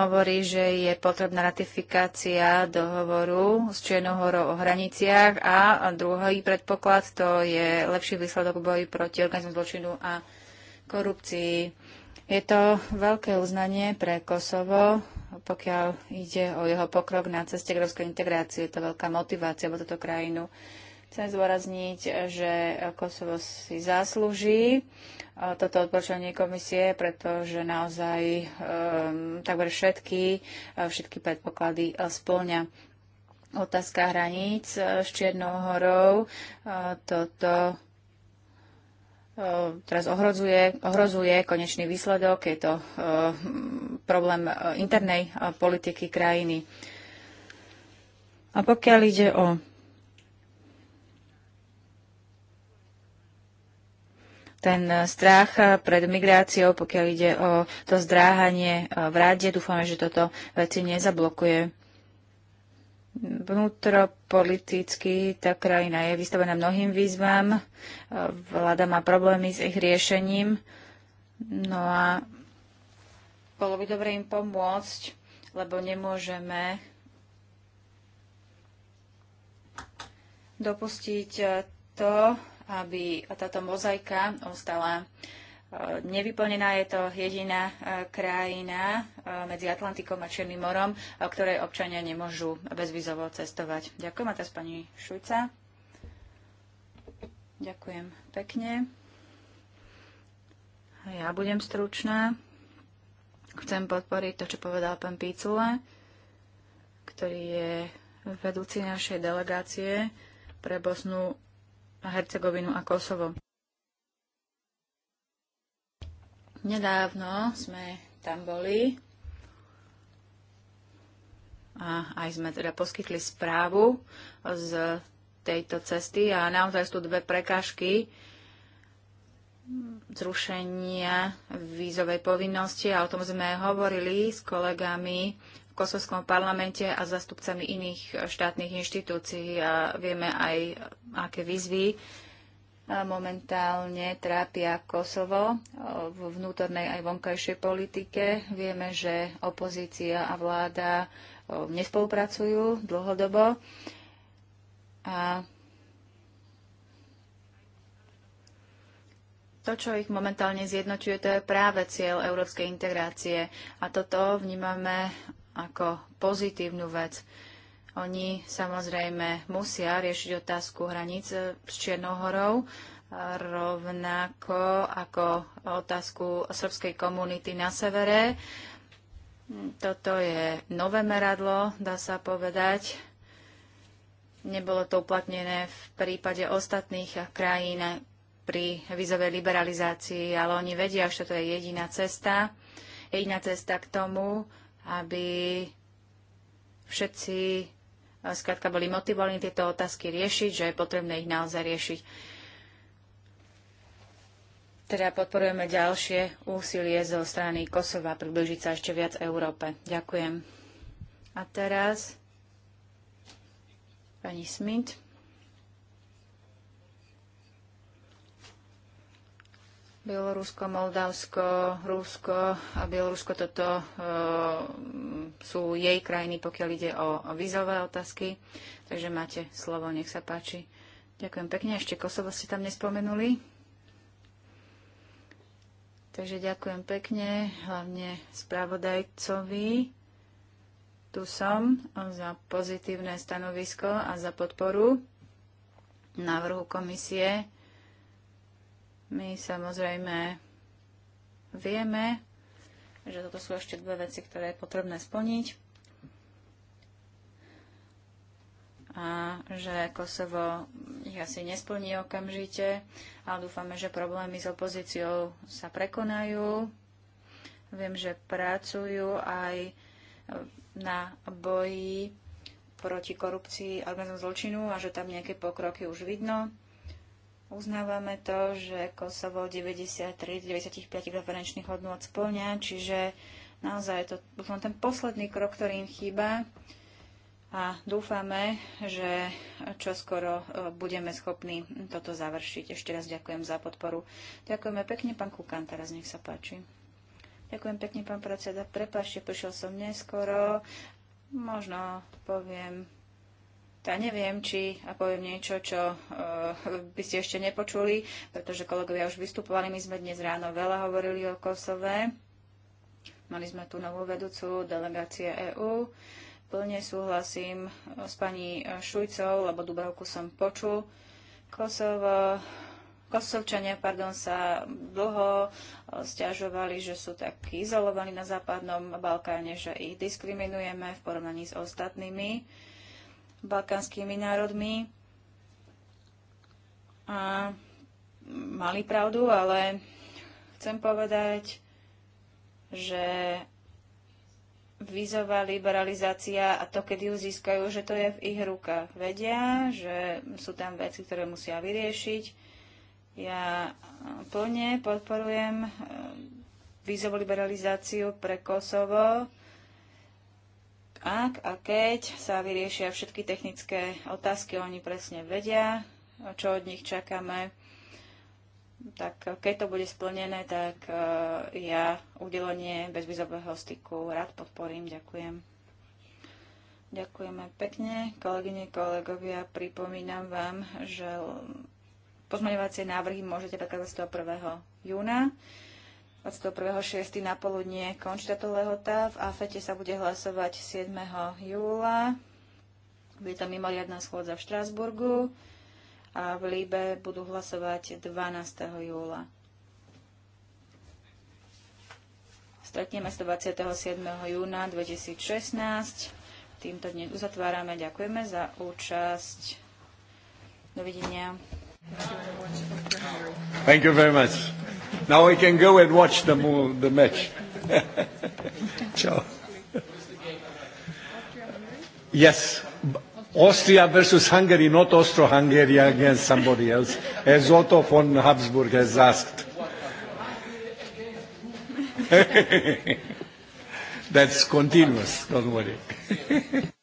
hovorí, že je potrebná ratifikácia dohovoru s Čiernou horou o hraniciach a druhý predpoklad to je lepší výsledok boji proti organizmu zločinu a korupcii. Je to veľké uznanie pre Kosovo, pokiaľ ide o jeho pokrok na ceste k integrácie. Je to veľká motivácia pre túto krajinu. Chcem zdôrazniť, že Kosovo si zaslúži e, toto odporúčanie komisie, pretože naozaj e, takmer všetky, e, všetky predpoklady splňa otázka hraníc s Čiernou horou. Toto teraz ohrozuje, ohrozuje konečný výsledok. Je to problém internej politiky krajiny. A pokiaľ ide o ten eh, strach eh, pred migráciou, pokiaľ ide o to zdráhanie eh, v rade. Dúfame, že toto veci nezablokuje. Vnútropoliticky tá krajina je vystavená mnohým výzvam. Vláda má problémy s ich riešením. No a bolo by dobre im pomôcť, lebo nemôžeme dopustiť to, aby táto mozaika ostala e, nevyplnená. Je to jediná e, krajina e, medzi Atlantikom a Černým morom, ktorej občania nemôžu bezvizovo cestovať. Ďakujem a teraz pani Šujca. Ďakujem pekne. Ja budem stručná. Chcem podporiť to, čo povedal pán Pícula, ktorý je vedúci našej delegácie pre Bosnu Hercegovinu a Kosovo. Nedávno sme tam boli a aj sme teda poskytli správu z tejto cesty a naozaj sú tu dve prekážky zrušenia vízovej povinnosti a o tom sme hovorili s kolegami v kosovskom parlamente a zastupcami iných e, štátnych inštitúcií a vieme aj, aké výzvy e, momentálne trápia Kosovo e, v vnútornej aj vonkajšej politike. Vieme, že opozícia a vláda nespolupracujú dlhodobo. A to, čo ich momentálne zjednočuje, to je práve cieľ európskej integrácie. A toto vnímame ako pozitívnu vec. Oni samozrejme musia riešiť otázku hraníc s Čiernohorou, rovnako ako otázku srbskej komunity na severe. Toto je nové meradlo, dá sa povedať. Nebolo to uplatnené v prípade ostatných krajín pri vízovej liberalizácii, ale oni vedia, že to je jediná cesta. Jediná cesta k tomu, aby všetci eh, skrátka boli motivovaní tieto otázky riešiť, že je potrebné ich naozaj riešiť. Teda podporujeme ďalšie úsilie zo strany Kosova približiť sa ešte viac Európe. Ďakujem. A teraz pani Smith. Bielorusko, Moldavsko, Rusko a Bielorusko toto e, sú jej krajiny, pokiaľ ide o, o vízové otázky. Takže máte slovo, nech sa páči. Ďakujem pekne. Ešte Kosovo ste tam nespomenuli. Takže ďakujem pekne, hlavne spravodajcovi. Tu som za pozitívne stanovisko a za podporu návrhu komisie my samozrejme vieme, že toto sú ešte dve veci, ktoré je potrebné splniť. A že Kosovo ich asi nesplní okamžite, ale dúfame, že problémy s opozíciou sa prekonajú. Viem, že pracujú aj na boji proti korupcii a zločinu a že tam nejaké pokroky už vidno. Uznávame to, že Kosovo 93 z 95 referenčných hodnôt splňa, čiže naozaj je to už len ten posledný krok, ktorý im chýba a dúfame, že čoskoro e, budeme schopní toto završiť. Ešte raz ďakujem za podporu. Ďakujeme pekne, pán Kukan, teraz nech sa páči. Ďakujem pekne, pán predseda. Prepašte, prišiel som neskoro. Možno poviem tá neviem, či a poviem niečo, čo e, by ste ešte nepočuli, pretože kolegovia už vystupovali. My sme dnes ráno veľa hovorili o Kosove. Mali sme tu novú vedúcu delegácie EÚ. Plne súhlasím eh, s pani eh, Šujcov, lebo Dubravku som počul. Kosovo, Kosovčania pardon, sa dlho stiažovali, že sú tak izolovaní na západnom Balkáne, že ich diskriminujeme v porovnaní s ostatnými balkánskymi národmi. A mali pravdu, ale chcem povedať, že vízová liberalizácia a to, keď ju získajú, že to je v ich rukách. Vedia, že sú tam veci, ktoré musia vyriešiť. Ja plne podporujem eh, vízovú liberalizáciu pre Kosovo ak a keď sa vyriešia všetky technické otázky, oni presne vedia, čo od nich čakáme, tak keď to bude splnené, tak e, ja udelenie bezvizového styku rád podporím. Ďakujem. Ďakujeme pekne. Kolegyne, kolegovia, pripomínam vám, že pozmeňovacie návrhy môžete predkladať 101. júna. 21.6. na poludnie končí táto lehota. V AFETE sa bude hlasovať 7. júla. Bude tam mimoriadná schôdza v Štrásburgu a v Líbe budú hlasovať 12. júla. Stretneme sa 27. júna 2016. Týmto dnes uzatvárame. Ďakujeme za účasť. Dovidenia. Thank you very much. Now we can go and watch the, the match. Ciao. Yes, Austria versus Hungary, not Austro-Hungary against somebody else, as Otto von Habsburg has asked. That's continuous, don't worry.